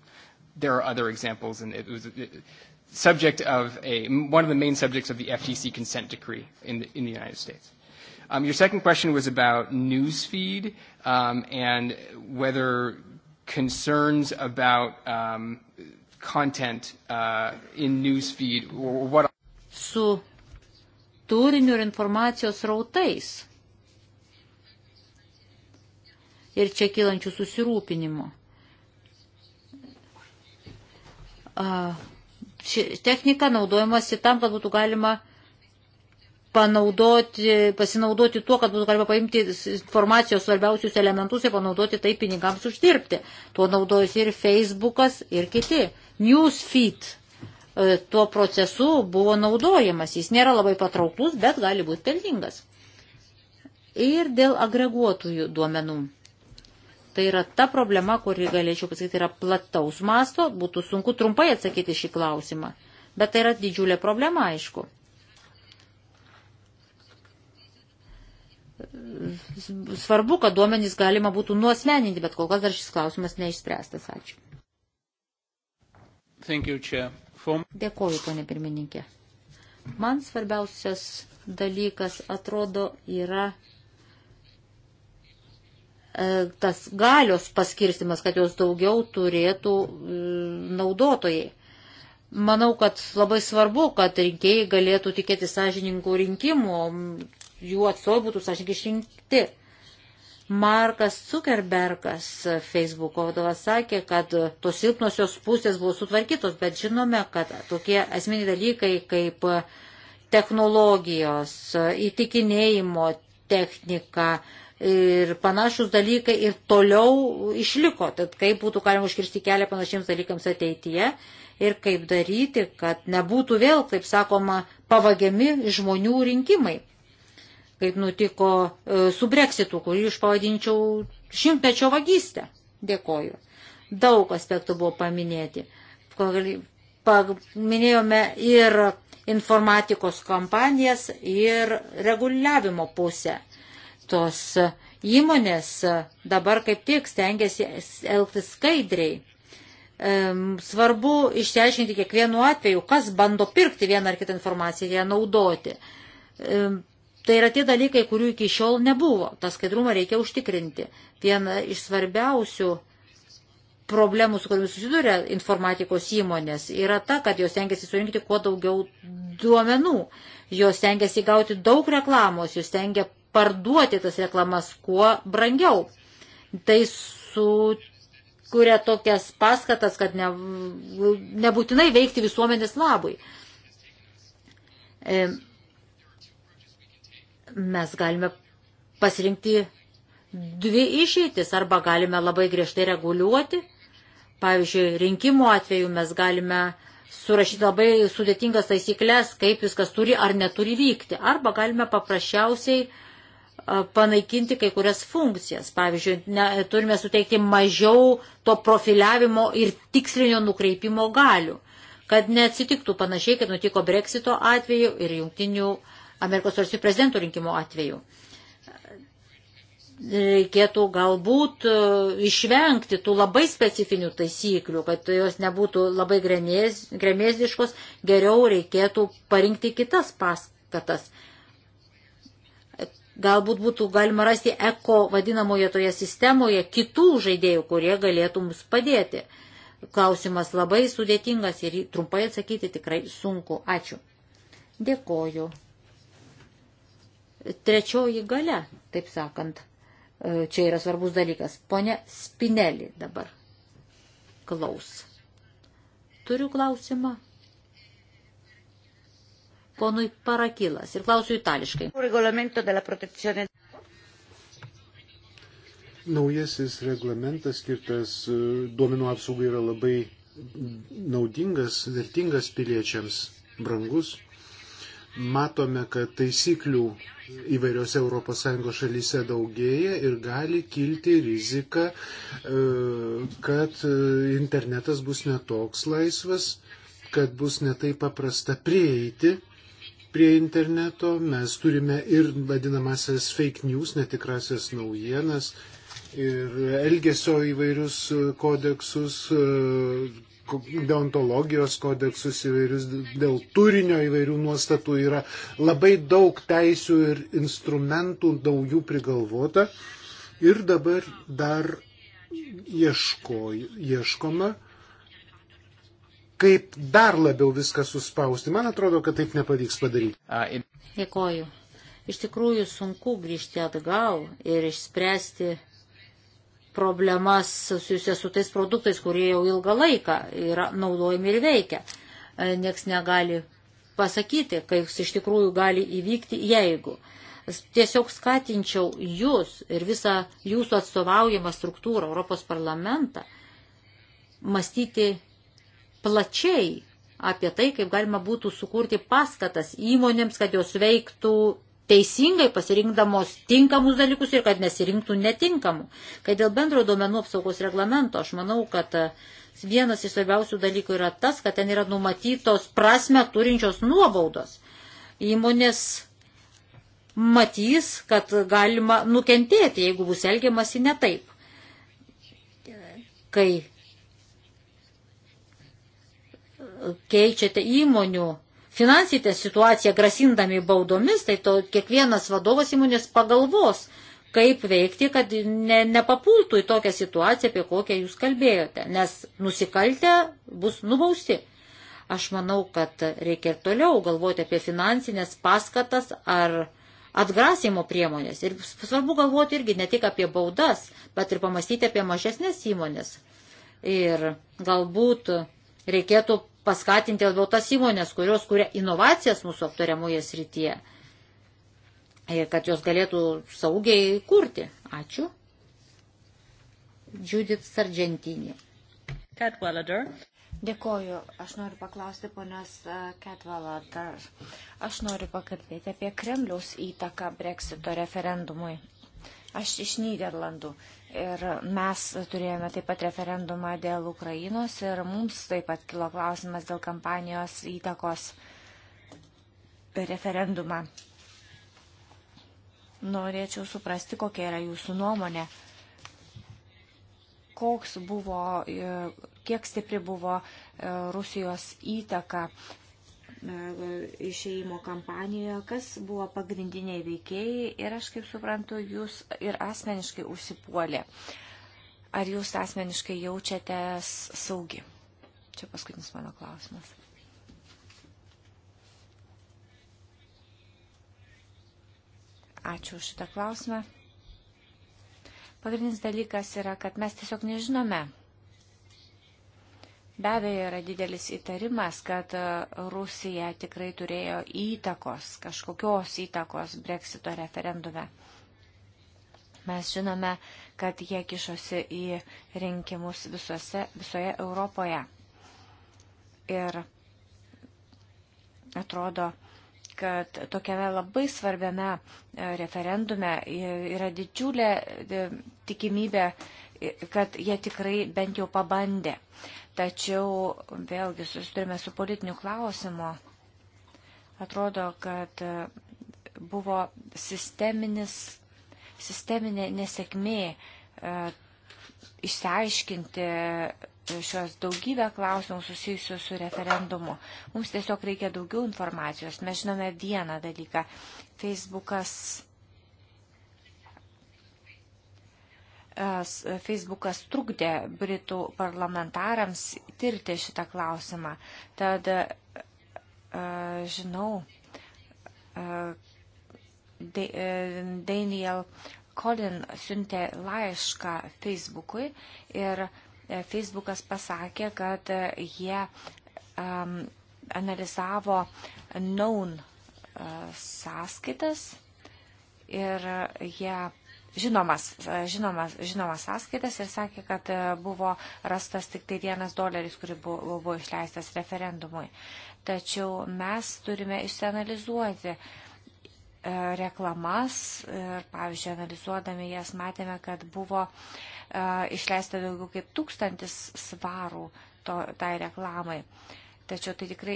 There are other examples, and it was it, subject of a, one of the main subjects of the FTC consent decree in the, in the United States. Um, your second question was about newsfeed um, and whether concerns about um, content uh, in newsfeed or what. Su turiniu ir informacijos rautais ir čia kilančių susirūpinimų. Uh ši technika naudojamasi tam, kad būtų galima panaudoti, pasinaudoti tuo, kad būtų galima paimti informacijos svarbiausius elementus ir panaudoti tai pinigams uždirbti. Tuo naudojasi ir Facebookas, ir kiti. Newsfeed e, tuo procesu buvo naudojamas. Jis nėra labai patrauklus, bet gali būti pelningas. Ir dėl agreguotųjų duomenų. Tai yra ta problema, kuri, galėčiau pasakyti, yra plataus masto, būtų sunku trumpai atsakyti šį klausimą, bet tai yra didžiulė problema, aišku. Svarbu, kad duomenys galima būtų nuosmeninti, bet kol kas dar šis klausimas neišspręstas. Ačiū. Thank you, Chair. For... Dėkoju, ponė pirmininkė. Man svarbiausias dalykas, atrodo, yra E, tas galios paskirstimas, kad jos daugiau turėtų e, naudotojai. Manau, kad labai svarbu, kad rinkėjai galėtų tikėti sąžininkų rinkimų, jų atstovai būtų sąžininkai išrinkti. Markas Zuckerbergas, Facebooko vadovas, sakė, kad tos silpnosios pusės buvo sutvarkytos, bet žinome, kad tokie esminiai dalykai kaip technologijos, įtikinėjimo technika, ir panašus dalykai ir toliau išliko. Tad kaip būtų galima užkirsti kelią panašiems dalykams ateityje ir kaip daryti, kad nebūtų vėl, kaip sakoma, pavagiami žmonių rinkimai. Kaip nutiko e, su breksitu, kurį aš pavadinčiau šimtmečio vagystę. Dėkoju. Daug aspektų buvo paminėti. Paminėjome ir informatikos kampanijas, ir reguliavimo pusę tos įmonės dabar kaip tik stengiasi elgtis skaidriai. Svarbu išsiaiškinti kiekvienu atveju, kas bando pirkti vieną ar kitą informaciją, ją naudoti. Tai yra tie dalykai, kurių iki šiol nebuvo. Ta skaidrumą reikia užtikrinti. Viena iš svarbiausių problemų, su kuriamis susiduria informatikos įmonės, yra ta, kad jos tengiasi surinkti kuo daugiau duomenų, jos tengiasi gauti daug reklamos, jos tengia parduoti tas reklamas kuo brangiau. Tai sukuria tokias paskatas, kad ne, nebūtinai veikti visuomenės labui. E, mes galime pasirinkti dvi išeitis arba galime labai griežtai reguliuoti. Pavyzdžiui, rinkimų atveju mes galime surašyti labai sudėtingas taisyklės, kaip viskas turi ar neturi vykti. Arba galime paprasčiausiai uh, panaikinti kai kurias funkcijas. Pavyzdžiui, ne, turime suteikti mažiau to profiliavimo ir tikslinio nukreipimo galių, kad neatsitiktų panašiai, kaip nutiko Brexito atveju ir Junktinių Amerikos valstybių prezidentų rinkimų atveju. Reikėtų galbūt išvengti tų labai specifinių taisyklių, kad jos nebūtų labai gremėziškos, geriau reikėtų parinkti kitas paskatas galbūt būtų galima rasti eko vadinamoje toje sistemoje kitų žaidėjų, kurie galėtų mums padėti. Klausimas labai sudėtingas ir trumpai atsakyti tikrai sunku. Ačiū. Dėkoju. Trečioji gale, taip sakant, e, čia yra svarbus dalykas. Pone Spinelį dabar klaus. Turiu klausimą ponui Parakilas ir klausiu itališkai. Naujasis reglamentas skirtas e, duomenų apsaugai yra labai naudingas, vertingas piliečiams, brangus. Matome, kad taisyklių įvairiose ES šalyse daugėja ir gali kilti rizika, e, kad e, internetas bus netoks laisvas, kad bus netai paprasta prieiti prie interneto, mes turime ir vadinamasias fake news, netikrasias naujienas, ir elgesio įvairius e, kodeksus, e, deontologijos kodeksus įvairius, dėl turinio įvairių nuostatų yra labai daug teisių ir instrumentų naujų prigalvota. Ir dabar dar ieško, ieškoma kaip dar labiau viską suspausti. Man atrodo, kad taip nepavyks padaryti. Dėkoju. Iš tikrųjų sunku grįžti atgal ir išspręsti problemas susijusias su tais produktais, kurie jau ilgą laiką yra naudojami ir veikia. E, Niekas negali pasakyti, kas iš tikrųjų gali įvykti, jeigu. Tiesiog skatinčiau jūs ir visą jūsų atstovaujamą struktūrą, Europos parlamentą, mąstyti plačiai apie tai, kaip galima būtų sukurti paskatas įmonėms, kad jos veiktų teisingai pasirinkdamos tinkamus dalykus ir kad nesirinktų netinkamų. Kai dėl bendrojo duomenų apsaugos reglamento, aš manau, kad e, vienas iš svarbiausių dalykų yra tas, kad ten yra numatytos prasme turinčios nuobaudos. Įmonės matys, kad galima nukentėti, jeigu bus elgiamasi ne taip. Kai keičiate įmonių finansinę situaciją grasindami baudomis, tai to kiekvienas vadovas įmonės pagalvos, kaip veikti, kad ne, nepapultų į tokią situaciją, apie kokią jūs kalbėjote, nes nusikaltę bus nubausti. Aš manau, kad reikia ir toliau galvoti apie finansinės paskatas ar atgrasimo priemonės. Ir svarbu galvoti irgi ne tik apie baudas, bet ir pamastyti apie mažesnės įmonės. Ir galbūt reikėtų paskatinti labiau tas įmonės, kurios kuria inovacijas mūsų aptariamoje srityje ir e, kad jos galėtų saugiai kurti. Ačiū. Judith Sargentinė. Cadwallader. Dėkoju. Aš noriu paklausti ponios Cadwallader. E, Aš noriu pakalbėti apie Kremliaus įtaką Brexito referendumui. Aš iš Niderlandų. Uh, Ir mes turėjome taip pat referendumą dėl Ukrainos ir mums taip pat kilo klausimas dėl kampanijos įtakos per referendumą. Norėčiau suprasti, kokia yra jūsų nuomonė. Koks buvo, e, kiek stipri buvo e, Rusijos įtaka E, išėjimo kampanijoje, kas buvo pagrindiniai veikėjai ir aš kaip suprantu, jūs ir asmeniškai užsipuolė. Ar jūs asmeniškai jaučiatės saugi? Čia paskutinis mano klausimas. Ačiū už šitą klausimą. Pagrindinis dalykas yra, kad mes tiesiog nežinome, Be abejo, yra didelis įtarimas, kad e, Rusija tikrai turėjo įtakos, kažkokios įtakos breksito referendume. Mes žinome, kad jie kišosi į rinkimus visose, visoje Europoje. Ir atrodo, kad tokiame labai svarbiame e, referendume yra didžiulė e, tikimybė, kad jie tikrai bent jau pabandė. Tačiau vėlgi susidurime su politiniu klausimu. Atrodo, kad e, buvo sisteminis, sisteminė nesėkmė e, išsiaiškinti e, šios daugybę klausimų susijusių su referendumu. Mums tiesiog reikia daugiau informacijos. Mes žinome vieną dalyką. Facebookas Facebookas trukdė Britų parlamentarams tirti šitą klausimą. Tad e, žinau, e, e, Daniel Colin siuntė laišką Facebookui ir Facebookas pasakė, kad jie um, analizavo known uh, sąskaitas ir jie uh, žinomas, žinomas, žinomas sąskaitas ir sakė, kad e, buvo rastas tik tai vienas doleris, kuri buvo, buvo išleistas referendumui. Tačiau mes turime išsianalizuoti e, reklamas ir, pavyzdžiui, analizuodami jas matėme, kad buvo e, išleista daugiau kaip tūkstantis svarų to, tai reklamai. Tačiau tai tikrai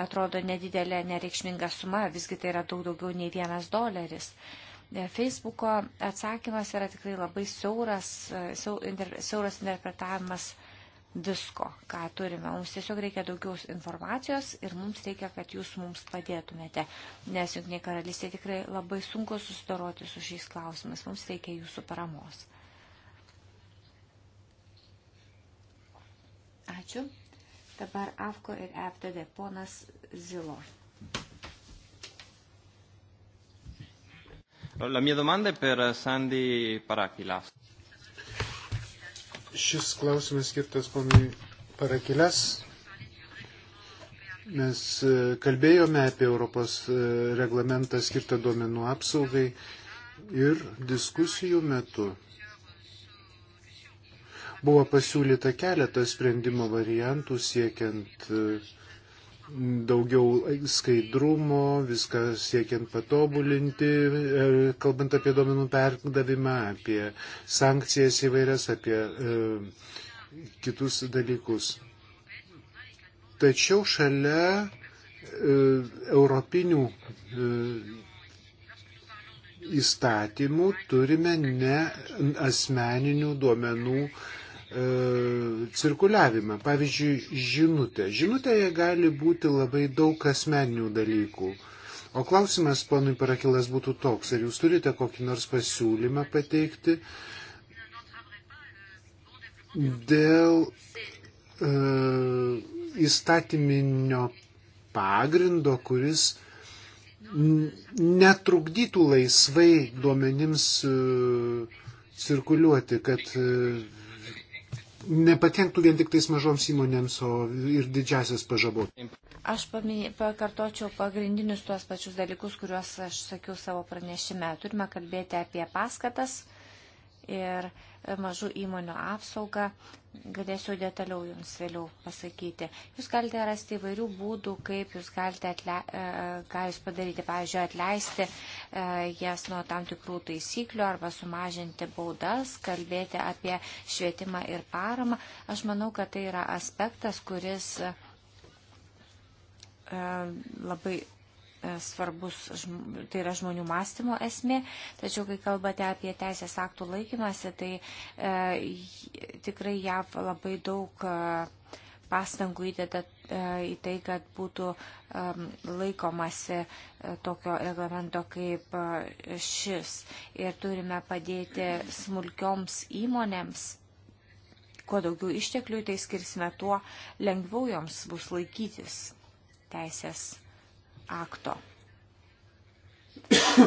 atrodo nedidelė, nereikšminga suma, visgi tai yra daug daugiau nei vienas doleris. Uh, E, Facebooko atsakymas yra tikrai labai siauras, e, siauras interpretavimas visko, ką turime. Mums tiesiog reikia daugiau informacijos ir mums reikia, kad jūs mums padėtumėte, nes Junkiniai karalystė tikrai labai sunku susidoroti su šiais klausimais. Mums reikia jūsų paramos. Ačiū. Dabar AFKO ir FTD ponas Zilo. La mia domanda è per Sandy Parakilas. Šis klausimas skirtas ponui Parakilas. Mes e, kalbėjome apie Europos e, reglamentą skirtą duomenų apsaugai ir diskusijų metu buvo pasiūlyta keletas sprendimo variantų siekiant uh, daugiau skaidrumo, viską siekiant patobulinti, e, kalbant apie domenų perdavimą, apie sankcijas įvairias, apie e, kitus dalykus. Tačiau šalia e, europinių e, įstatymų turime ne asmeninių duomenų e, E, cirkuliavimą. Pavyzdžiui, žinutė. Žinutėje gali būti labai daug asmeninių dalykų. O klausimas ponui Parakilas būtų toks, ar jūs turite kokį nors pasiūlymą pateikti dėl e, įstatyminio pagrindo, kuris netrukdytų laisvai duomenims e, cirkuliuoti, kad e, nepakenktų vien tik tais mažoms įmonėms, o ir didžiasias pažabotų. Aš pakartočiau pagrindinius tuos pačius dalykus, kuriuos aš sakiau savo pranešime. Turime kalbėti apie paskatas ir uh, mažų įmonių apsaugą. Galėsiu detaliau jums vėliau pasakyti. Jūs galite rasti įvairių būdų, kaip jūs galite atle, e, e, ką jūs padaryti, pavyzdžiui, atleisti e, jas nuo tam tikrų taisyklių arba sumažinti baudas, kalbėti apie švietimą ir paramą. Aš manau, kad tai yra aspektas, kuris labai E, svarbus, tai yra žmonių mąstymo esmė, tačiau kai kalbate apie teisės aktų laikymasi, tai e, tikrai jav labai daug e, pastangų įdeda e, į tai, kad būtų e, laikomasi e, tokio reglamento kaip e, šis. Ir turime padėti smulkioms įmonėms. Kuo daugiau išteklių tai skirsime, tuo lengviau joms bus laikytis teisės akto.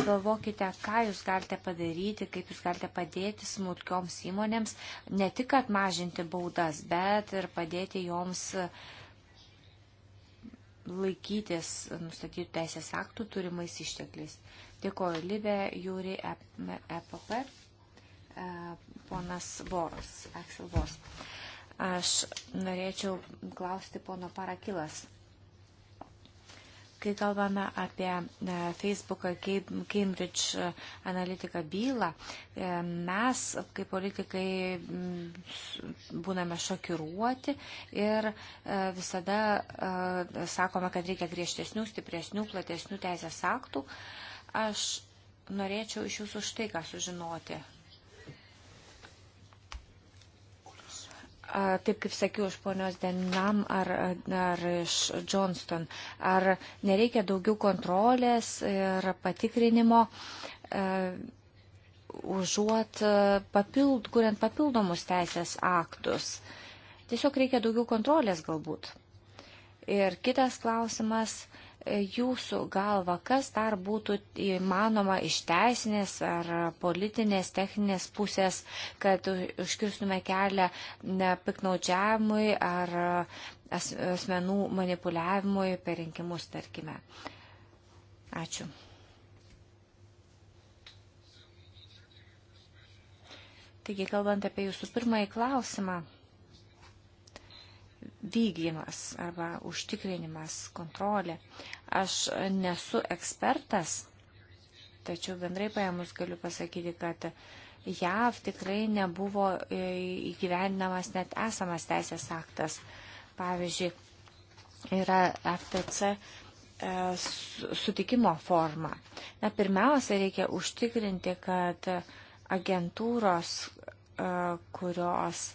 Galvokite, ką jūs galite padaryti, kaip jūs galite padėti smulkioms įmonėms, ne tik atmažinti baudas, bet ir padėti joms laikytis nustatytų teisės aktų turimais ištekliais. Dėkoju, Libė, Jūri, EPP, e e, ponas Boros, Aksel Boros. Aš norėčiau klausti pono Parakilas. Kai kalbame apie e, Facebooką Cambridge e, analitiką bylą, e, mes kaip politikai būname šokiruoti ir visada sakome, kad reikia griežtesnių, stipresnių, platesnių teisės aktų. Aš norėčiau iš jūsų štai ką sužinoti. taip kaip sakiau, iš ponios Denam ar, ar iš Johnston, ar nereikia daugiau kontrolės ir patikrinimo, e, užuot e, papild, kuriant papildomus teisės aktus. Tiesiog reikia daugiau kontrolės galbūt. Ir kitas klausimas jūsų galva, kas dar būtų įmanoma iš teisinės ar politinės, techninės pusės, kad užkirstume kelią piknaudžiavimui ar asmenų manipuliavimui per rinkimus, tarkime. Ačiū. Taigi, kalbant apie jūsų pirmąjį klausimą vykdymas arba užtikrinimas, kontrolė. Aš nesu ekspertas, tačiau bendrai paėmus galiu pasakyti, kad JAV tikrai nebuvo e, įgyvendinamas net esamas teisės aktas. Pavyzdžiui, yra FTC e, sutikimo forma. Na, pirmiausia, reikia užtikrinti, kad agentūros, e, kurios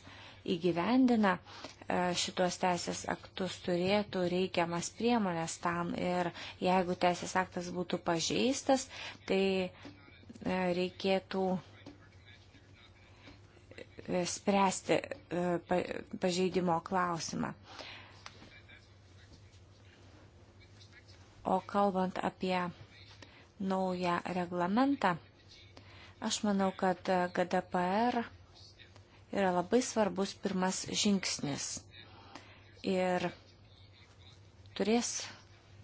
įgyvendina E, šitos teisės aktus turėtų reikiamas priemonės tam ir jeigu teisės aktas būtų pažeistas, tai e, reikėtų e, spręsti pažeidimo klausimą. O kalbant apie naują reglamentą, aš manau, kad GDPR yra labai svarbus pirmas žingsnis. Ir turės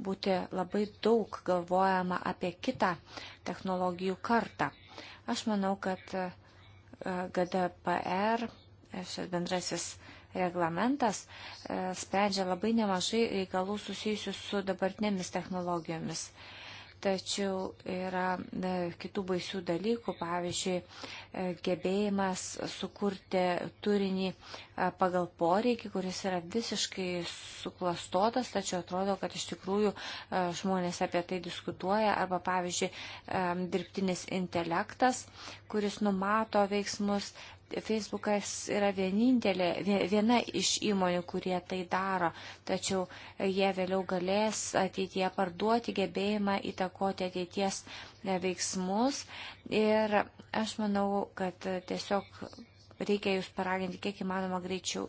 būti labai daug galvojama apie kitą technologijų kartą. Aš manau, kad e, GDPR, e, šis bendrasis reglamentas, e, sprendžia labai nemažai reikalų susijusių su dabartinėmis technologijomis tačiau yra e, kitų baisių dalykų, pavyzdžiui, e, gebėjimas sukurti turinį e, pagal poreikį, kuris yra visiškai suklastotas, tačiau atrodo, kad iš tikrųjų žmonės apie tai diskutuoja, arba, pavyzdžiui, dirbtinis intelektas, kuris numato veiksmus, Facebookas yra vienintelė, viena iš įmonių, kurie tai daro, tačiau jie vėliau galės ateitie parduoti gebėjimą įtakoti ateities e, veiksmus. Ir aš manau, kad tiesiog reikia jūs paraginti kiek įmanoma greičiau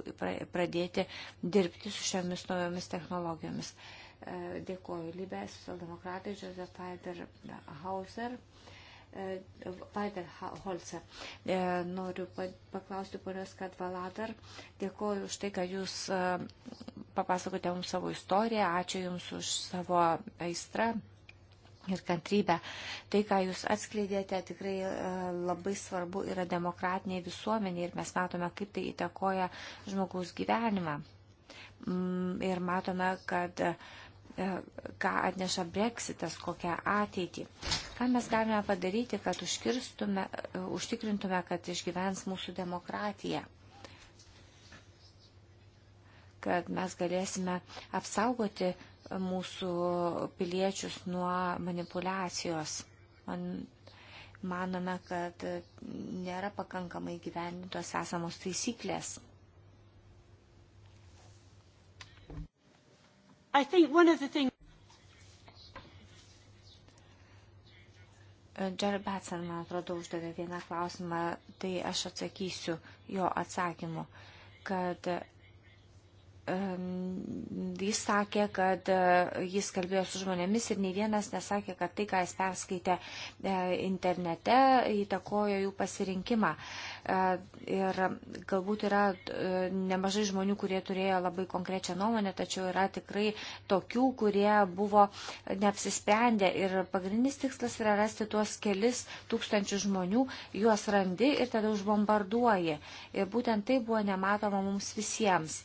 pradėti dirbti su šiomis naujomis technologijomis. E, Dėkuoju, Libės, Socialdemokratai, Joseph Fiber Hauser. E, Weiderholzer. E, noriu paklausti ponios Kadvaladar. Dėkuoju už tai, kad jūs e, papasakote mums savo istoriją. Ačiū jums už savo aistrą. Ir kantrybę. Tai, ką jūs atskleidėte, tikrai labai svarbu yra demokratiniai visuomeniai ir mes matome, kaip tai įtakoja žmogaus gyvenimą. Mm, ir matome, kad uh, E, ką atneša breksitas, kokią ateitį. Ką mes galime padaryti, kad e, užtikrintume, kad išgyvens mūsų demokratija kad mes galėsime apsaugoti mūsų piliečius nuo manipulacijos. Man, manome, kad nėra pakankamai gyvenintos esamos taisyklės. I think one of the things Jerry Batson, man atrodo, uždavė vieną klausimą, tai aš atsakysiu jo atsakymu, kad um, jis sakė, kad uh, jis kalbėjo su žmonėmis ir nei vienas nesakė, kad tai, ką jis perskaitė uh, internete, įtakojo jų pasirinkimą. Uh, E, ir galbūt yra e, nemažai žmonių, kurie turėjo labai konkrečią nuomonę, tačiau yra tikrai tokių, kurie buvo neapsisprendę ir pagrindinis tikslas yra rasti tuos kelis tūkstančius žmonių, juos randi ir tada užbombarduoji. Ir būtent tai buvo nematoma mums visiems.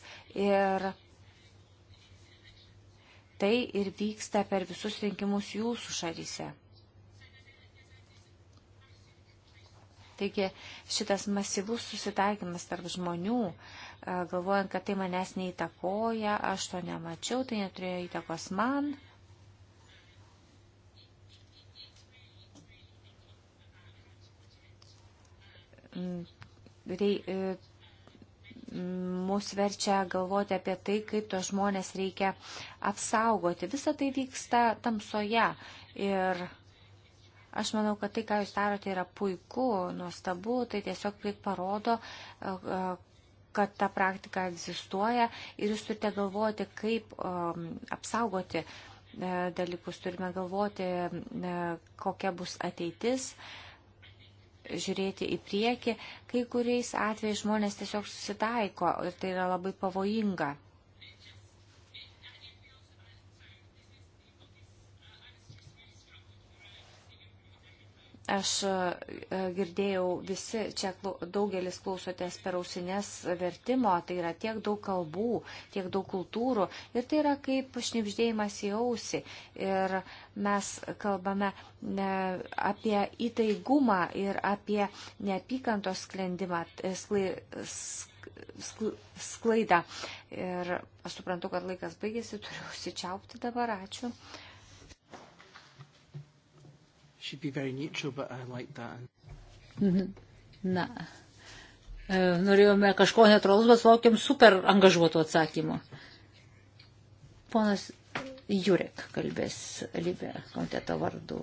Ir tai ir vyksta per visus rinkimus jūsų šalyse. Taigi šitas masyvus susitaikymas tarp žmonių, e, galvojant, kad tai manęs neįtakoja, aš to nemačiau, tai neturėjo įtakos man. Rei, e, mus verčia galvoti apie tai, kaip tos žmonės reikia apsaugoti. Visa tai vyksta tamsoje ir Aš manau, kad tai, ką jūs darote, yra puiku, nuostabu, tai tiesiog tai parodo, e, e, kad ta praktika egzistuoja ir jūs turite galvoti, kaip e, apsaugoti dalykus, turime galvoti, kokia bus ateitis žiūrėti į priekį, kai kuriais atvejais žmonės tiesiog susitaiko ir tai yra labai pavojinga. Aš e, e, girdėjau visi, čia daugelis klausotės per ausinės vertimo, tai yra tiek daug kalbų, tiek daug kultūrų ir tai yra kaip šnipždėjimas į ausį. Ir mes kalbame e, apie įtaigumą ir apie neapykantos sklendimą. Sklai, sklaidą. Ir aš suprantu, kad laikas baigėsi, turiu užsičiaupti dabar, ačiū. Should be very neutral, but I like that. Mhm. Na, e, norėjome kažko neutralus, bet laukiam super angažuotų atsakymų. Ponas Jurek kalbės Libė komiteto vardu.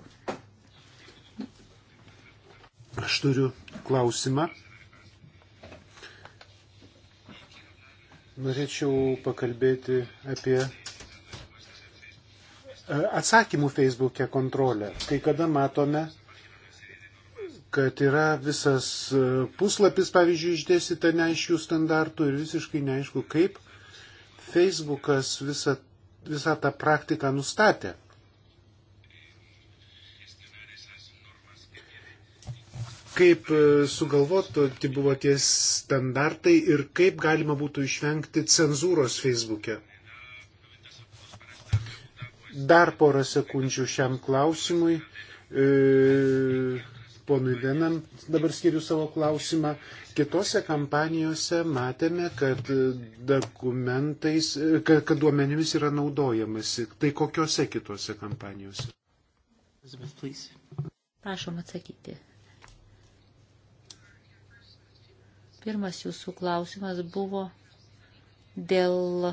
Aš turiu klausimą. Norėčiau pakalbėti apie E, atsakymų Facebook'e kontrolę. Kai kada matome, kad yra visas e, puslapis, pavyzdžiui, išdėstyta neaiškių standartų ir visiškai neaišku, kaip Facebookas visą, visą tą praktiką nustatė. Kaip e, sugalvoti buvo tie standartai ir kaip galima būtų išvengti cenzūros Facebook'e dar porą sekundžių šiam klausimui. E, ponui Lenam dabar skiriu savo klausimą. Kitose kampanijose matėme, kad dokumentais, kad, kad duomenimis yra naudojamasi. Tai kokiuose kitose kampanijose? Prašom atsakyti. Pirmas jūsų klausimas buvo dėl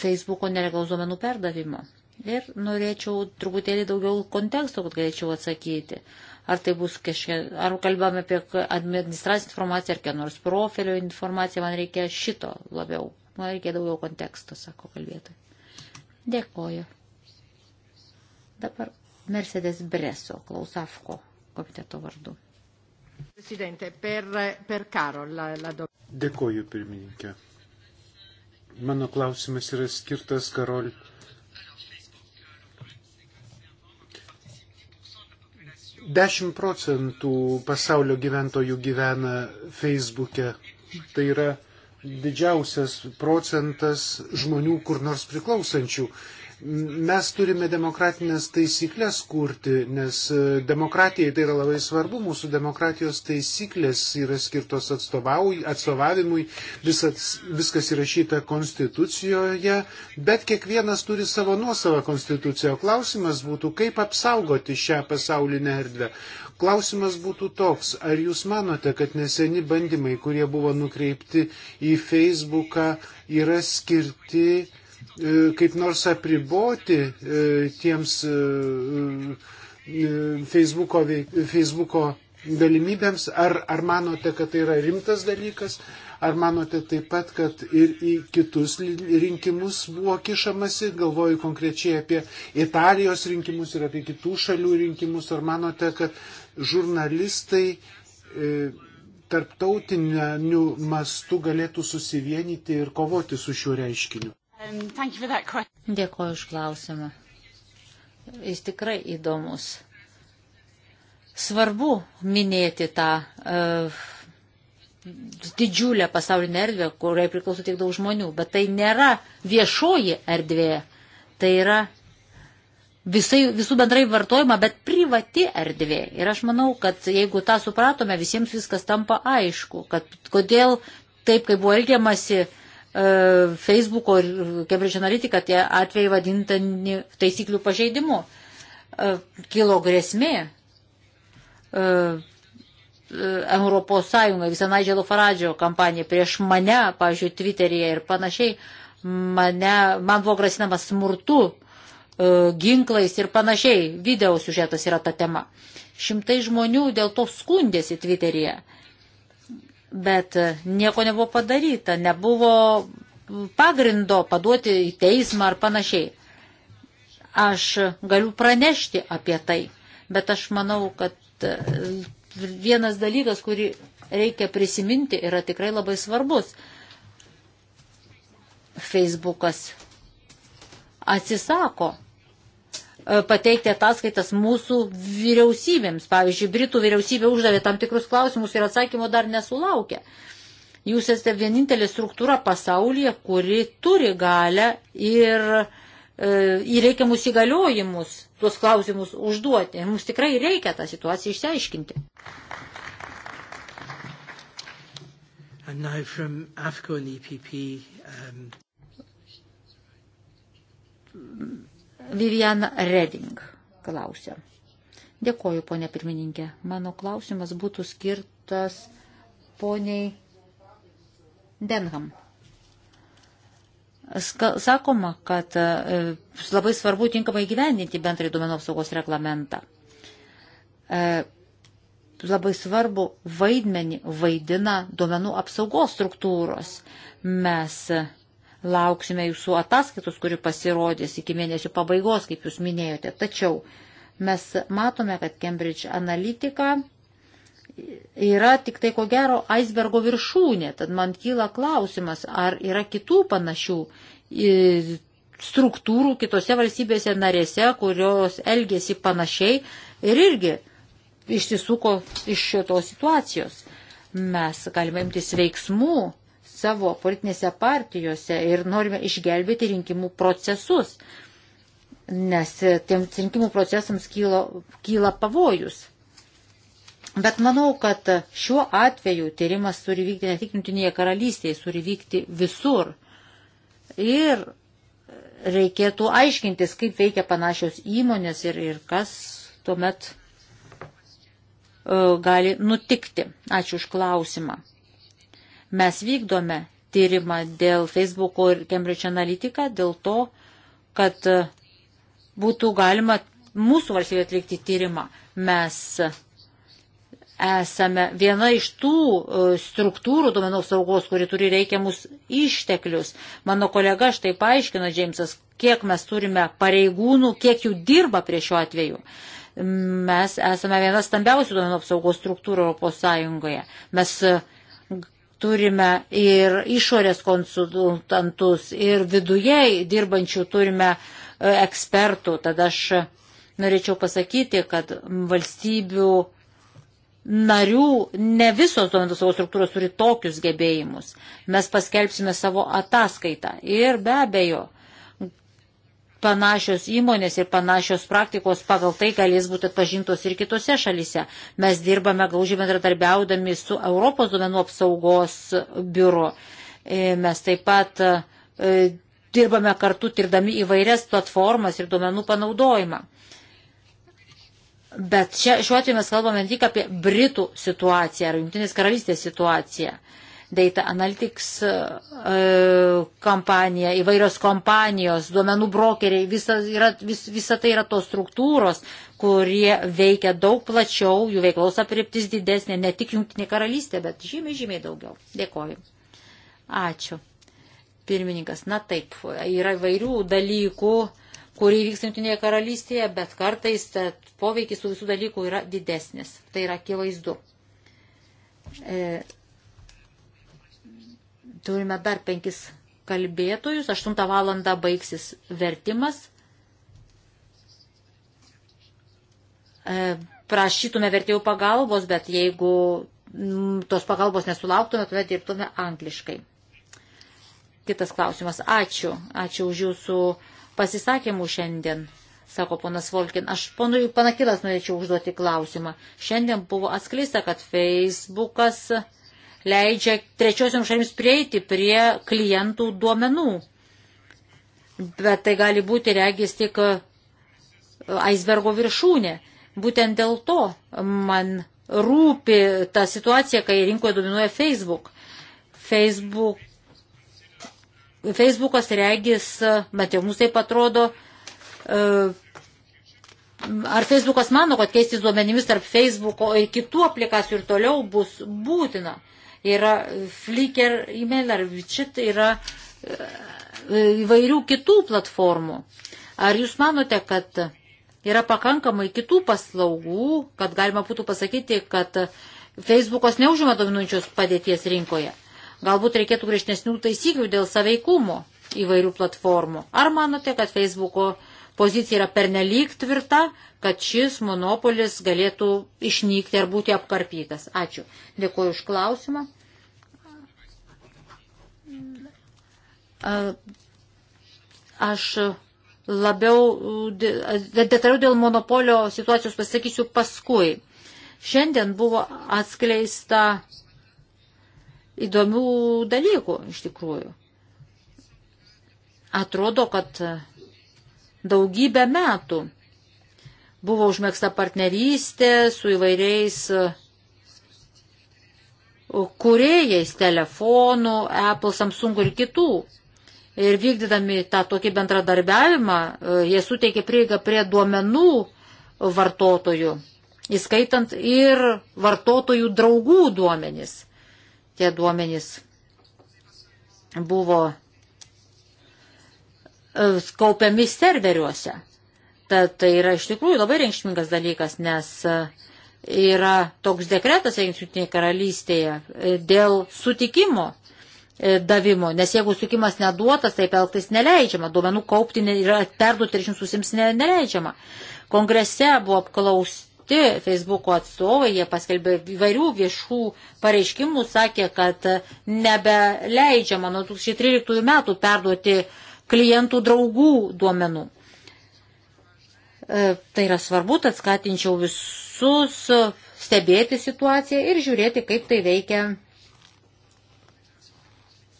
Facebooko nelegalaus duomenų perdavimo. Ir norėčiau truputėlį daugiau konteksto, kad galėčiau atsakyti. Ar tai bus kažkiek, ar kalbame apie administracinę informaciją, ar kiek nors profilio informaciją, man reikia šito labiau. Man reikia daugiau konteksto, sako kalbėtojai. Dėkoju. Dabar Mercedes Breso, klausafko komiteto vardu. Presidente, per, per Karol, la, la... Dėkoju, pirmininkė. Mano klausimas yra skirtas Karol. Dešimt procentų pasaulio gyventojų gyvena Facebook'e. Tai yra didžiausias procentas žmonių kur nors priklausančių. Mes turime demokratinės taisyklės kurti, nes e, demokratijai tai yra labai svarbu, mūsų demokratijos taisyklės yra skirtos atstovavimui, visas, viskas įrašyta konstitucijoje, bet kiekvienas turi savo nuosavą konstituciją. Klausimas būtų, kaip apsaugoti šią pasaulinę erdvę. Klausimas būtų toks, ar jūs manote, kad neseni bandymai, kurie buvo nukreipti į Facebooką, yra skirti E, kaip nors apriboti e, tiems e, Facebooko, Facebooko galimybėms, ar, ar manote, kad tai yra rimtas dalykas, ar manote taip pat, kad ir į kitus rinkimus buvo kišamasi, galvoju konkrečiai apie Italijos rinkimus ir apie kitų šalių rinkimus, ar manote, kad žurnalistai e, tarptautiniu mastu galėtų susivienyti ir kovoti su šiuo reiškiniu? Um, Dėkuoju už klausimą. Jis tikrai įdomus. Svarbu minėti tą uh, didžiulę pasaulinę erdvę, kuriai priklauso tiek daug žmonių, bet tai nėra viešoji erdvė, tai yra visai, visų bendrai vartojama, bet privati erdvė. Ir aš manau, kad jeigu tą supratome, visiems viskas tampa aišku, kad kodėl taip, kaip buvo elgiamasi, uh, E, Facebook'o ir Cambridge Analytica tie atvejai vadintani taisyklių pažeidimu. E, kilo grėsmė e, Europos Sąjunga, visą Naidželo Faradžio kampaniją prieš mane, pavyzdžiui, Twitter'yje ir panašiai, mane, man buvo grasinama smurtu, ginklais ir panašiai. Video siužetas yra ta tema. Šimtai žmonių dėl to skundėsi Twitter'yje bet e, nieko nebuvo padaryta, nebuvo pagrindo paduoti į teismą ar panašiai. Aš galiu pranešti apie tai, bet aš manau, kad e, vienas dalykas, kurį reikia prisiminti, yra tikrai labai svarbus. Facebookas atsisako E, pateikti ataskaitas mūsų vyriausybėms. Pavyzdžiui, Britų vyriausybė uždavė tam tikrus klausimus ir atsakymo dar nesulaukė. Jūs esate vienintelė struktūra pasaulyje, kuri turi galę ir e, įreikiamus įgaliojimus tuos klausimus užduoti. Ir mums tikrai reikia tą situaciją išsiaiškinti. EPP, um... Vivian Reding klausia. Dėkoju, ponė pirmininkė. Mano klausimas būtų skirtas poniai Denham. Sakoma, kad e, labai svarbu tinkamai gyvendinti bendrai duomenų apsaugos reglamentą. E, labai svarbu vaidmenį vaidina duomenų apsaugos struktūros. Mes Lauksime jūsų ataskaitos, kuri pasirodys iki mėnesio pabaigos, kaip jūs minėjote. Tačiau mes matome, kad Cambridge Analytica yra tik tai ko gero aisbergo viršūnė. Tad man kyla klausimas, ar yra kitų panašių e, struktūrų kitose valstybėse narėse, kurios elgėsi panašiai ir irgi išsisuko iš šitos situacijos. Mes galime imtis veiksmų savo politinėse partijose ir norime išgelbėti rinkimų procesus, nes tiems rinkimų procesams kyla, kyla pavojus. Bet manau, kad šiuo atveju tyrimas turi vykti ne tik Junktinėje karalystėje, turi vykti visur. Ir reikėtų aiškintis, kaip veikia panašios įmonės ir, ir kas tuomet uh, gali nutikti. Ačiū už klausimą. Mes vykdome tyrimą dėl Facebook'o ir Cambridge Analytica dėl to, kad e, būtų galima mūsų valstybė atlikti tyrimą. Mes esame viena iš tų e, struktūrų duomenų saugos, kuri turi reikiamus išteklius. Mano kolega štai paaiškino, Džeimsas, kiek mes turime pareigūnų, kiek jų dirba prie šiuo atveju. Mes esame viena stambiausių duomenų apsaugos struktūrų Europos Sąjungoje. Mes uh, turime ir išorės konsultantus, ir viduje dirbančių turime e, ekspertų. Tada aš norėčiau pasakyti, kad valstybių narių ne visos duomenų savo struktūros turi tokius gebėjimus. Mes paskelbsime savo ataskaitą ir be abejo panašios įmonės ir panašios praktikos pagal tai galės būti atpažintos ir kitose šalise. Mes dirbame gaužiai bendradarbiaudami su Europos duomenų apsaugos biuro. E, mes taip pat e, dirbame kartu tirdami įvairias platformas ir duomenų panaudojimą. Bet čia, šiuo atveju mes kalbame tik apie Britų situaciją ar Junktinės karalystės situaciją. Uh, Data Analytics e, kompanija, įvairios kompanijos, duomenų brokeriai, visa, yra, vis, visa tai yra tos struktūros, kurie veikia daug plačiau, jų veiklos apriptis didesnė, ne tik Junktinė karalystė, bet žymiai, žymiai daugiau. Dėkoju. Ačiū. Pirmininkas, na taip, yra įvairių dalykų kurį vyksta Junktinėje karalystėje, bet kartais poveikis tų visų dalykų yra didesnis. Tai yra akivaizdu. E, Turime dar penkis kalbėtojus. 8 valandą baigsis vertimas. E, prašytume vertėjų pagalbos, bet jeigu tos pagalbos nesulauktume, tuomet dirbtume angliškai. Kitas klausimas. Ačiū. Ačiū už jūsų pasisakymų šiandien, sako ponas Volkin. Aš ponui Panakilas norėčiau užduoti klausimą. Šiandien buvo atskleista, kad Facebookas leidžia trečiosiam šalims prieiti prie klientų duomenų. Bet tai gali būti regis tik e, aisbergo viršūnė. Būtent dėl to man rūpi ta situacija, kai rinkoje dominuoja Facebook. Facebook Facebookas regis, bet jau mums taip atrodo, e, ar Facebookas mano, kad keistis duomenimis tarp Facebooko ir kitų aplikacijų ir toliau bus būtina yra Flickr, email ar Witchit, yra e, įvairių kitų platformų. Ar jūs manote, kad yra pakankamai kitų paslaugų, kad galima būtų pasakyti, kad Facebookas neužima dominuojančios padėties rinkoje? Galbūt reikėtų griežtesnių taisyklių dėl saveikumo įvairių platformų. Ar manote, kad Facebooko uh, pozicija yra pernelyg tvirta, kad šis monopolis galėtų išnykti ar būti apkarpytas. Ačiū. Dėkuoju už klausimą. Aš labiau detaliau dėl monopolio situacijos pasakysiu paskui. Šiandien buvo atskleista įdomių dalykų iš tikrųjų. Atrodo, kad daugybę metų. Buvo užmėgsta partnerystė su įvairiais e, kurėjais telefonų, Apple, Samsung ir kitų. Ir vykdydami tą tokį bendradarbiavimą, e, jie suteikė prieigą prie duomenų vartotojų, įskaitant ir vartotojų draugų duomenys. Tie duomenys buvo E, kaupiami serveriuose. Tad tai yra iš tikrųjų labai reikšmingas dalykas, nes e, yra toks dekretas Junktinėje karalystėje e, dėl sutikimo davimo, nes jeigu sutikimas neduotas, taip elgtis neleidžiama, duomenų kaupti ir perduoti ryšims susims neleidžiama. Kongrese buvo apklausti Facebook'o atstovai, jie paskelbė įvairių viešų pareiškimų, sakė, kad nebeleidžiama nuo 2013 metų perduoti uh, klientų draugų duomenų. E, tai yra svarbu, tad skatinčiau visus stebėti situaciją ir žiūrėti, kaip tai veikia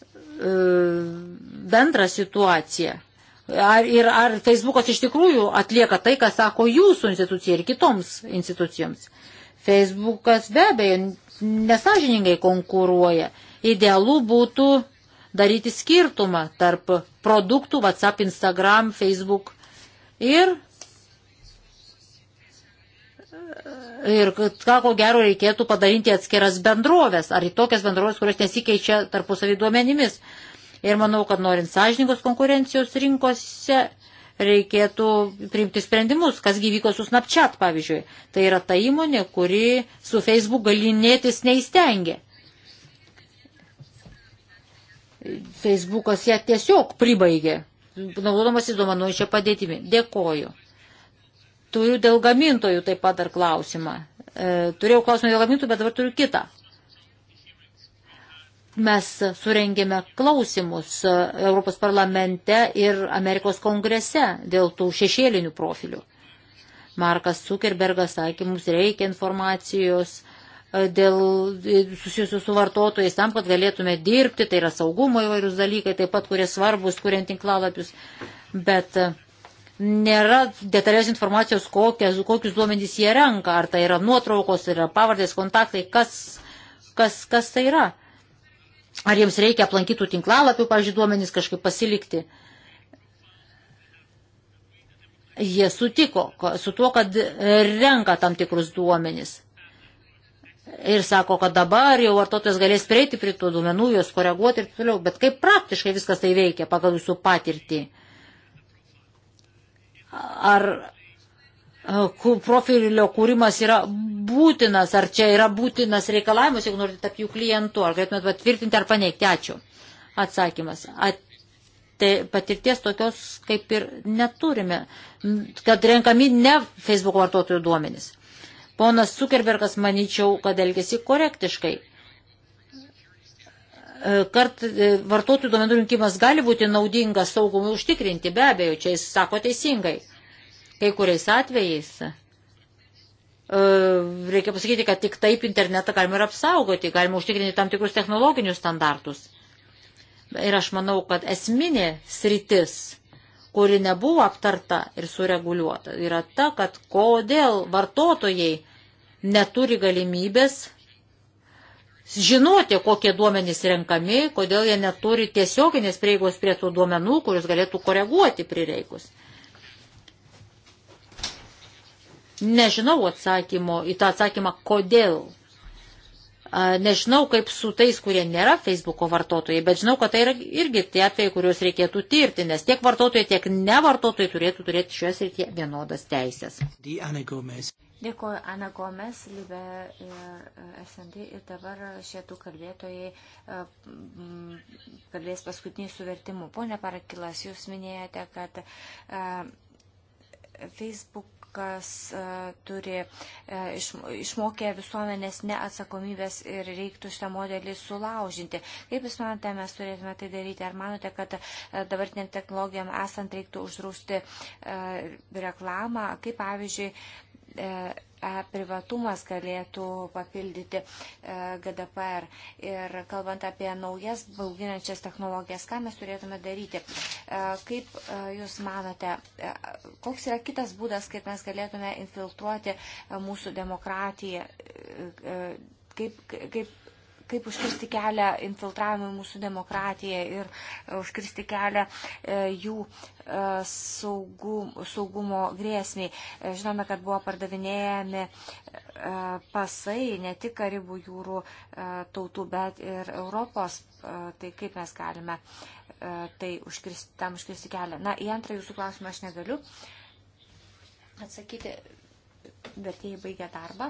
e, bendrą situaciją. Ar, ir ar Facebookas iš tikrųjų atlieka tai, ką sako jūsų institucija ir kitoms institucijoms. Facebookas be abejo nesažiningai konkuruoja. Idealu būtų daryti skirtumą tarp produktų WhatsApp, Instagram, Facebook ir, ir ką ko gero reikėtų padaryti atskiras bendrovės ar į tokias bendrovės, kurios nesikeičia tarpusavį duomenimis. Ir manau, kad norint sąžininkos konkurencijos rinkose reikėtų priimti sprendimus, kas gyvyko su Snapchat, pavyzdžiui. Tai yra ta įmonė, kuri su Facebook galinėtis neįstengė. Facebookas ją tiesiog pribaigė, naudodamas įduomenų šią padėtimį. Dėkoju. Turiu dėl gamintojų taip pat dar klausimą. E, turėjau klausimą dėl gamintojų, bet dabar turiu kitą. Mes surengėme klausimus Europos parlamente ir Amerikos kongrese dėl tų šešėlinių profilių. Markas Zuckerbergas sakė, mums reikia informacijos, E, dėl e, susijusių su vartotojais, tam, kad galėtume dirbti, tai yra saugumo įvairius dalykai, taip pat kurie svarbus, kuriant tinklalapius, bet e, nėra detalės informacijos, kokias, kokius duomenys jie renka, ar tai yra nuotraukos, yra pavardės, kontaktai, kas, kas, kas tai yra. Ar jiems reikia aplankytų tinklalapių, pavyzdžiui, duomenys kažkaip pasilikti jie sutiko su tuo, kad renka tam tikrus duomenis ir sako, kad dabar jau vartotojas galės prieiti prie tų duomenų, juos koreguoti ir toliau. Bet kaip praktiškai viskas tai veikia pagal jūsų patirtį? Ar e, profilio kūrimas yra būtinas, ar čia yra būtinas reikalavimas, jeigu norite tapti jų klientų, ar galėtumėt patvirtinti ar paneigti. Ačiū. Atsakymas. At tai patirties tokios kaip ir neturime, kad renkami ne Facebook vartotojų duomenys. Ponas Zuckerbergas, manyčiau, kad elgesi korektiškai. E, kart e, vartotojų duomenų rinkimas gali būti naudingas saugumui užtikrinti, be abejo, čia jis sako teisingai. Kai kuriais atvejais e, reikia pasakyti, kad tik taip internetą galima ir apsaugoti, galima užtikrinti tam tikrus technologinius standartus. Ir aš manau, kad esminė sritis kuri nebuvo aptarta ir sureguliuota, yra ta, kad kodėl vartotojai neturi galimybės žinoti, kokie duomenys renkami, kodėl jie neturi tiesioginės prieigos prie tų duomenų, kuriuos galėtų koreguoti prireikus. Nežinau atsakymo į tą atsakymą, kodėl Nežinau, kaip su tais, kurie nėra Facebooko vartotojai, bet žinau, kad tai yra irgi tie atvejai, kuriuos reikėtų tirti, nes tiek vartotojai, tiek nevartotojai turėtų turėti šioje srityje vienodas teisės. Dėkuoju Ana Gomes, Libe ir e, SND. Ir dabar šietų kalbėtojai e, kalbės paskutinį su vertimu. Pone Parakilas, jūs minėjote, kad e, Facebook kas e, turi e, išmokę visuomenės neatsakomybės ir reiktų šitą modelį sulaužinti. Kaip Jūs manote, mes turėtume tai daryti? Ar manote, kad e, dabartiniam technologijam esant reiktų uždrausti reklamą, kaip pavyzdžiui privatumas galėtų papildyti e, GDPR. Ir kalbant apie naujas bauginančias technologijas, ką mes turėtume daryti? E, kaip e, Jūs manote, koks yra kitas būdas, kaip mes galėtume infiltruoti mūsų demokratiją? Kaip, kaip kaip užkirsti kelią infiltravimui mūsų demokratiją ir e, užkirsti kelią e, jų e, saugum, saugumo grėsmiai. Žinome, kad buvo pardavinėjami pasai ne tik Karibų jūrų tautų, bet ir Europos. Tai kaip mes galime tai užkirsti, tam užkirsti kelią. Na, į antrą jūsų klausimą aš negaliu atsakyti, bet jie įbaigė darbą.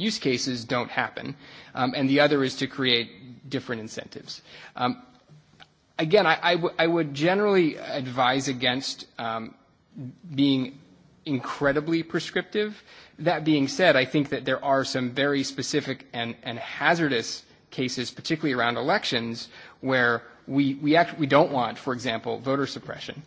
use cases don't happen, um, and the other is to create different incentives. Um, again, I, I, w- I would generally advise against um, being incredibly prescriptive. That being said, I think that there are some very specific and, and hazardous cases, particularly around elections, where we, we, act, we don't want, for example, voter suppression. Uh,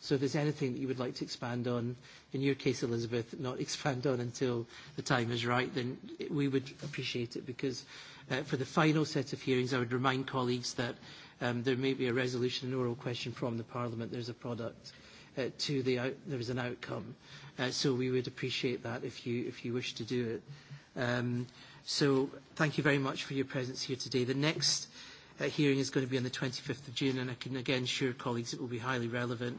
So if there's anything that you would like to expand on, in your case, Elizabeth, not expand on until the time is right, then we would appreciate it because uh, for the final set of hearings, I would remind colleagues that um, there may be a resolution, an oral question from the Parliament. There's a product uh, to the out, there is an outcome. Uh, so we would appreciate that if you, if you wish to do it. Um, so thank you very much for your presence here today. The next uh, hearing is going to be on the 25th of June, and I can again assure colleagues it will be highly relevant